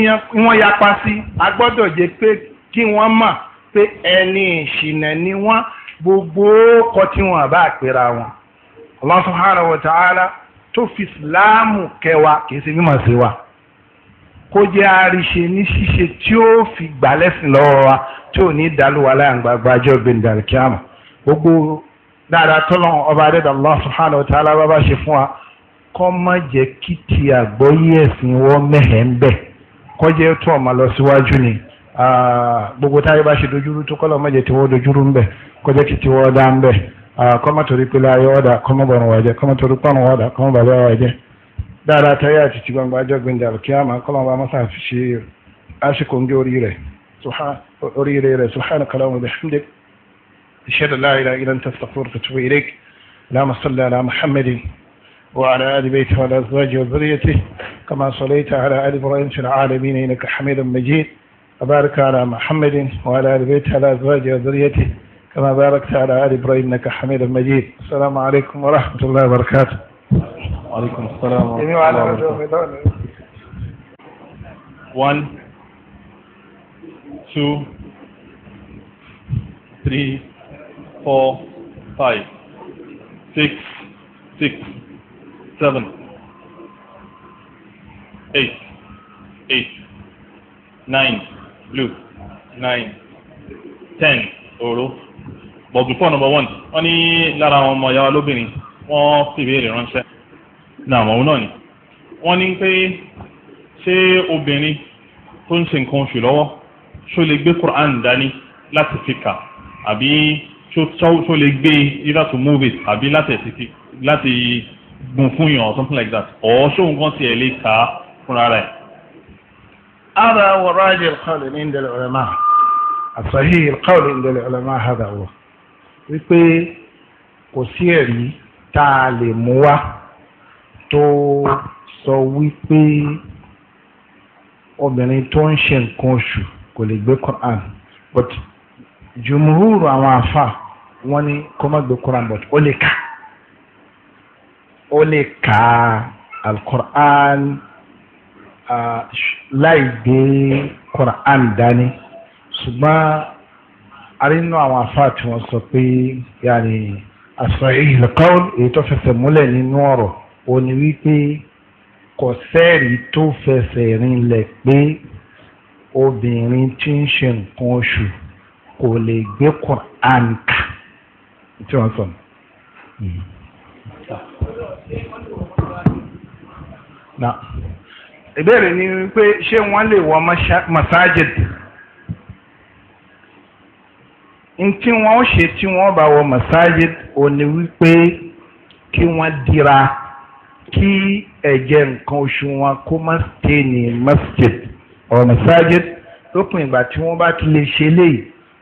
wọ́n yapa sí àgbọ̀dọ̀ jẹ́ pé kí wọ́n mọ̀ pé ẹni ìṣìnà ni wọ́n gbogbo kọ tí wọ́n bá wọn Allah subhanahu wa ta'ala tó fi ìsìláàmù kẹwa kìí ṣe mímọ̀ sí wa kó jẹ́ àríṣe ní ṣíṣe tí ó fi gbà lẹ́sìn lọ́wọ́ wa tí ò ní dàlúwa láàgbàgbà ajọ́ gbẹ̀ndàlì kíámà gbogbo dáadáa tọ́lọ́ ọba adẹ́dà Allah subhanahu wa ta'ala bá bá ṣe fún wa kọ́ má jẹ́ kí ti àgbọ́yé ẹ̀sìn wọ́n mẹ́hẹ̀ ń bẹ̀ kọ́ jẹ́ tó ọ̀ma lọ síwájú ni gbogbo táyé bá ṣe dojúrú tó kọ́ lọ́ má jẹ́ tiwọ́ dojúrú ń bẹ̀ kọ́ jẹ́ kí tiwọ́ dá ń bẹ̀. kọ́mọ torí pé láyé ọ̀dà kọ́mọ bọ̀rùn wájẹ́ kọ́mọ torí pọ̀rùn ọ̀dà kọ́mọ bàbá wájẹ́ dáadáa táyà àti tí gbangba ajọ́ gbẹ̀ndẹ̀ àlùkíyàmà kọ́mọ bá mọ́sá fi ṣe àsìkò ń gé oríire rẹ̀ subhanaka Allahumma wa bihamdik ashhadu an la ilaha illa anta astaghfiruka wa atubu ilayk اللهم صل على محمد وعلى ال بيته وعلى ازواجه وذريته كما صليت على ال ابراهيم في العالمين انك حميد مجيد وبارك على محمد وعلى ال بيته وعلى ازواجه وذريته كما باركت على آل إبراهيم إنك حميد مجيد السلام عليكم ورحمة الله وبركاته وعليكم السلام ورحمة الله وبركاته One, two, three, four, five, six, six, seven, eight, eight, nine, blue, nine, ten, oro, but before number one wọ́n ní lára àwọn ọmọ ìyáwó lóbìnrin wọ́n fi ìbéèrè ránṣẹ́ náà àmọ́ òun náà ni wọ́n ní pé ṣé obìnrin tó ń ṣe nǹkan oṣù lọ́wọ́ ṣó lè gbé Quran dání láti fi kà àbí ṣó lè gbé either to move it àbí láti gun fún yàn or something like that or ṣó nǹkan tiẹ̀ lè kà á fúnra rẹ̀. هذا هو راجع القول عند العلماء الصحيح القول عند العلماء هذا هو wípé kò sí ẹ̀rí tá a lè mú wá tó sọ wípé obìnrin tó ń ṣe nǹkan oṣù kò lè gbé Quran but jùmùhúrù àwọn àfà wọ́n ní kó má gbé Quran but ó lè kà ó lè kà al-Quran láì gbé Quran dání ṣùgbọ́n arínú àwọn afáà tí wọ́n sọ pé yàrá as-sahih al-qawl èyí tó fẹsẹ̀ múlẹ̀ nínú ọ̀rọ̀ òní wípé kò sẹ́ẹ̀rí tó fẹsẹ̀ rinlẹ̀ pé obìnrin tí ń ṣe nǹkan oṣù kò lè gbé Qur'an kà tí wọ́n sọ. ìbéèrè ni wípé ṣé wọ́n lè wọ masajid ntí wọn ó ṣe tí wọn bá wọ masajid òní wípé kí wọn dira kí ẹ̀jẹ̀ nǹkan oṣù wọn kó má sté ní masjid ọ masajid lópin ìgbà tí wọn bá ti lè ṣe léyìí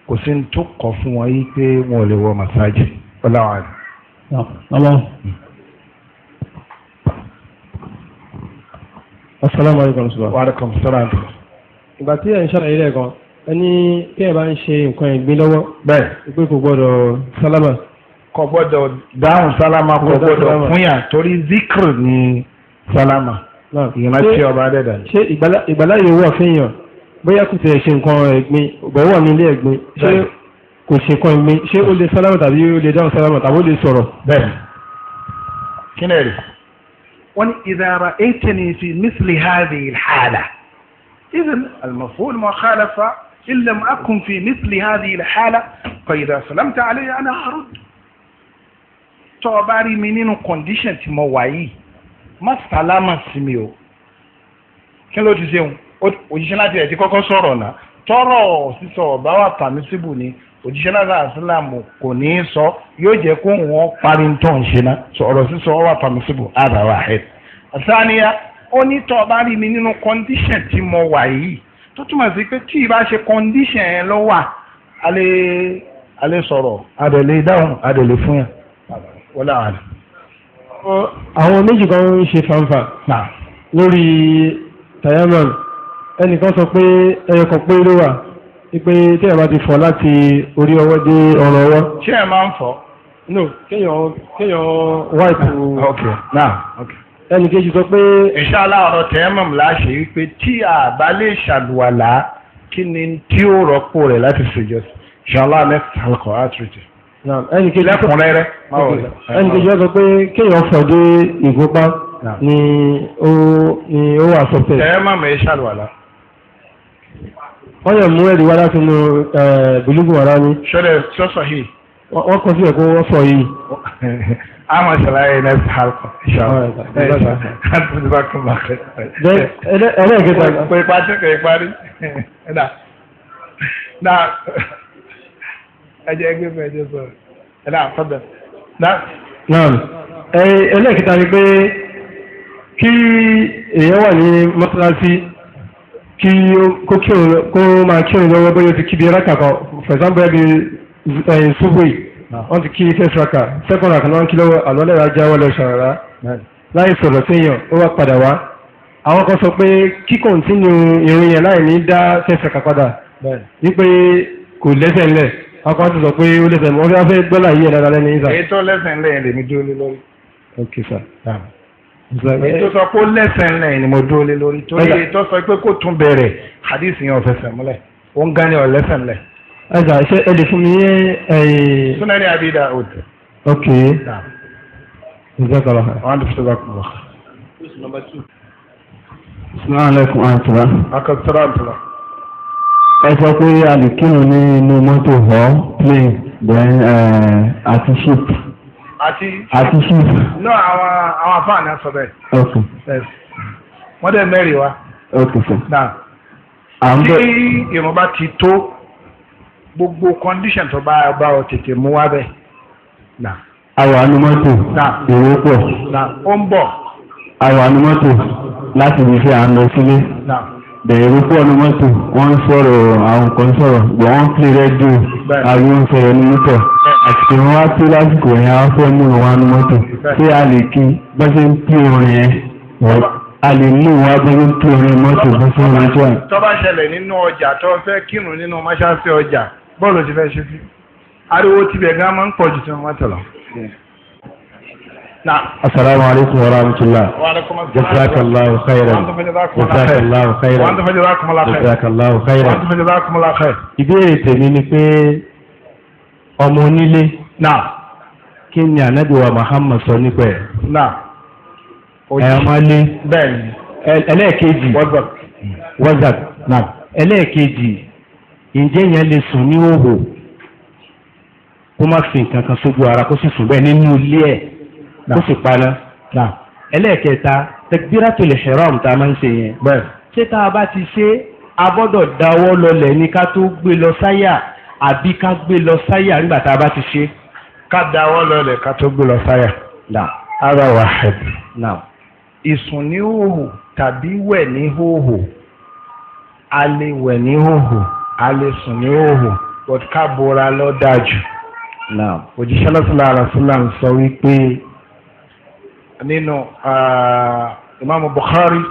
kò sí ní tó kọ fún wọn yìí pé wọn ò lè wọ masajid ọláwàá. asalaamualeykum wa rahmatulah. wa rahmatulah. ìgbà tí ẹ̀ ń ṣàlàyé lẹ́ẹ̀kan ẹni tí ẹ bá ń ṣe nǹkan ẹ̀gbin lọ́wọ́. bẹ́ẹ̀ ìpè kò gbọ́dọ̀ sálámà. kò gbọ́dọ̀ dáhùn sálámà kò gbọ́dọ̀ fúnyà torí zikr ni sálámà ìrántí ọba adẹ́dà. ṣé ìgbàláyè wọ̀ fẹ́yàn bóyá kò tẹ̀ ṣe nǹkan ẹ̀gbin bọ̀wọ̀ ní ilé ẹ̀gbin ṣé kò ṣe nǹkan ẹ̀gbin ṣé ó lè sálámà tàbí ó lè dáhùn sálámà tàbí ó lè sọ̀rọ̀. bẹ́ẹ̀ kí ni èrè wọ́n ìdára ẹ̀tẹ̀ ní fi mísìlì hàdì إن لم أكن في مثل هذه الحالة فإذا سلمت علي أنا أرد tó bá rí mi nínú condition tí mo wà yìí má sálámà sí mi o kí ló ti ṣeun òjíṣẹ́ láti ẹ̀ ti kọ́kọ́ sọ̀rọ̀ náà tọrọ sísọ ọba wà pàmísìbù ni òjíṣẹ́ náà sílámù kò ní í sọ yóò jẹ́ kó wọ́n parí tó ń ṣe náà sọ̀rọ̀ sísọ ọba pàmísìbù àdàwà ẹ̀. àtàníyà ó ní tó bá rí mi nínú condition tí mo wà yìí tó túmọ̀ sí pé tí ìbá ṣe condition yẹn ló wà a lè a lè sọ̀rọ̀ a lè lè dáhùn a lè lè fún yàn wọlé àná. àwọn méjì kan ń ṣe fanfa lórí tayaman ẹnìkan sọ pé ẹyọ kan pé ló wà pé tí ẹ bá ti fọ láti orí ọwọ́ dé ọrùn ọwọ́. ṣé ẹ máa ń fọ. no kéèyàn kéèyàn wáìpù. Ah, ok now ok ẹnì kejì sọ pé. ìṣàlá ọ̀rọ̀ tẹ́mọ̀m láṣẹ wípé tí àbá lè ṣàlùwàlá kí ni tí ó rọ́pò rẹ̀ láti ṣèjọsìn ìṣàlá next alcohol outreach. ẹnì kejì lẹ́kùnrẹ́rẹ́. ẹnì kejì sọ pé kéèyàn fọdé ìgbópá ni ó ni ó wà sọ pé. tẹ́mọ̀m ẹ̀ ṣàlùwàlá. wọ́n yẹ mú ẹ̀rí wá láti inú bùlùkù wàrà ni. ṣọlẹ̀ sọ́sọ̀ yìí. wọ́n kọ sí ẹ̀kọ́ wọ́n sọ yìí. ama ṣàlàyé ní ẹsẹ halkọ ìṣàlàyé pé pàṣẹ kò ì parí na ẹjẹ ẹgbẹ fún ẹjẹ sọ̀rọ̀ ẹ náà fọdọ. ẹlẹ́kìtà ni pé kí èèyàn wà ní mọ́ṣáláṣí kí kó máa kírun lọ́wọ́ bóyá ti kíbi rákà kan for example ẹbí ṣubú yìí. Ah. wọ́n ti kí first raka second raka náà ń kí lọ́wọ́ àlọ́lẹ̀ rà jáwọ́ lọ ṣàràrà láì sọ̀rọ̀ séèyàn ó wá padà wá àwọn kan sọ pé kí kọ̀ǹtínú irun yẹn láì ní dá first raka padà wípé kò lẹ́sẹ̀ ńlẹ̀ àwọn kan ti sọ pé ó lẹ́sẹ̀ ńlẹ̀ wọ́n fẹ́ gbọ́là yìí ẹ̀ lẹ́nu ìsà. èyí tó lẹ́sẹ̀ ńlẹ̀ yẹn lèmi dúró lé lórí. ok sir ètò sọ pé lẹ́sẹ̀ ńlẹ̀ ni mo dúró lé lórí torí ẹgbà ṣe ẹ lè fún mi ní ẹyìn. sunani abi daud. ok ǹjẹ́kọ̀ọ́ wọn lè fi ṣọba kú wa. salaamaleykum antura. akasara antura. ẹ sọ pé alikirun ní inú mọ́tò họ́ plane then àti ship. àti àti ship. no àwọn àwọn afáàní sọ bẹ́ẹ̀. ok wọ́n dẹ̀ mẹ́rin wa. ok sir. na tí ìrùn bá ti tó gbogbo condition tó bá bá ọ tètè mú wá bẹ́ẹ̀. àwọn anumọ́tò èrò pọ̀ ó ń bọ̀. àwọn anumọ́tò láti fi fi àánú sílé bẹ̀rù pọ̀ ní mọ́tò wọ́n ń sọ̀rọ̀ àwọn kan sọ̀rọ̀ gbọ́n wọ́n pè rẹ́díò àwọn ń sọ̀rọ̀ ní mọ́tò àsìkò wọn wá pé lásìkò yẹn wọ́n fẹ́ mú wọn ní mọ́tò ṣé a lè kí bá ṣe ń pè orin yẹn a lè mú wọn bá ṣe ń pè orin mọ́tò fún fún ọjọ́ yẹn. tó ṣẹlẹ̀ nínú ọjà tó fẹ́ kírun nínú mọ́ṣáláṣí ọjà bọ́ọ̀lù ti fẹ́ ṣe fi ariwo tibẹ̀ gan máa ń pọ̀ jù Wa wọ́n tẹ̀ lọ. السلام عليكم ورحمة الله وعليكم السلام جزاك الله خيرا جزاك ìbéèrè tèmi ni pé ọmọ onílé kí ni Muhammad sọ nípa ọmọ ilé ẹlẹ́ẹ̀kejì ẹlẹ́ẹ̀kejì ǹjẹ́ yẹn lè sùn ní òhò kó má fi nǹkan kan sójú ara kó sì sùn bẹ́ẹ̀ nínú ilé ẹ̀ kó sì paná. ẹlẹ́ẹ̀kẹta takbiratul ihram tá a máa ń ṣe yẹn ṣé tá a bá ti ṣe a gbọ́dọ̀ dáwọ́ lọlẹ̀ ní ká tó gbé lọ sáyà àbí ká gbé lọ sáyà nígbà tá a bá ti ṣe. ká dáwọ́ lọlẹ̀ ká tó gbé lọ sáyà. ara wà hẹ̀dù. ìsùn ní hòhò tàbí wẹ̀ ní hòhò a lè wẹ̀ ní hòhò a lè sùn ní òhò but ká bora lọ dájú. òjíṣẹ́ lọ́sọ̀lá àràsílà sọ wípé nínú ìmáàmù Bukhari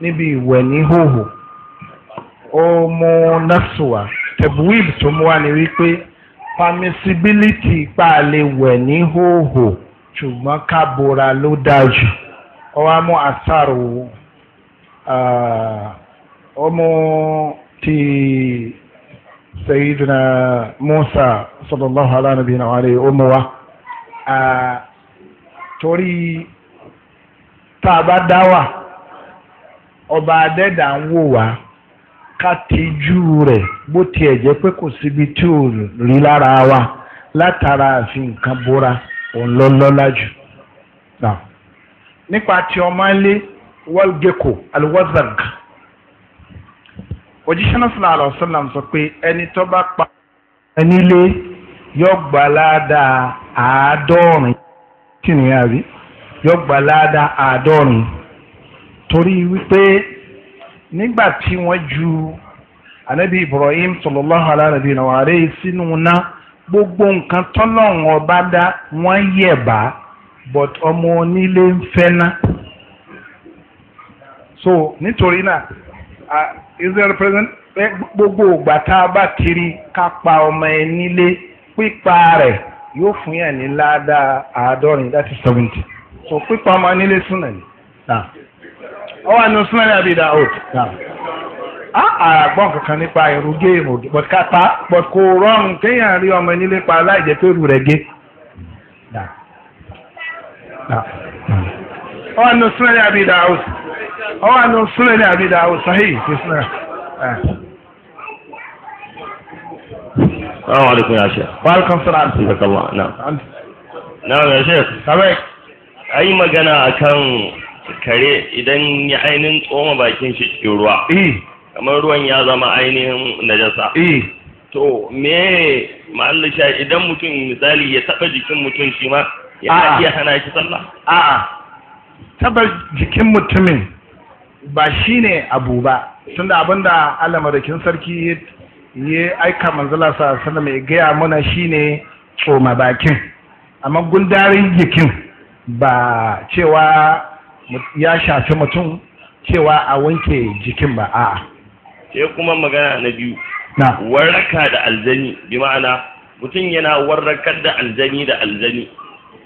níbi ìwẹ̀ ní hòhò ó mú nasuwa tẹ̀bùwìb tó mú wá ní wípé permissibility pa lè wẹ̀ ní hòhò ṣùgbọ́n ká bora ló dájú ó wá mú àṣàrò ọmọ ti. sayidina musa sallallahu ala nabiyina na alayhi ó mú wa torí tá a bá dá ọba adẹ́dà ń wò wá bụ tijú rẹ̀ bó tiẹ̀ jẹ́ pé kò síbi tí ò rí lára wa látara àfi nǹkan bóra òun lọ́lọ́lá jù. nípa ti ọmọ ilé wọ́lgẹ́kọ̀ alwazag. òjíṣẹ́ náà sallallahu alaihi wasallam sọ pé ẹni tó bá pa ẹnilé yọ gbà ládàá àádọ́rin kí ni àbí yọ gbà ládàá àádọ́rin torí wípé nígbà tí wọ́n ju anabi Ibrahim sallallahu alaihi wa rẹ̀ sínú náà gbogbo nǹkan tọ́lọ́run ọba dá wọ́n yẹ̀ bá but ọmọ onílé ń fẹ́ ná so nítorí náà israel president gbogbo ìgbà tá a bá kiri ká pa ọmọ ẹ nílé pípa rẹ̀ yóò fún yàn ní ládàá àádọ́rin láti seventy so pípa ọmọ nílé súnà ni ọ wà nínú súnà ní àbí Daud àgbọ̀n kankan nípa irú géèmù but kàtà but kò rọrùn kéèyàn rí ọmọ nílé pa aláìjẹ́ pé rú rẹ̀ gé ọ wà nínú súnà ní àbí Daud. ọwọ́ àná súnlẹ̀ ní àbídà àwòsàn yìí kò sí náà. Ah. Assalamu alaikum ya Sheikh. Wa alaikum salam. Jazakallah. Na'am. Na'am ya Sheikh. Sabai. Ayi kare idan ya ainihin tsoma bakin shi cikin ruwa. Kamar ruwan ya zama ainihin najasa. To me ma'alli idan mutum misali ya taɓa jikin mutum shi ma ya iya hana shi sallah? A'a. taba jikin mutumin ba shi ne abu ba tunda abin Allah madaukin sarki ya aika manzala sa sana mai gaya mana shi ne tsoma bakin amma gundarin jikin ba cewa ya shafi mutum cewa a wanke jikin ba a sai kuma magana na biyu warraka da aljani bi ma'ana mutum yana warrakar da aljani da aljani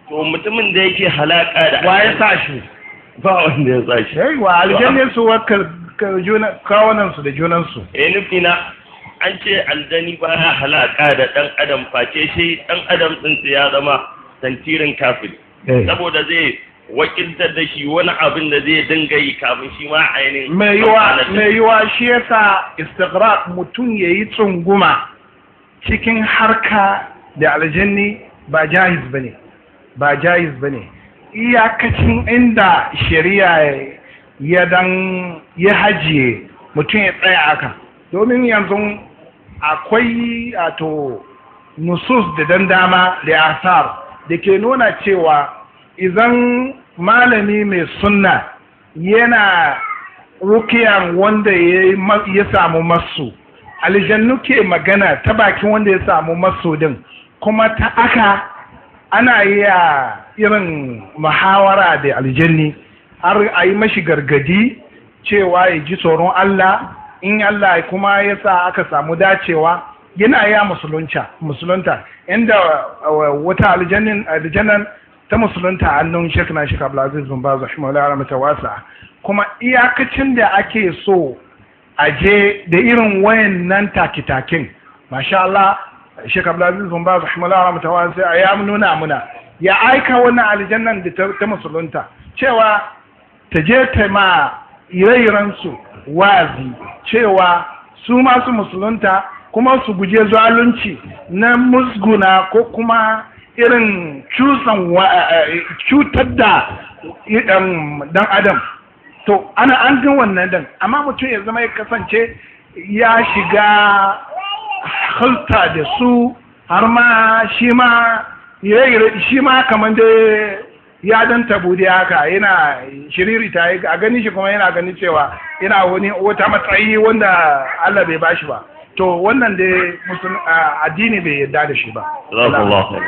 to mutumin da yake halaka da wa ya sa shi ba wanda ya tsashi wa aljanna su wakar kawunan su da junan su eh nufina an ce aljani ba ya halaka da dan adam face shi dan adam din ya zama tantirin kafin eh. saboda zai wakiltar da shi wani abin da zai dinga yi kafin shi ma ainihin mai yiwa mai yiwa shi yasa istighraq mutum yayi tsunguma cikin harka da aljanni ba jahiz bane ba jahiz bane iyakacin inda shari'a ya dan ya hajiye mutum ya tsaya aka domin yanzu akwai ato nusus da dama da asar da ke nuna cewa idan malami mai sunna yana rukiyar wanda ya samu masu aljannu ke magana ta bakin wanda ya samu masu din kuma ta aka ana iya irin muhawara da aljanni har a yi mashi gargadi cewa ya ji tsoron Allah in Allah kuma ya sa aka samu dacewa yana ya musulunta inda wata aljannan ta musulunta hannun shek na shek abdulaziz bin bazu rahimahullah mata wasa kuma iyakacin da ake so a je da irin wayan nan take masha Allah Sheikh Abdulaziz bin Baz rahimahullah rahmatawa sai ya nuna muna ya aika wannan aljannan da ta musulunta cewa ta je ta ma ire su wazi cewa su masu musulunta kuma su guje zalunci na musguna ko kuma irin cusan eh, cutar da um, dan adam to ana an gan wannan dan amma mutum ya zama ya kasance ya shiga halta da su har ma shi ma shi ma kamar da ya dan tabu da haka yana shiriri ta a gani shi kuma yana gani cewa yana wani wata matsayi wanda Allah bai bashi ba to wannan da addini bai yarda da shi ba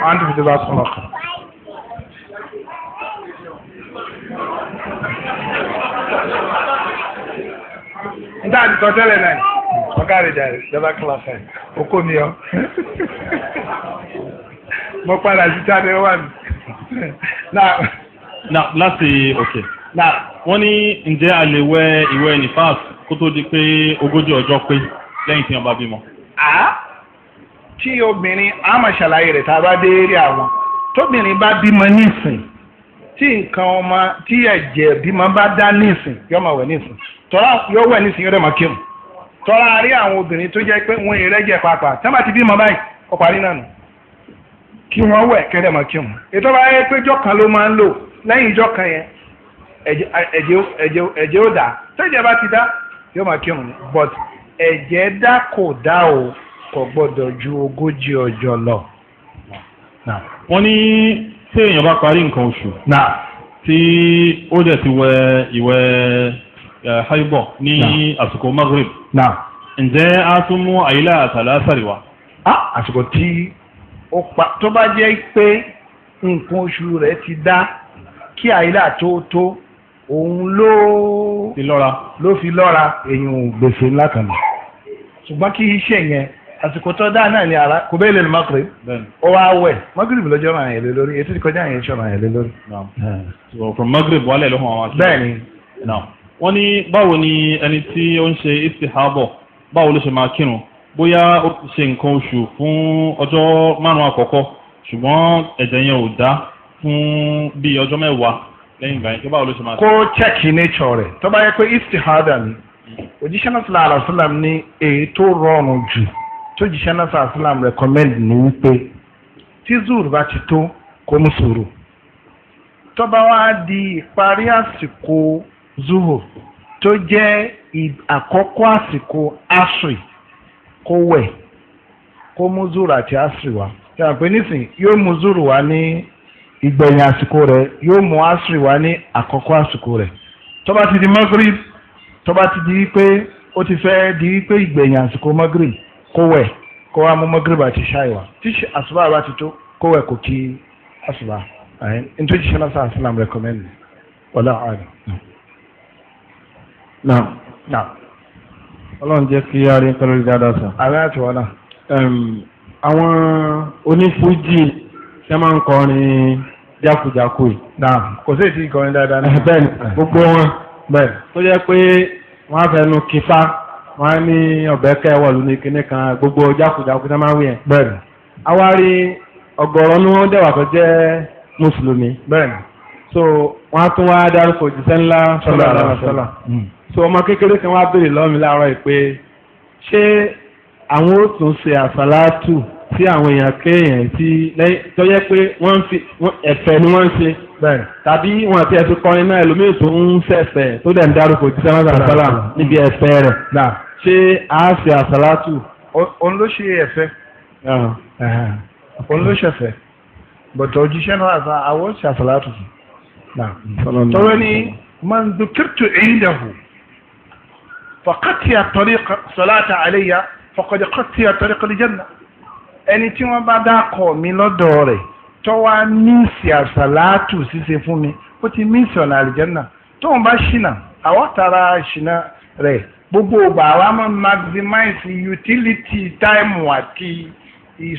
an tafi za su maka níta àti mi ọ. mo na láti òkè wọ́n ní ǹjẹ́ a lè wẹ nifas kó tó di pé ogójì ọjọ́ pé lẹ́yìn tí wọ́n bá bímọ. tí obìnrin ṣàlàyé bá dé àwọn tóbìnrin bá bímọ nísìn tí nǹkan ọmọ tí ẹ̀jẹ̀ bímọ bá dá nísìn wẹ̀ tọ́lá yóò wẹ̀ nísìnyí ọdẹ màkì mu rí àwọn obìnrin tó jẹ́ pé wọ́n eré jẹ́ pàápàá tí wọ́n bá ti báyìí parí náà nù kí wọ́n wẹ̀ ètò bá yẹ pé kan ló máa ń lò lẹ́yìn ìjọ yẹn ẹ̀jẹ̀ ó dà bá ti dá yóò màkì mu but ẹ̀jẹ̀ dá kò dá o kò gbọ́dọ̀ ju ogójì ọjọ́ lọ. wọ́n ní tí èèyàn bá parí nǹkan oṣù tí ó dẹ̀ ti haibọ ní àsìkò maghrib. ǹjẹ́ a tún mú àyílá àtàlásàrì wa. àsìkò tí pa tó bá jẹ́ pé nǹkan oṣù rẹ̀ ti dá kí àyílá tó tó òun ló fi lọ́ra èyàn gbèsè ńlá kan lọ. ṣùgbọ́n kí iṣẹ́ yẹn àsìkò tó dá náà ni ara kò bẹ́ẹ̀ lè lè ó wá wẹ̀ lọ́jọ́ yẹn lé lórí ètò wọ́n ní báwo ni ẹni tí ó ń ṣe istihabo báwo ló ṣe máa kírun bóyá ó ṣe nǹkan oṣù fún ọjọ́ márùn-ún àkọ́kọ́ ṣùgbọ́n ẹ̀jẹ̀ yẹn ò dá fún bíi ọjọ́ mẹ́wàá lẹ́yìn ìgbà yẹn tó báwo ló ṣe máa. kó chẹ́ẹ̀kì nature rẹ̀ tó bá yẹ pé istihada ni òjíṣẹ́ náà sọ̀rọ̀ àlàsílàm ní èyí tó rọrùn jù tó jíṣẹ́ náà sọ̀rọ̀ àlàsílàm recommend zuhur tó jẹ́ àkọ́kọ́ àsìkò asri kó wẹ̀ kó mú zuhur àti asri wá yàrá pé nísìn yóò mú zuhur wá ní ìgbẹ̀yìn àsìkò rẹ̀ yóò mú asri wá ní àkọ́kọ́ àsìkò rẹ̀ tó bá ti di magrib tó bá ti di pé ó ti fẹ́ di pé ìgbẹ̀yìn àsìkò magrib kó wẹ̀ kó wá mú magrib àti ṣáì wá tí àsùbá bá ti tó kó wẹ̀ kó kí àsùbá ẹ̀ ń tó jíṣẹ́ náà sáà sílám rẹ̀ na na. ọlọ́run jẹ́ kí a rí nǹkan lórí sàn. ààrẹ àti wàhálà. àwọn onífújì ṣe máa ń kọrin jákujàku yìí. náà kò sí èdè ìkọrin dáadáa náà. bẹ́ẹ̀ni gbogbo wọn bẹ́ẹ̀ni tó jẹ́ pé wọ́n á fẹnu á ní kíní kan gbogbo jákujàku tó máa ń wí yẹn. bẹ́ẹ̀ni. àwa rí ni dẹwà tó mùsùlùmí. so á tún wá dárúkọ ńlá sọlá tí ọmọ kékeré kan wá béèrè lọ́mi láàárọ̀ yìí pé ṣé àwọn ó tún ṣe àsálátù tí àwọn èèyàn kéèyàn tí tó yẹ pé wọ́n fi ẹ̀fẹ̀ ni wọ́n ń ṣe tàbí wọn àti ẹ̀fẹ̀ kọrin náà ẹlòmíì tó ń ṣẹ̀fẹ̀ tó dẹ̀ ń dárúkọ jíṣẹ́ wọn sàlá níbi ẹ̀fẹ̀ rẹ̀ ṣé a ṣe àsálátù. òun ló ṣe ẹ̀fẹ̀ ah, òun ló ṣẹ̀fẹ̀ bọ̀tọ̀ òjíṣẹ́ náà àwọn ṣe àsálátù tọ́wọ́ ni man dukirtu indahu fọkàtìyà tọ́lí sọláàtà àlẹ́yà fọkàtìyà tọ́lí kọ́lí jẹ́nà ẹni tí wọ́n bá dákọ̀ mi lọ́dọ̀ rẹ̀ tọ́wá míìsì àṣàlátù ṣíṣe fún mi ó ti míìsì ọ̀nà àlìjẹ́nà tóun bá ṣìnà àwọn tara ṣìnà rẹ̀ gbogbo ògbà wa máa maximize utility time àti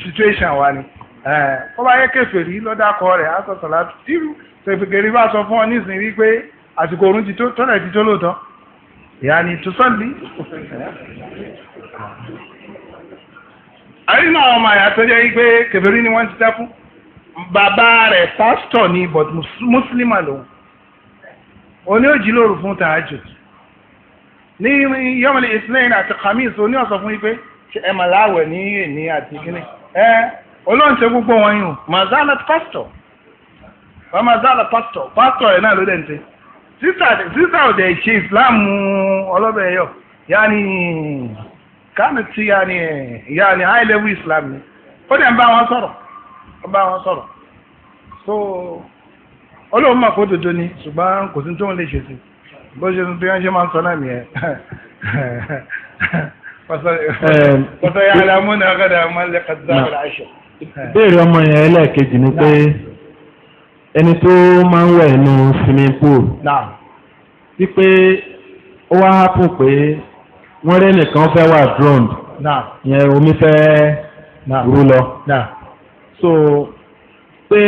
situation wa ni ó bá yẹ kèfèrí lọ́dàkọ rẹ̀ á sọ sọ̀lá tí kèfèrí bá sọ fún ọ nísìnyí wípé àsìkò oorun ti tó tọ́lẹ̀ ti tó lóòótọ́ yani tusalli àrí náà ọmọ àyà tó jẹ́ pé kèfèrí ni wọ́n ti tẹ́ fún bàbá rẹ̀ pásítọ̀ ni but mùsùlùmá lòun oní òjì lóru fún tààjù ní yọmọlẹ islam àti khamis oní ọ̀sán fún yí ẹ mà láwẹ̀ ní èní àti kíní ẹ olóǹtẹ gbogbo wọn yìí o mazala pásítọ̀ wọn mazala pásítọ̀ pásítọ̀ rẹ̀ náà ló dẹ̀ ń tẹ́ sísà ọ̀dẹ̀ ṣe ìsìláàmù ọlọ́bẹ̀ ẹ̀yọ̀ yaani kánú ti yaani yaani high level islam ni ó dẹ̀ ń bá wọn sọ̀rọ̀ ó bá wọn sọ̀rọ̀ so ọlọ́run mà kó dodo ni ṣùgbọ́n kò sí tó ń lè ṣe sí bó ṣe bí wọ́n ṣe máa ń sọ náà nìyẹn pàṣẹ yàrá múnà ọ̀gádà máa ń lẹ́kọ̀ọ́ dáhùn àṣọ. béèrè ọmọ yẹn ẹlẹ́ẹ̀kejì ni pé ẹni tó máa ń wẹ̀ nínú swimming pool. náà wípé ó wá hápùn pé wọ́n rẹ́ nìkan fẹ́ wà drowned. náà ìyẹn omi fẹ́ rú lọ. náà so pé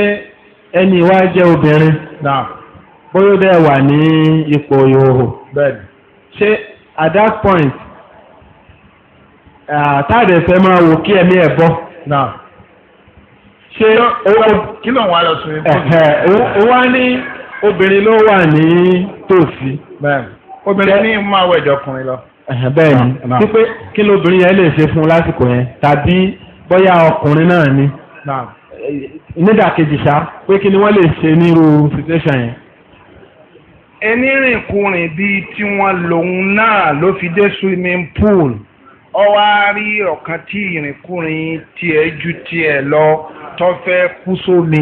ẹni wá jẹ́ obìnrin. náà bóyá ó wà ní ipò ìhòòhò. bẹ́ẹ̀ni. ṣé at that point táàdì ẹ̀fẹ̀ máa wò kí ẹ̀mí ẹ̀ bọ́. náà ṣé kí ló ń wá lọ sùn ní. ó wá ní obìnrin ló wà ní tòsí. obìnrin ní máa wẹ̀ jọkùnrin lọ. bẹ́ẹ̀ni wípé kí lóbìnrin yẹn lè ṣe fún lásìkò yẹn tàbí bóyá ọkùnrin náà ni nídàkejì ṣá pé kí ni wọ́n lè ṣe nírú situation yẹn. enírìnkùnrin bíi tí wọ́n lòun náà ló fi dé swimming pool ọ wá rí ọ̀kan tí ìrìnkùnrin tiẹ̀ ju tiẹ̀ lọ tó fẹ́ kú sómi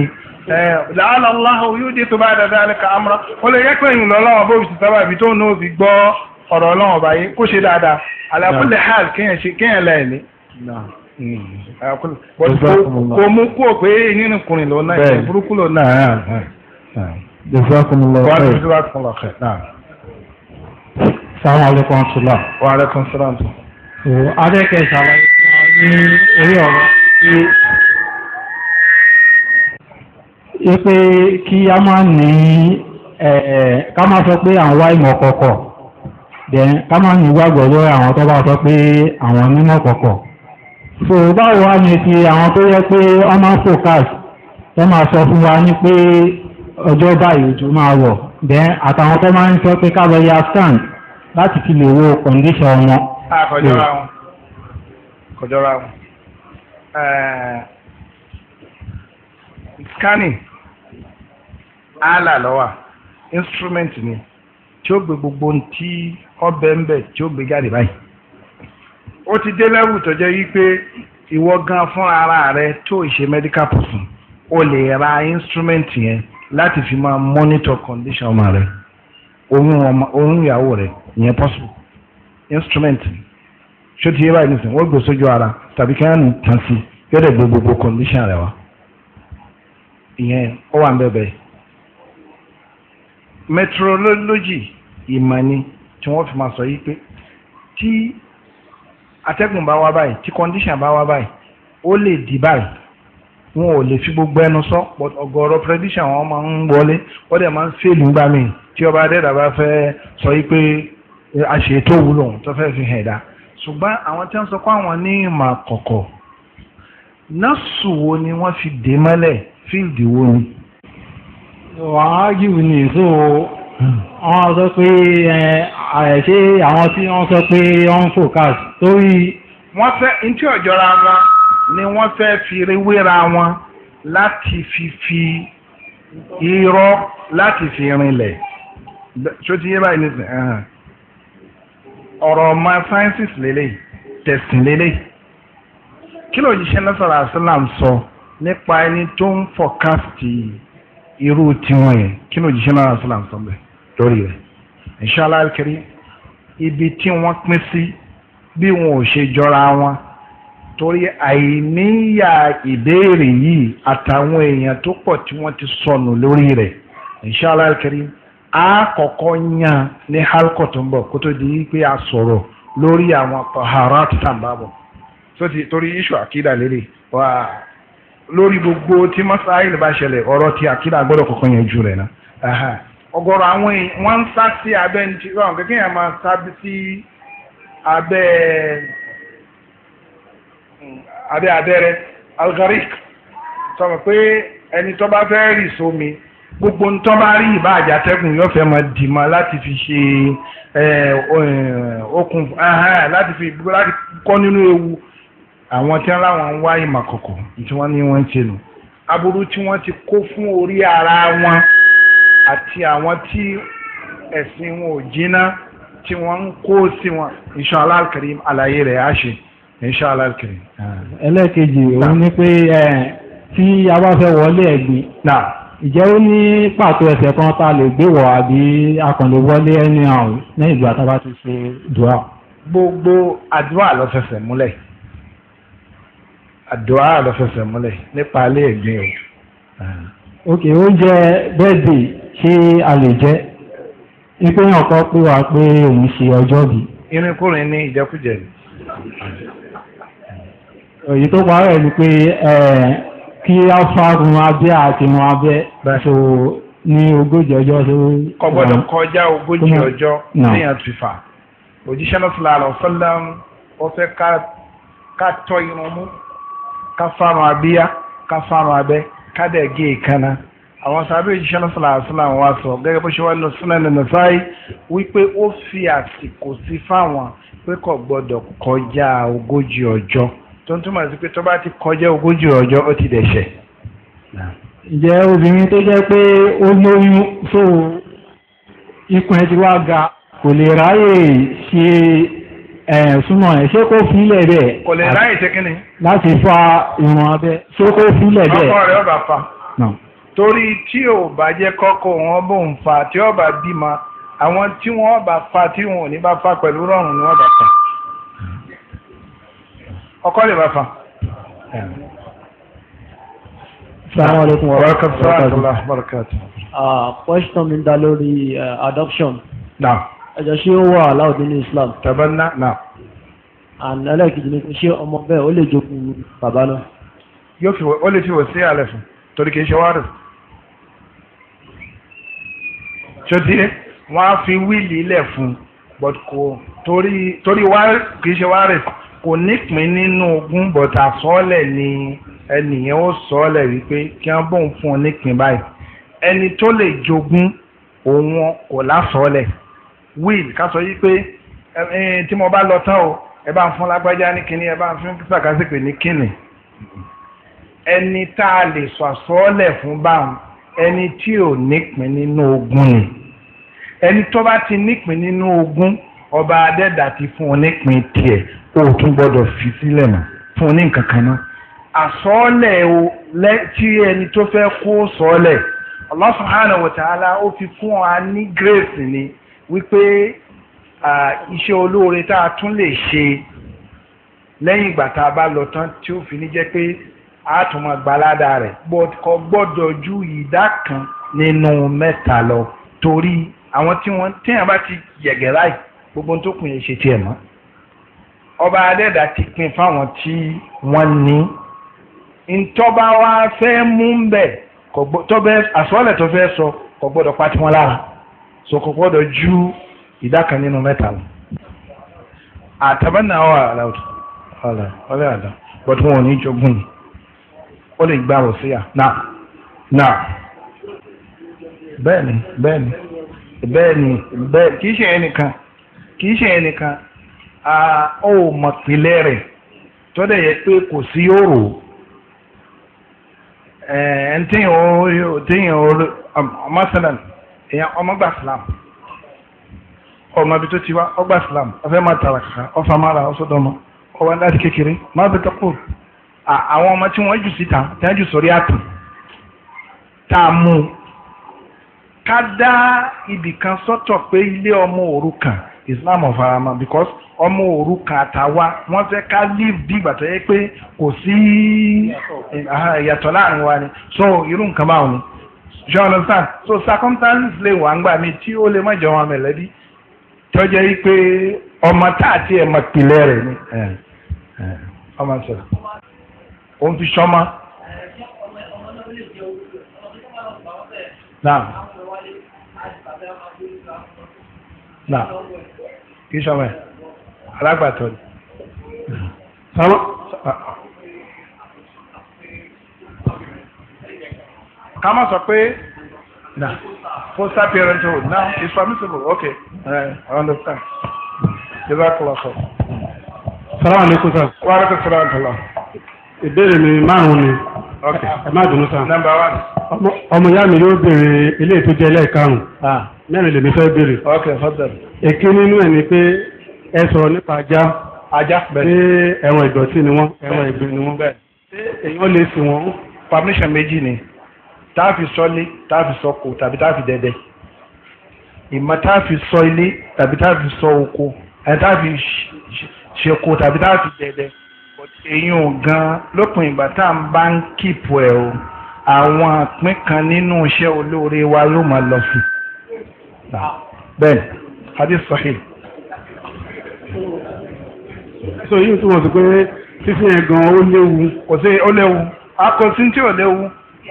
làálà aláhùn yóò dé tó bá dada ní ká amúra ó lè yẹ pé ìyìn lọ́lọ́wọ́ bó fi sábà bí tó ń náà fi gbọ́ ọ̀rọ̀ ọlọ́wọ́ báyìí kó ṣe dáadáa àlàkùnlé hàl kéèyàn ṣe kéèyàn láìlé. kò mú kú ò pé nínú kùnrin ló náà ìṣe burúkú ló náà. jazakumullahu khair. salaam aleykum salaam. wa aleykum salaam. adé kẹsàn-án ní orí ọ̀rọ̀ ipe kí a máa ní ká máa sọ pé à wá ìmọ̀ kọ̀kọ̀ then ká máa ní ìgbàgbọ́ lórí àwọn tó bá sọ pé àwọn nímọ̀ kọ̀kọ̀ so báwo wá ní ti àwọn tó yẹ pé wọ́n máa focus wọ́n máa sọ fún wa ní pé ọjọ́ báyìí ojú máa wọ̀ then àtàwọn tó máa ń sọ pé káàbọ̀ ya stand láti fi lè wo condition wọn. Ah, wọn wọn. scanning ala lọ́wà instrument ni tí ó gbé gbogbo ti ọbẹ̀ ń bẹ̀ tí ó gbé jáde báyìí ó ti dé lẹ́wù tó jẹ́ wípé ìwọ gan fún ara rẹ tó ìṣe medical person o lè ra instrument yẹn láti fi máa monitor condition ọmọ rẹ oyún ìyàwó rẹ ìyẹn possible instrument ṣó ti yé báyìí nìsín wọ́n gbé sójú ara tàbí kí wọ́n nù tàn sí yóò dẹ̀ gbogbo condition rẹ wa. ìyẹn ó wà ń bẹ̀bẹ̀. meteorology ìmọ̀ ni tí wọ́n fi máa sọ yìí pé tí atẹ́gùn bá wá báyìí tí condition bá wá báyìí ó lè di báyìí wọn ò lè fi gbogbo ẹnu sọ but ọ̀gọ̀rọ̀ prediction wọn máa ń wọlé wọ́n dẹ̀ máa ń fèlú gbà mí tí ọba adẹ́dà bá fẹ́ sọ yìí pé àṣetó wúlò òun tó fẹ́ fi hàn ẹ̀dá ṣùgbọ́n àwọn tí wọ́n sọ pé àwọn ní ìmọ̀ àkọ́kọ́ nọ́ọ̀sù wo ni wọ́n fi dé mọ́lẹ̀ fíìdì wo ni. wàá jù ní so wọ́n sọ pé ṣé àwọn tí wọ́n sọ pé wọ́n focus torí. wọ́n fẹ́ ntí ọ̀jọ́ra wọn ni wọ́n fẹ́ fi wéra wọn láti fi fi irọ́ láti fi rinlẹ̀ ṣó ti yé báyìí nísìnyí ọ̀rọ̀ ọmọ sciences lélẹ̀ tẹ̀sìn lélẹ̀ kí ló jíṣẹ́ lọ́sọ̀rọ̀ àṣìlám sọ. So nípa ẹni tó ń fọkásìtì irú tiwọn yẹn kí ni òjíṣẹ́ náà sọ̀rọ̀ àǹsọ̀ bẹ̀ lórí rẹ̀ inshallah al-karim ibi tí wọ́n pín sí bí wọn ò ṣe jọra wọn torí àìníyà ìbéèrè yìí àtàwọn èèyàn tó pọ̀ tí wọ́n ti sọnù lórí rẹ̀ inshallah al-karim a kọ́kọ́ yan ní halkọ̀ tó ń bọ̀ kó tó di pé a sọ̀rọ̀ lórí àwọn pàhárà tó tàn bá bọ̀ sọ́tì torí iṣu àkídà lélẹ̀ wàá lórí gbogbo tí masáyìlì bá ṣẹlẹ̀ ọ̀rọ̀ tí àkídà gbọ́dọ̀ kọ̀ọ̀kan yẹn jù rẹ̀ náà ọ̀gọ̀rọ̀ àwọn èèyàn wọ́n ń sá sí abẹ́ ní ti wọn kékeré yẹn máa sá sí abẹ́ abẹ́ abẹ́rẹ́ algaric sọmọ pé ẹni tó bá fẹ́ rì sómi gbogbo ń tó bá rí ìbá àjàtẹ́gùn yóò fẹ́ máa dìmọ́ láti fi ṣe okùn láti fi kọ́ nínú ewu àwọn tí láwọn ń wá ìmọ̀ kọ̀kọ̀ tí wọ́n ní wọ́n ń ṣe nù aburú tí wọ́n ti kó fún orí ara wọn àti àwọn tí ẹ̀sìn wọn ò jiná tí wọ́n ń kó sí wọn inshallah alkarim àlàyé rẹ̀ á ṣe inshallah alkarim. ẹlẹ́ẹ̀kejì òun ni pé tí a bá fẹ́ wọlé ẹ̀gbin ìjẹ́ ó ní pàtó ẹsẹ̀ kan tá a lè gbé wọ̀ àbí a kàn lè wọlé ẹni àrùn ní ìgbà tá a bá ti ṣe dùá. gbogbo àdúrà lọ́sẹ̀sẹ̀ múlẹ̀ àdúrà àlọ́fẹsẹ̀ múlẹ̀ nípa alẹ́ ẹ̀gbẹ́ o. ok oúnjẹ bẹ́ẹ̀dì ṣé a lè jẹ́ ipe ọkọ pé wàá pé òun ṣe ọjọ́ bí. irinkurin ní ìjẹkújẹ ni. èyí tó parọ́ ẹ̀ ni pé kí á fárun abẹ́ àti irun abẹ́ so ní ogójì ọjọ́ tó. kò gbọ́dọ̀ kọjá ogójì ọjọ́ ní àtúfà òjíṣẹ́ náà sallallahu alaihi wasallam ká tọ́ irun mú ká fárun abíyá ká fárun abẹ́ ká dẹ̀ gé ìkànnà àwọn sábẹ́ ìjíṣẹ́ náà sọ̀rọ̀ àṣìlá àwọn wa sọ gẹ́gẹ́ bó ṣe wá lọ sílẹ̀ nínú sáyé wípé ó fi àsìkò sí fáwọn pé kò gbọ́dọ̀ kọjá ogójì ọjọ́ tó ń túmọ̀ sí pé tó bá ti kọjá ogójì ọjọ́ ó ti dẹ̀ṣẹ̀. ǹjẹ́ obìnrin tó jẹ́ pé ó lóyún so ikùn ẹ̀ ti wá ga kò lè ráyè ṣe súnmọ́ ẹ̀ ṣé kó fílẹ̀ bẹ́ẹ̀. kò lè ráyè ṣe kínni. láti fa irun abẹ́ ṣé kó fílẹ̀ bẹ́ẹ̀. ọkọ rẹ ọba fa. torí tí ò bá jẹ́ kọ́kọ́ wọn bò ń fa tí ọba bímọ àwọn tí wọ́n bá fa tí wọn ò ní bá fa pẹ̀lú rọrùn ni wọ́n bá fa. ọkọ lè bá fa. Assalamu alaikum warahmatullahi wabarakatuh. Uh, question mi dá lórí adoption. Now ẹ̀jọ̀ ṣé ó wà aláwọ̀dé ní Islam. tẹ̀bẹ́ ńlá náà. àná ẹlẹ́kejì ni ṣé ọmọ bẹ́ẹ̀ ó lè jogún bàbá náà. yóò fi ó lè fi wò sí alẹ́ fún torí kì í ṣe wárẹ̀. ṣòtí wọn á fi wíìlì ilẹ̀ fún but kò torí torí kì í ṣe wárẹ̀ kò nípìn nínú ogún but àsọ́ọ̀lẹ̀ ni ẹnìyẹn ó sọ́ọ̀lẹ̀ wípé kí wọ́n bóun fún ọ nípìn báyìí ẹni tó lè jogún òun kò lásọ̀ọ́lẹ̀ will ká sọ yìí pé tí mo bá lọ tán o ẹ bá ń fún lágbájá ní kínní ẹ bá ń fún sàkásìpè ní kínní ẹni tá a lè sọ àsọọ́lẹ̀ fún báwọn ẹni tí ò nípìn nínú ogun ni ẹni tó bá ti nípìn nínú ogun ọba adẹ́dà ti fún un nípìn tiẹ̀ o tún gbọ́dọ̀ fi sílẹ̀ mọ́ fún un ní nǹkan kan náà àsọọ́lẹ̀ o tí ẹni tó fẹ́ kó sọ́ọ́lẹ̀ Allah subhanahu wa ta'ala ó fi fún wa ní grace ni wípé iṣẹ́ olóore tá a tún lè ṣe lẹ́yìn ìgbà tá a bá lọ tán tí ó fi ní jẹ́ pé a tún máa gbalada rẹ̀ but kò gbọ́dọ̀ ju ìdá kan nínú mẹ́ta lọ torí àwọn tí wọ́n téèyàn bá ti yẹ̀gẹ̀ láì gbogbo tó kù yẹn ṣe tiẹ̀ mọ́ ọba adẹ́dà ti pín fáwọn tí wọ́n ní ntọ́ba wa fẹ́ mú bẹ́ẹ̀ àsọ́lẹ̀ tó fẹ́ sọ kò gbọ́dọ̀ pa tiwọn lára. Sokokwa dọ juu. I da ka ne nọ mẹtal. A taba n'awa alawtu. Wala, ale ala. Gbatogwu ɔni njogu ɔni. O de gbaara o si ya na na. Bɛɛ nin, bɛɛ nin, bɛɛ nin, bɛɛ kishiyenye ni ka a ɔwɔ makpiliyere tɔ to ya e kusi yoro. Ɛn ten yi hɔ hɔ yi ten yi hɔ èèyàn ọmọ gba islam ọmọ ibi tó ti wá ọgbà islam ọfẹ máa tààrà kàkà máa ra ọsọdọmọ ọwọ láti kékeré máa bẹ tọkọ àwọn ọmọ tí wọn jù síta tí wọn jù sórí tá a mú ká dá ibì kan pé ilé ọmọ òrukàn islam arama because ọmọ òrukàn àtàwa wọ́n fẹ́ ká bí yẹ pé kò so irú nǹkan you understand so circumstances lè wà ń gbà mí tí ó lè má jẹ wọn mẹ̀lẹ́bí tí ó jẹ́ pé ọmọ tá àti ẹ̀mọ pìlẹ̀ rẹ̀ ni ọmọ sọ̀rọ̀ òun ti sọ́mọ́. naam naam kì í sọ́mọ́ ni. sọ́mọ́. ká má sọ pé na foster parenthood now It's permissible okay right, I understand jazakallah khair. salaam aleykum sir. wa aleykum salaam tala. ìbéèrè mi márùn-ún ni. ok ẹ má dùnú sá. number one. ọmọ ìyá mi yóò béèrè ilé ìtújẹ ilé ìkarùn-ún ah. mẹ́rin lèmi fẹ́ béèrè. Okay. fọ́tẹ̀. èké nínú ẹ̀ ni pé ẹ sọ̀rọ̀ nípa ajá. ajá bẹ́ẹ̀. ṣé ẹ̀wọ̀n ìdọ̀tí ni wọ́n ẹ̀wọ̀n ìgbín ni wọ́n. bẹ́ẹ̀. ṣé èèyàn lè sìn wọ́n. permission méjì ni táàfi sọ́lé táàfi sọ́kò tàbí táàfi dẹ́dẹ́ ìmọ̀ táàfi sọ ilé tàbí táàfi sọ oko àti táàfi ṣeko tàbí táàfi dẹ́dẹ́ èyàn ò gan lópin ìgbà tá à ń bá ń kíìpù ẹ̀ o àwọn àpín kan nínú iṣẹ́ olóore wa yóò máa lọ sí bẹ́ẹ̀ hadith sahih. so yìí túmọ̀ sí pé fífi ẹ̀ gan ó léwu. kò sí ó léwu a kò sí tí ò léwu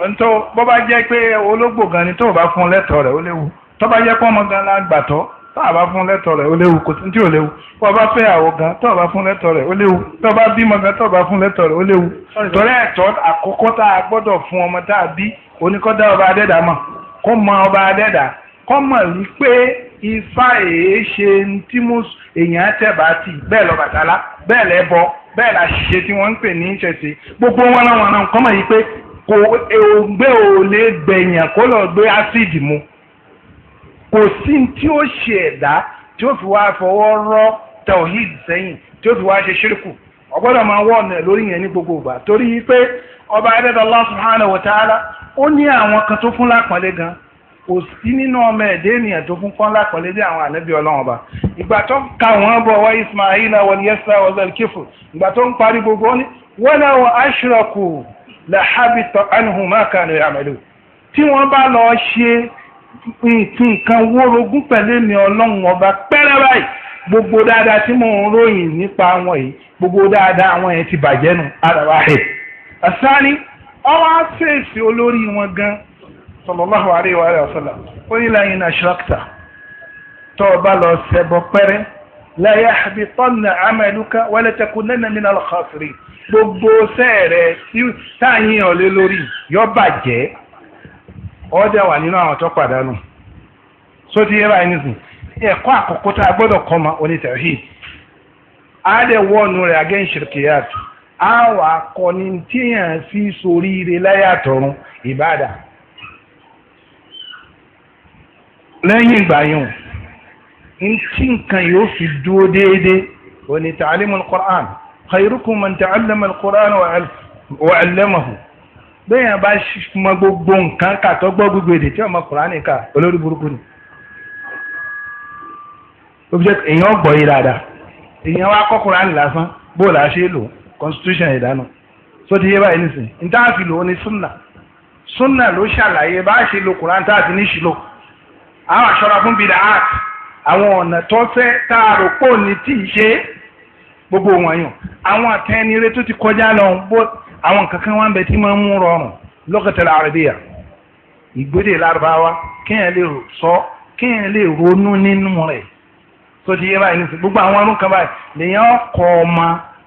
nto bọ́ bá jẹ́ pé ológbò gan ni tó o bá fún lẹ́tọ̀ rẹ̀ ó léwu tó bá jẹ́ pé ọmọ gan la gbàtọ́ tó o bá fún lẹ́tọ̀ rẹ̀ ó léwu kò sí tí ò léwu tó o bá fẹ́ àwọ̀ gan tó o bá fún lẹ́tọ̀ rẹ̀ ó léwu tó o bá bímọ gan tó o bá fún lẹ́tọ̀ rẹ̀ ó léwu torí ẹ̀tọ́ àkọ́kọ́ tá a gbọ́dọ̀ fún ọmọ tá a bí oníkọ́dá ọba adẹ́dà mọ̀ kó mọ ọba adẹ́dà kó mọ̀ wípé ifá èé ṣe tí mo èèyàn tẹ̀bà tì bẹ́ẹ̀ lọ bàtálá bẹ́ẹ̀ lẹ́bọ bẹ́ẹ̀ la ṣiṣẹ́ tí wọ́n ń pè ní ìṣẹ̀ṣe gbogbo wọn láwọn náà kọ́mọ̀ yìí pé kò ògbé ò lè gbẹ̀yàn kó lọ gbé ásíìdì mu kò sí tí ó ṣe ẹ̀dá tí ó fi wá fọwọ́ rọ́ tawhid sẹ́yìn tí ó fi wá ṣe ṣírkù ọgbọ́dọ̀ máa wọ̀ ọ̀nà lórí yẹn gbogbo ìgbà torí pé ọba ẹ̀dẹ́dọ̀ wa ta'ala ó ní àwọn kan tó gan kò sí nínú ọmọ ènìyàn tó fún lápọ̀lé bí àwọn ọlọ́run ọba ka wọ́n bọ̀ wá ìgbà tó ń gbogbo ó ní làhábìtọ̀ anhum ma kanu ya'malu tí wọ́n bá lọ ṣe nǹkan wórogún pẹ̀lú èmi ọlọ́run ọba pẹ́rẹ́ báyìí gbogbo dáadáa tí mò ń ròyìn nípa wọn yìí gbogbo dáadáa àwọn yẹn ti bàjẹ́ nù àràwá ẹ̀. àsáni ọwọ́ á fèsì olórí wọn gan sallallahu alaihi wa sallam ó ní la in ashrakta tó o bá lọ ṣẹbọ pẹ́rẹ́ la yahbitanna amaluka wala takunanna minal khasirin gbogbo sẹ́ẹ̀rẹ̀ táyìn ọ̀lẹ́ lórí yọ bàjẹ́ ọ̀dẹ̀ wà nínú àwọn tó pàdánù so ti yẹ báyìí nísìn ẹ̀kọ́ àkọ́kọ́ tá a gbọ́dọ̀ kọ́ ma oní tawhid á a wọ́ọ̀nù rẹ̀ rẹ shirkiyat á wà kọ́ni tíyàn fi sórí ire láyàtọ̀run ìbàdà lẹ́yìn ìgbà yẹn ntí nǹkan yóò fi dúró déédéé wọ́n ní ta'alimul Qur'an khayrukum man ta'allama al-Qur'an wa 'allamahu bẹ́ẹ̀ yẹn bá mọ gbogbo nǹkan kàtọ́ gbọ́ gbogbo èdè tí ọmọ Qur'an kà olórí burúkú ni èèyàn gbọ́ yìí dáadáa èèyàn wá kọ́ Qur'an lásán bó la ṣe lò constitution ìdáná so yé báyìí nísìnyí níta fi lò ó ní sunna sunna ló ṣàlàyé bá ṣe lo Qur'an tá a ní ṣìlò àwọn àṣọra fún bid'at àwọn ọ̀nà tó fẹ́ tá a rò pò ní tí ì ṣe gbogbo wọn yàn àwọn àtẹnire tó ti kọjá lọ bó àwọn nǹkan kan wá ń bẹ tí máa ń mú rọrùn lọ́kọ̀tẹ̀lá àrẹ́bíyà ìgbédè lárúbáwá kéèyàn lè sọ kéèyàn lè ronú nínú rẹ̀ tó ti yé báyìí nísìnyí gbogbo àwọn ọdún kan báyìí lèyàn kọ ọmọ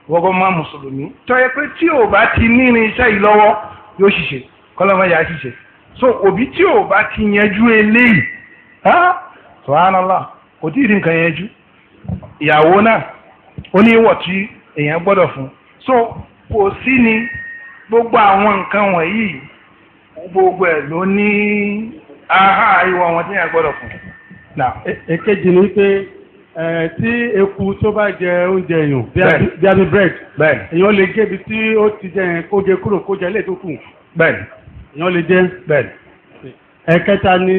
gbogbo ọmọ mùsùlùmí tó yẹ pé tí ò bá ti ní irinṣẹ́ yìí lọ́wọ́ yóò ṣiṣẹ́ kọ́lọ́mọ yà á ṣiṣẹ́ so òbí tí ò bá ti yanjú eléyìí ha ah, subhanallah kò tí ì rí nǹkan yẹn jù ìyàwó náà ó ní ìwọ̀ tí èèyàn gbọ́dọ̀ fún so kò sí ni gbogbo àwọn nǹkan wọ̀nyí gbogbo ẹ̀ ló ní aha ìwọ wọn tí èèyàn gbọ́dọ̀ fún. E, èkejì ni pé tí eku tó bá jẹ oúnjẹ èèyàn bí a bí bread èèyàn lè gé ibi tí ó ti jẹ yẹn kó jẹ kúrò kó jẹ lè tó kù èèyàn lè jẹ ẹ̀kẹta ni.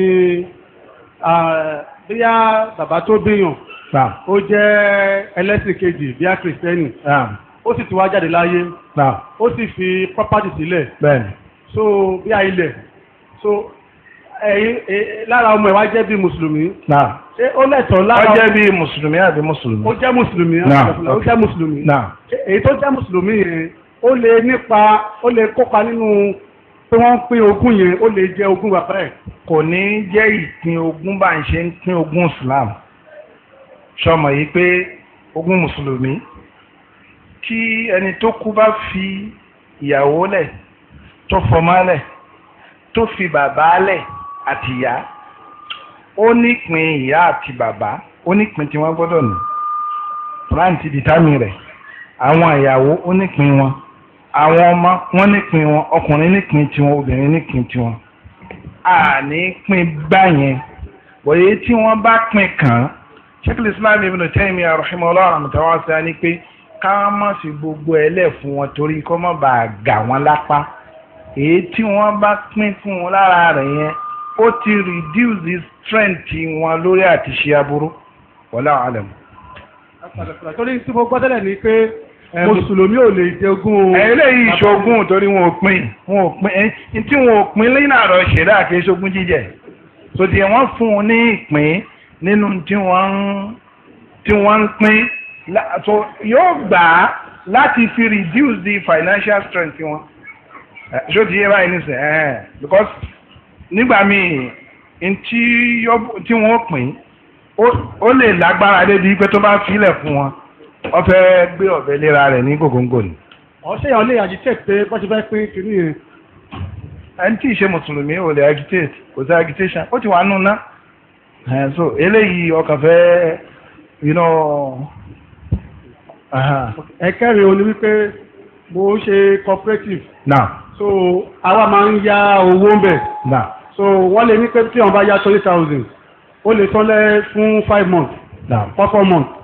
bíyà bàbá tó bíyàn ó jẹ́ ẹlẹ́sìn kejì bíyà kìrìsìtẹ́nì ó sì ti wá jáde láyé ó sì fi property sílẹ̀ so bíyà ilẹ̀ so lára ọmọ ẹ̀ wá jẹ́ bí mùsùlùmí ó lẹ́tọ̀ọ́ lára ó jẹ́ bí mùsùlùmí àbí mùsùlùmí ó jẹ́ mùsùlùmí ó jẹ́ mùsùlùmí èyí tó jẹ́ mùsùlùmí yẹn ó lè nípa ó lè kópa nínú pé wọ́n ń pín ogún yẹn ó lè jẹ́ ogún bàbá ẹ̀ kò ní jẹ́ ìpín ogún bá ń ṣe ń pín ogún Islam sọmọ yìí pé ogún mùsùlùmí kí ẹni tó kú bá fi ìyàwó lẹ̀ tó fọmọ lẹ̀ tó fi bàbá lẹ̀ àti ìyá ó nípìn ìyá àti bàbá ó nípìn tí wọ́n gbọ́dọ̀ ní plant determine rẹ̀ àwọn ìyàwó ó nípìn wọn àwọn ọmọ wọn nípìn wọn ọkùnrin nípìn tiwọn obìnrin nípìn tiwọn àní pin báyẹn wòye tí wọn bá pin kàn án sheikh islam ibn Taymiyyah rahimahullah àmọtàwọn àṣà ni pé ká má fi gbogbo ẹ lẹ̀ fún wọn torí kó má bàa gà wọn lápá èyí tí wọn bá pin fún wọn lára rẹ̀ yẹn ó ti reduce the strength wọn lórí àti ṣe aburú wọlé àwọn àlẹ mọ. torí tí mo gbọ́dọ̀ lẹ̀ pé mùsùlùmí ò lè jogún o. eléyìí ìṣogún torí wọn ò pín wọn ò pín tí wọn ò pín lẹ́yìn àrò ìṣẹ̀lẹ̀ àti ìṣogún jíjẹ tòtí wọ́n fún un ní ìpín nínú tí wọ́n ń tí wọ́n ń pín yóò gbà á láti fi reduce the financial strength wọn ṣó ti yé báyìí nísìn ẹ̀ because nígbà míì tí wọ́n pín ó lè lágbára débi pé tó bá filẹ̀ fún wọn. wọ́n fẹ́ gbé ọ̀bẹ léra rẹ̀ ní gògóńgò ni. ọ̀sẹ̀ yẹn lè agitate pé bó ṣe fẹ́ kiri yẹn. ẹni tí mùsùlùmí ò lè agitate kò sí agitation ó ti wà nù ná. so eléyìí ọkàn fẹ́ o ní wípé mo ṣe cooperative. so àwa máa ń ya owó ń bẹ̀. so wọ́n lè ní ya twenty thousand ó lè tán five months. na four months.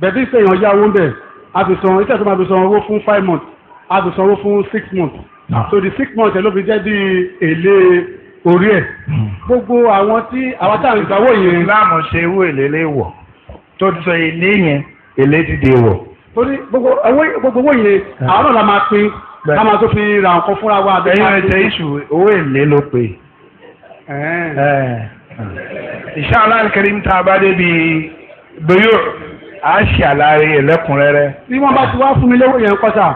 bẹ̀bí sèyàn yá owó ń bẹ̀ a fi san iṣẹ́ tó máa fi san owó fún five months a fi san owó fún six months ah. so the six months ẹ̀ ló fi jẹ́ bí èlé orí ẹ̀ hmm. gbogbo àwọn tí àwọn táwọn ìgbàwó yẹn. Islam ṣe irú èlé lè wọ̀ tó ti sọ èlé yẹn èlé ti di wọ̀. torí gbogbo owó yẹn ah. àwọn náà la máa pín ká máa tó fi ra nǹkan fúnra wa. ẹyin ẹ̀jẹ̀ iṣu owó èlé ló pe. inshallah al-karim tá a bá débi gbèyò a ṣe àlàyé ẹ̀ lẹ́kùnrẹ́rẹ́. bí wọ́n bá ti wá fún mi lówó yẹn kọ́sà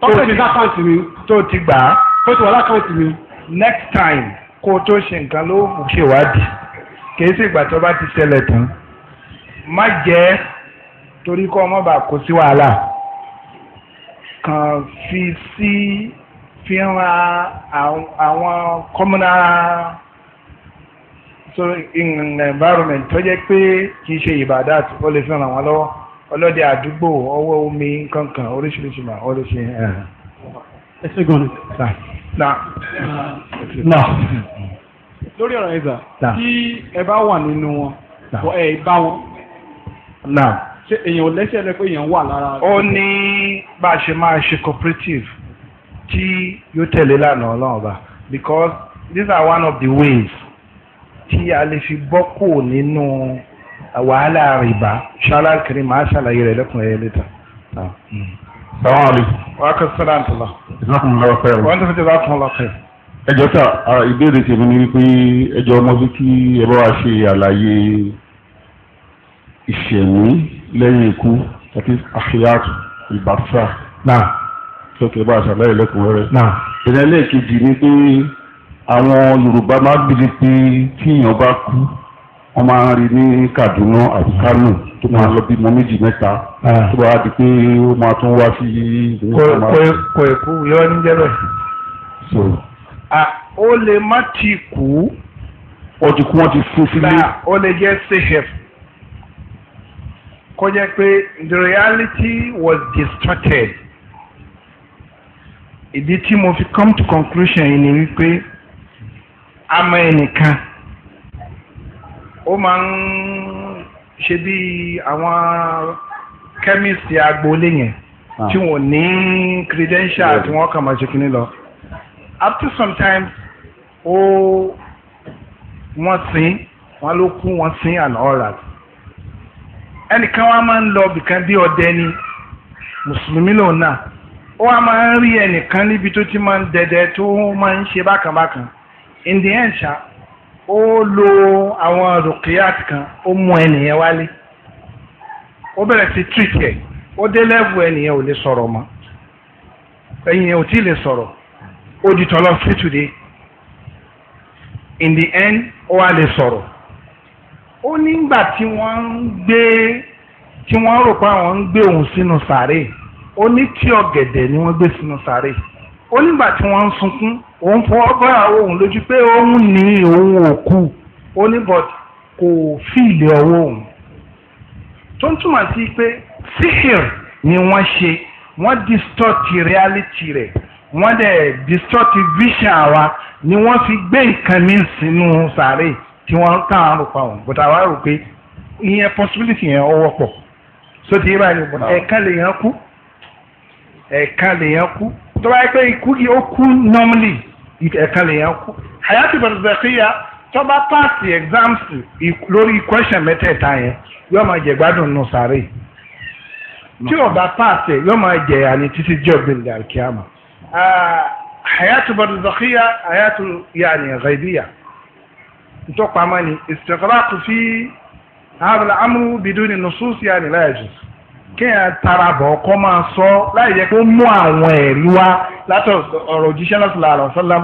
tọ́pẹ́ ti lákàntì mi. tó ti gbà á. tó ti wà lákàntì mi. next time kó o tó ṣe nǹkan ló ṣèwádìí kì í sì ìgbà tó bá ti ṣẹlẹ̀ tán má jẹ́ torí kọ́ ọmọ bá kó sí wàhálà kan fi sí fi hàn àwọn communal so in environment tó jẹ́ pé kì í ṣe ìbàdàn ó lè fi ràn wọ́n lọ́wọ́ ọlọ́dẹ àdúgbò ọwọ́ omi kankan oríṣiríṣi mà ó lè ṣe. ẹ ṣe gan-an. na na lórí ọ̀rọ̀ ẹ̀zà tí ẹ bá wà nínú wọn ẹ bá wọn. na ṣe èèyàn lẹ́sẹ̀ rẹ pé èèyàn wà lára. ó ní bá a ṣe máa ṣe cooperative tí yóò tẹ̀lé lánàá ọlọ́run ọba because these are one of the ways tí a lè fi bọ́ kò nínú wàhálà rìbá ṣáàlà kiri màá ṣàlàyé rẹ̀ lẹ́kùnrin ẹ̀ lẹ́ta. sàwọn àlejò. wàá kọ́ sọ́dà ń tọ́lá. ìsọ́kùn lọ́wọ́ fẹ́ràn. wọ́n ti fi jọba tún lọ fẹ́. ẹjọ́ sà ìbéèrè tèmi ni wípé ẹjọ́ ọmọdé kí ẹ bá wa ṣe àlàyé ìṣẹ̀mí lẹ́yìn ikú àti àṣeyàtù ìbátà. náà. sókè bá a ṣàlàyé lẹ́kùnrin rẹ̀. náà. ìrẹ́lẹ̀ kejì ni pé àwọn yorùbá máa ń bìlì pé tíyàn bá kú wọ́n máa ń rí ní kaduna àti kano tó máa lọ bí méjì mẹ́ta ah. tó bá di pé ó máa tún wá sí. kò èkó yọ ní jẹ́bẹ̀. Ah, ó lè má ti kú. wọ́n ti kú wọ́n ti fún sílé. Ah, ó lè jẹ́ sehef kó jẹ́ pé the reality was distorted ìdí tí mo fi come to conclusion yìí ni wípé àmọ́ ẹnìkan ó máa ń ṣe bí àwọn kẹ́míìsì agboolé yẹn ah. tí wọ́n ní credential tí wọ́n kàn máa ṣe kínní lọ up to sometimes ó wọ́n sin wọ́n ló kú wọ́n sin and all that ẹnìkan wa máa ń lọ bìkan bí ọdẹ ni mùsùlùmí lòun náà ó wá máa ń rí ẹnìkan níbi tó ti máa ń dẹdẹ tó máa ń ṣe bákànbákan in the end ṣá ó lo àwọn rukiyat kan ó mú ẹnìyẹn wálé ó bẹ̀rẹ̀ sí treat ẹ̀ ó dé level ẹnìyẹn ò lè sọ̀rọ̀ mọ́ ẹ̀yìn ò tí ì lè sọ̀rọ̀ ó di tọ́lọ́ sí today in the end ó wá lè sọ̀rọ̀ ó nígbà tí wọ́n ń gbé tí wọ́n rò pé àwọn ń gbé òun sínú sàárè ó ní tí ọ̀gẹ̀dẹ̀ ni wọ́n gbé sínú sàárè ó nígbà tí wọ́n ń sunkún òun fọ ọgbọ́n àwọn òun lójú pé òun ní òun òkú oníbọ̀dì kò fíìlì ọwọ́ òun tó ń túmọ̀ sí pé sihir ni wọ́n ṣe wọ́n distort reality rẹ̀ wọ́n dẹ̀ distort vision wa ni wọ́n fi gbé nǹkan mi sínú sàárè tí wọ́n kàn rò pa òun bùtà wá rò pé ìyẹn possibility yẹn ó wọ́pọ̀ sóti yìí báyìí ẹ̀ẹ̀kan lèèyàn kú ẹ̀ẹ̀kan lèèyàn kú tó bá yẹ pé ikú yìí ó kú normally ẹ̀ka lè yẹn kú hayati barzakhiya tó bá paasi exams lórí question mẹ́tẹ̀ẹ̀ta yẹn yóò máa jẹ gbádùn nù sáré tí o bá paasi yóò máa jẹ àní títí jọ bíi alkiyama hayati barzakhiya hayati yaani ghaibiya ntọ́ pamọ́ ni istiqraq fi hadha al-amru biduni nusus yaani la yajuz kéèyàn tarabọ̀ kọ́ máa sọ láì jẹ́ pé ó mú àwọn ẹ̀rí wá látọ̀ ọ̀rọ̀ òjíṣẹ́ náà sọ̀rọ̀ àrọ̀ sọ́lá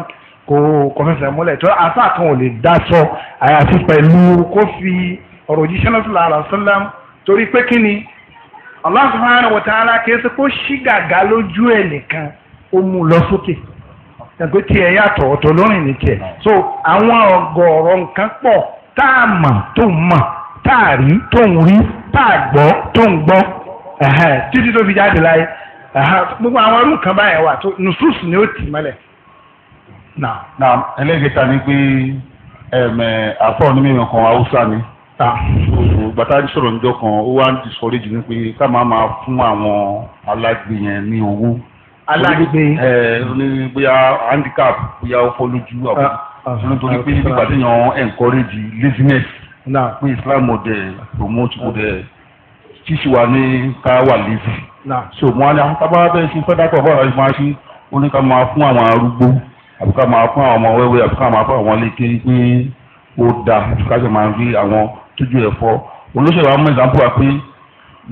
kò kọfẹsẹ̀ múlẹ̀ tó àṣà kan ò lè dá sọ àyàfi pẹ̀lú kó fi ọ̀rọ̀ òjíṣẹ́ náà sọ̀rọ̀ àrọ̀ sọ́lá torí pé kí ni Allah subhanahu wa ta'ala kìí ṣe kó ṣí gàgà lójú ẹ̀ nìkan ó mú lọ sókè ẹgbẹ́ tiẹ̀ yàtọ̀ ọ̀tọ̀ lórin ní tiẹ̀ so àwọn ọ̀gọ̀ọ̀rọ̀ nǹkan pọ̀ tá a mọ̀ tó ń mọ̀ tá a rí tó ń rí tá a gbọ́ tó ń gbọ́ titi tó fi jáde láyé gbogbo àwọn ọdún kan báyẹn wà tó ni ó tì mẹlẹ. na ẹlẹ́gẹ̀ta ni pé àfọ̀ ní mímọ̀ kan hausa ni bàtà sọ̀rọ̀ níjọ́ kan ó wá ń sọ̀rọ̀ jù pé ká máa máa fún àwọn alágbe yẹn ní owó. alágbe ẹ ní bóyá handicap bóyá ó fọ́ lójú àbúrò ah, ah, nítorí pé ah, nígbà tí yàn encourage laziness pé Islam ò dẹ̀ promote ò dẹ̀. tí sì wà ní ká wà lẹ́sì. so mo ní àwọn tábà bẹ́ẹ̀ sí sọ́dákọ̀ bọ́ọ̀lù àti máa ṣí ó ní ká máa fún àwọn arúgbó àbí ká máa fún àwọn ọmọ wẹ́wẹ́ àbí ká máa fún àwọn lékè pé ó da ká sì máa rí àwọn tójú ẹ̀fọ́ olóṣèlú àwọn ìdánpọ̀ wà pé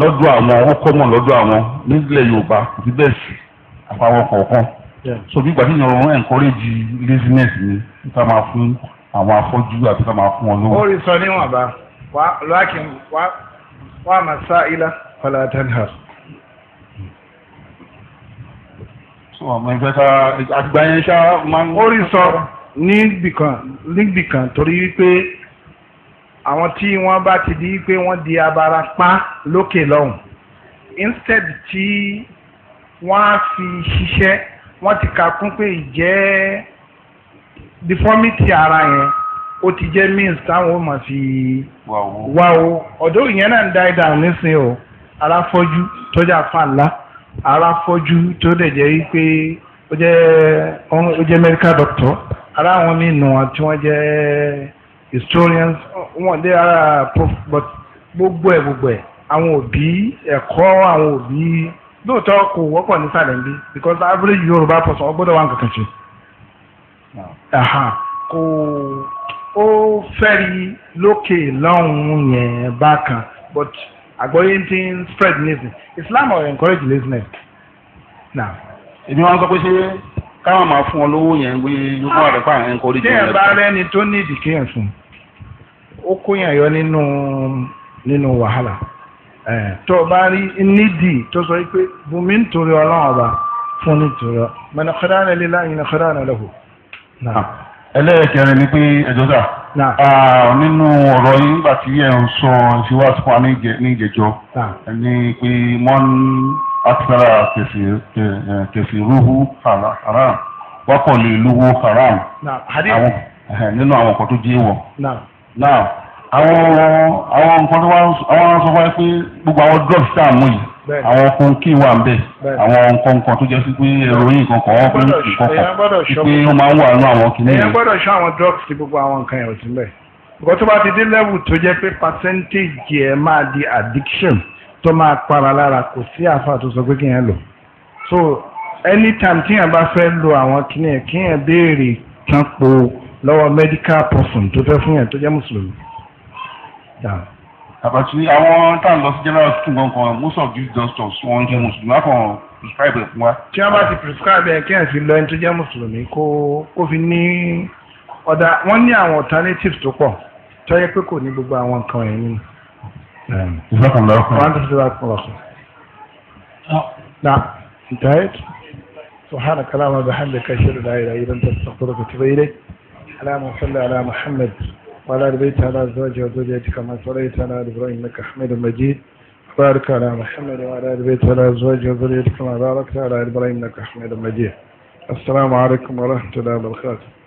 lọ́dọ̀ àwọn ó kọ́mọ̀ lọ́dọ̀ àwọn nílẹ̀ Yorùbá kò fi bẹ́ẹ̀ sí àpáwọn kọ̀ọ̀kan so bí gbàdúrà ìrọ̀rùn encourage laziness ni ká máa fún àwọn afọ́jú àbí ká máa fún wọn lówó. ó rí sọ níwọ̀nba wàá wa masaila fala tanhar. ọmọ ìfẹ́ ká àgbáyé ṣá máa ń. orí sọ níbìkan níbìkan torí wípé àwọn tí wọ́n bá ti di pé wọ́n di abara pa lókè lọ́hùn instead tí wọ́n á fi ṣiṣẹ́ wọ́n ti kà kún pé ìjẹ́ deformity ara yẹn O ti jẹ́ means táwọn ma fi wá o ọ̀dọ́ ìyẹn náà ń dá nísìnyí o ara fọ́jú tó jẹ́ àfàlà ara fọ́jú tó dẹ̀ jẹ́ o ó jẹ́ ó jẹ́ medical doctor ara àwọn míì nù wọn tí wọ́n historians wọn dé ara prof but gbogbo ẹ̀ gbogbo ẹ̀ àwọn òbí ẹ̀kọ́ àwọn òbí lóòótọ́ kò wọ́pọ̀ nísàlẹ̀ níbí because average Yorùbá person wà nǹkan kan ṣe kò. ó fẹ́rí lókè lọ́hùn-ún yẹn bákan but àgbọ̀yé ti ń spread nísìn Islam or encourage laziness now. èmi wọn sọ pé ṣé káwọn máa fún ọ lówó yẹn gbé yókùn àdẹ́pà yẹn kórè jẹ́ ẹ̀ bá rẹ́ni tó ní ìdí kéèyàn fún ó kóyàn yọ nínú nínú wàhálà tó o bá rí nídìí tó sọ pé bùnmi ń torí ọlọ́run ọba fún nítorí ọ mẹ́nà kọ́dá rẹ̀ lé láyìn ní kọ́dá rẹ̀ lọ́hùn ẹlẹ́ẹ̀kẹrin ni pé ẹ̀dọ́dà nínú ọ̀rọ̀ yín nígbà tí ẹ̀ ń sọ ìṣíwájú fún wa ní ìjẹjọ́ ni pé wọ́n akitara kẹsì rúhu haram wákọ̀ lè lówó haram nínú àwọn ọkọ̀ tó jẹ́ wọ̀. àwọn àwọn nǹkan tó wá ń sọ fún wa pé gbogbo àwọn drugs tá a mú yìí àwọn nǹkan kí wà nbẹ àwọn nǹkan kan tó jẹ sí pé ìròyìn kankan wọn fún nǹkan kan pé wọn máa ń wà nú àwọn kìnìún. èèyàn gbọ́dọ̀ ṣọ́ àwọn drugs tí gbogbo àwọn nǹkan yẹn ò sí mbẹ̀. nǹkan tó bá ti dé level tó jẹ́ pé percentage ẹ̀ máa di addiction tó máa para lára kò sí àfa tó sọ pé kí yẹn lò. so anytime tí yẹn bá fẹ́ lo àwọn kìnìún kí yẹn béèrè kan po lọ́wọ́ medical person tó fẹ́ fún yẹn tó jẹ́ mùsùlùmí àbàtì àwọn tá à ń lọ sí general hospital kankan most of these doctors wọn jẹ mùsùlùmí àkàn prescribe ẹ fún wa. tí wọ́n bá ti prescribe ẹ kí ẹ fi lọ ẹni tó jẹ́ mùsùlùmí kó kó fi ní ọ̀dà wọ́n ní àwọn alternatives tó pọ̀ tó yẹ pé kò ní gbogbo àwọn nǹkan ẹ̀ nínú. ìfọkànlá ọkùnrin. wọ́n á tún fi wá pọ̀ lọ́sùn. na diet سبحانك اللهم وبحمدك اشهد ان لا اله الا انت استغفرك واتوب اليك اللهم صل على محمد وعلى آل بيت على أزواج وذريته كما صليت على آل إبراهيم إنك حميد مجيد وبارك على محمد وعلى آل بيت على أزواج وذريته كما باركت على آل إبراهيم إنك حميد مجيد السلام عليكم ورحمة الله وبركاته